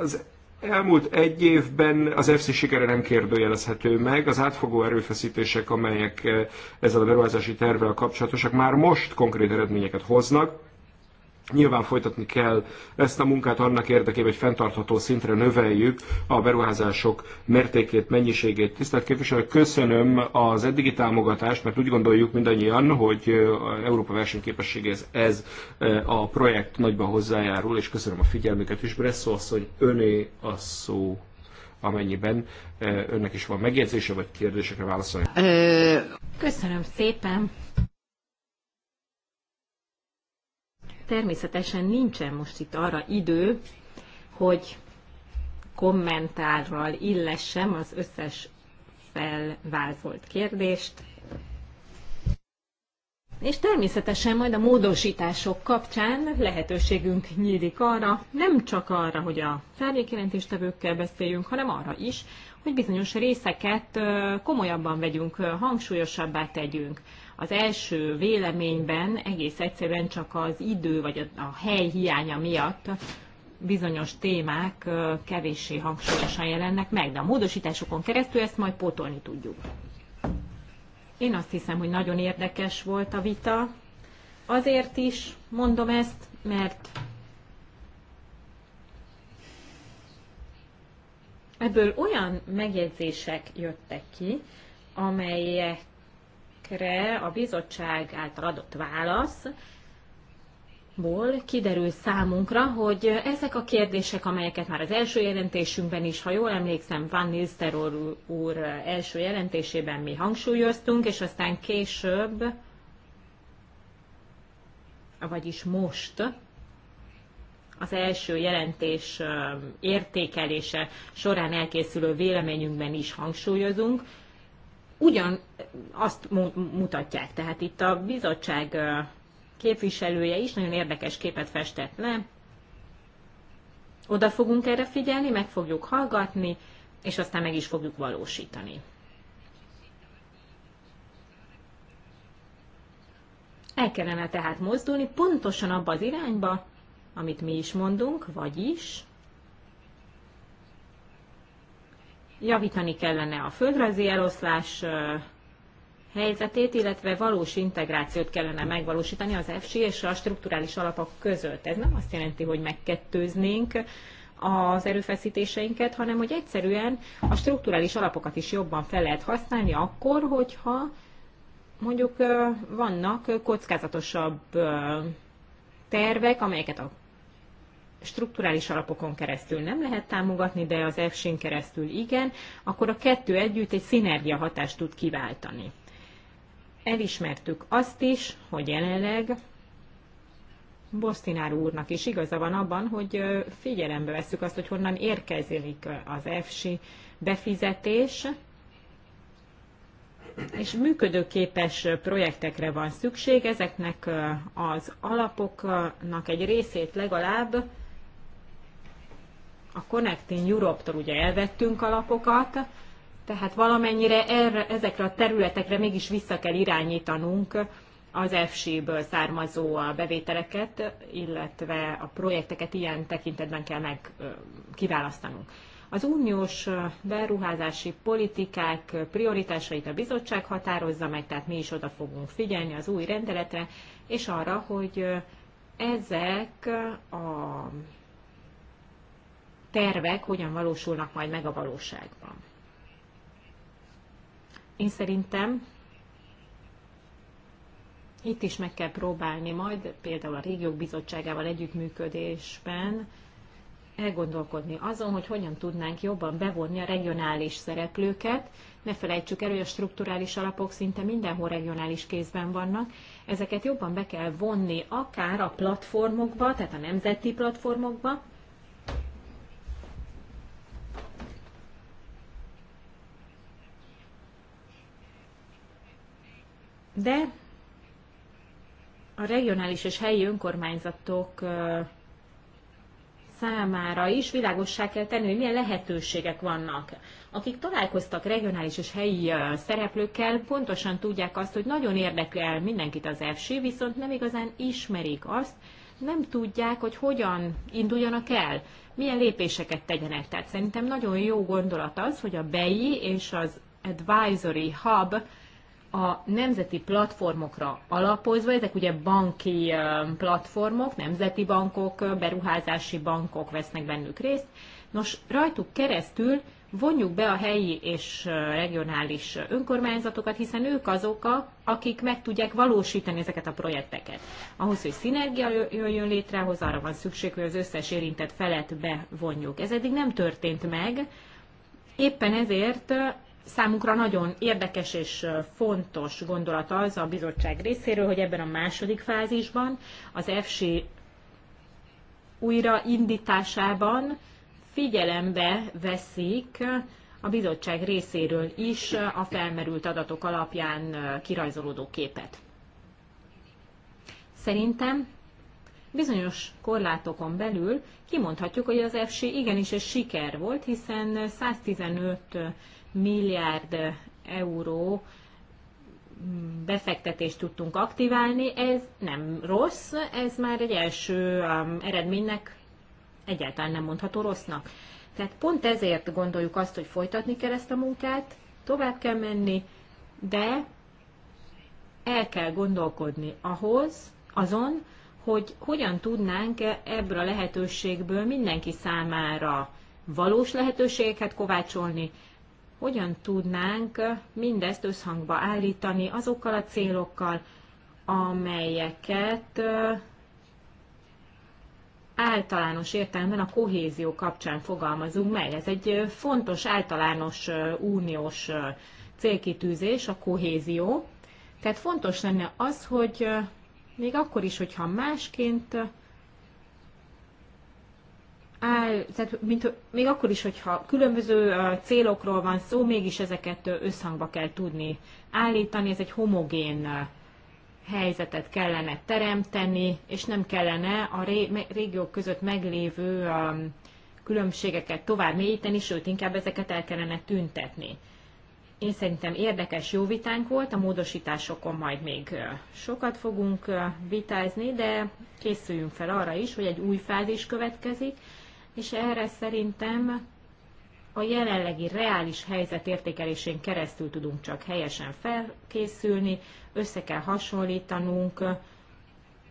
Az elmúlt egy évben az FC sikere nem kérdőjelezhető meg. Az átfogó erőfeszítések, amelyek ezzel a beruházási tervvel kapcsolatosak, már most konkrét eredményeket hoznak Nyilván folytatni kell ezt a munkát annak érdekében, hogy fenntartható szintre növeljük a beruházások mértékét, mennyiségét. Tisztelt képviselő, köszönöm az eddigi támogatást, mert úgy gondoljuk mindannyian, hogy Európa versenyképességéhez ez a projekt nagyban hozzájárul, és köszönöm a figyelmüket is. Bresszó asszony, öné a szó amennyiben önnek is van megjegyzése, vagy kérdésekre válaszolni.
Köszönöm szépen. Természetesen nincsen most itt arra idő, hogy kommentárral illessem az összes felvázolt kérdést. És természetesen majd a módosítások kapcsán lehetőségünk nyílik arra, nem csak arra, hogy a felvékjelentéstevőkkel beszéljünk, hanem arra is, hogy bizonyos részeket komolyabban vegyünk, hangsúlyosabbá tegyünk az első véleményben egész egyszerűen csak az idő vagy a, a hely hiánya miatt bizonyos témák kevéssé hangsúlyosan jelennek meg, de a módosításokon keresztül ezt majd pótolni tudjuk. Én azt hiszem, hogy nagyon érdekes volt a vita. Azért is mondom ezt, mert ebből olyan megjegyzések jöttek ki, amelyek kérdésekre a bizottság által adott válasz, ból kiderül számunkra, hogy ezek a kérdések, amelyeket már az első jelentésünkben is, ha jól emlékszem, Van Nistelrooy úr első jelentésében mi hangsúlyoztunk, és aztán később, vagyis most, az első jelentés értékelése során elkészülő véleményünkben is hangsúlyozunk, ugyan azt mutatják. Tehát itt a bizottság képviselője is nagyon érdekes képet festett le. Oda fogunk erre figyelni, meg fogjuk hallgatni, és aztán meg is fogjuk valósítani. El kellene tehát mozdulni pontosan abba az irányba, amit mi is mondunk, vagyis javítani kellene a földrajzi eloszlás helyzetét, illetve valós integrációt kellene megvalósítani az EFSI és a strukturális alapok között. Ez nem azt jelenti, hogy megkettőznénk az erőfeszítéseinket, hanem hogy egyszerűen a strukturális alapokat is jobban fel lehet használni akkor, hogyha mondjuk vannak kockázatosabb tervek, amelyeket a strukturális alapokon keresztül nem lehet támogatni, de az EFSIN keresztül igen, akkor a kettő együtt egy szinergia hatást tud kiváltani. Elismertük azt is, hogy jelenleg Bosztinár úrnak is igaza van abban, hogy figyelembe veszük azt, hogy honnan érkezik az EFSI befizetés, és működőképes projektekre van szükség, ezeknek az alapoknak egy részét legalább a Connecting Europe-tól ugye elvettünk alapokat, tehát valamennyire erre, ezekre a területekre mégis vissza kell irányítanunk az FC-ből származó bevételeket, illetve a projekteket ilyen tekintetben kell meg kiválasztanunk. Az uniós beruházási politikák prioritásait a bizottság határozza meg, tehát mi is oda fogunk figyelni az új rendeletre, és arra, hogy ezek a tervek hogyan valósulnak majd meg a valóságban. Én szerintem itt is meg kell próbálni majd, például a régiók bizottságával együttműködésben elgondolkodni azon, hogy hogyan tudnánk jobban bevonni a regionális szereplőket. Ne felejtsük el, hogy a strukturális alapok szinte mindenhol regionális kézben vannak. Ezeket jobban be kell vonni akár a platformokba, tehát a nemzeti platformokba, de a regionális és helyi önkormányzatok számára is világossá kell tenni, hogy milyen lehetőségek vannak. Akik találkoztak regionális és helyi szereplőkkel, pontosan tudják azt, hogy nagyon érdekel mindenkit az EFSI, viszont nem igazán ismerik azt, nem tudják, hogy hogyan induljanak el, milyen lépéseket tegyenek. Tehát szerintem nagyon jó gondolat az, hogy a BEI és az Advisory Hub a nemzeti platformokra alapozva, ezek ugye banki platformok, nemzeti bankok, beruházási bankok vesznek bennük részt, nos, rajtuk keresztül vonjuk be a helyi és regionális önkormányzatokat, hiszen ők azok, akik meg tudják valósítani ezeket a projekteket. Ahhoz, hogy szinergia jöjjön létre, ahhoz arra van szükség, hogy az összes érintett felet bevonjuk. Ez eddig nem történt meg, éppen ezért számunkra nagyon érdekes és fontos gondolat az a bizottság részéről, hogy ebben a második fázisban az EFSI újraindításában figyelembe veszik a bizottság részéről is a felmerült adatok alapján kirajzolódó képet. Szerintem bizonyos korlátokon belül kimondhatjuk, hogy az FC igenis egy siker volt, hiszen 115 milliárd euró mm, befektetést tudtunk aktiválni. Ez nem rossz, ez már egy első um, eredménynek egyáltalán nem mondható rossznak. Tehát pont ezért gondoljuk azt, hogy folytatni kell ezt a munkát, tovább kell menni, de el kell gondolkodni ahhoz, azon, hogy hogyan tudnánk e- ebből a lehetőségből mindenki számára valós lehetőségeket kovácsolni, hogyan tudnánk mindezt összhangba állítani azokkal a célokkal, amelyeket általános értelemben a kohézió kapcsán fogalmazunk meg. Ez egy fontos általános uniós célkitűzés, a kohézió. Tehát fontos lenne az, hogy még akkor is, hogyha másként áll, tehát mint, még akkor is, hogyha különböző célokról van szó, mégis ezeket összhangba kell tudni állítani, ez egy homogén helyzetet kellene teremteni, és nem kellene a régiók között meglévő különbségeket tovább mélyíteni, sőt, inkább ezeket el kellene tüntetni. Én szerintem érdekes jó vitánk volt, a módosításokon majd még sokat fogunk vitázni, de készüljünk fel arra is, hogy egy új fázis következik, és erre szerintem a jelenlegi reális helyzet értékelésén keresztül tudunk csak helyesen felkészülni, össze kell hasonlítanunk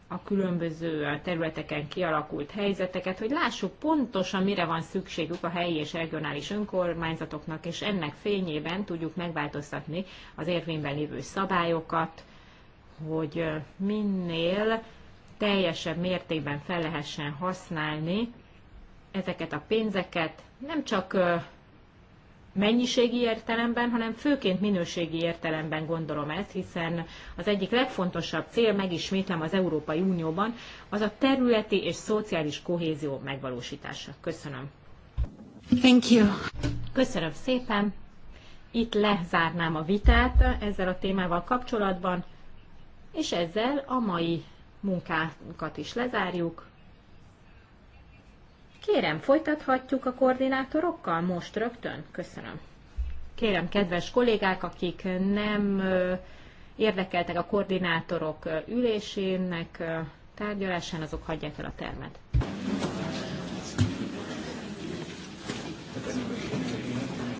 a különböző területeken kialakult helyzeteket, hogy lássuk pontosan, mire van szükségük a helyi és regionális önkormányzatoknak, és ennek fényében tudjuk megváltoztatni az érvényben lévő szabályokat, hogy minél teljesebb mértékben fel lehessen használni ezeket a pénzeket nem csak mennyiségi értelemben, hanem főként minőségi értelemben gondolom ezt, hiszen az egyik legfontosabb cél, megismétlem az Európai Unióban, az a területi és szociális kohézió megvalósítása. Köszönöm. Thank you. Köszönöm szépen. Itt lezárnám a vitát ezzel a témával kapcsolatban, és ezzel a mai munkánkat is lezárjuk. Kérem, folytathatjuk a koordinátorokkal most rögtön? Köszönöm. Kérem, kedves kollégák, akik nem érdekeltek a koordinátorok ülésének tárgyalásán, azok hagyják el a termet.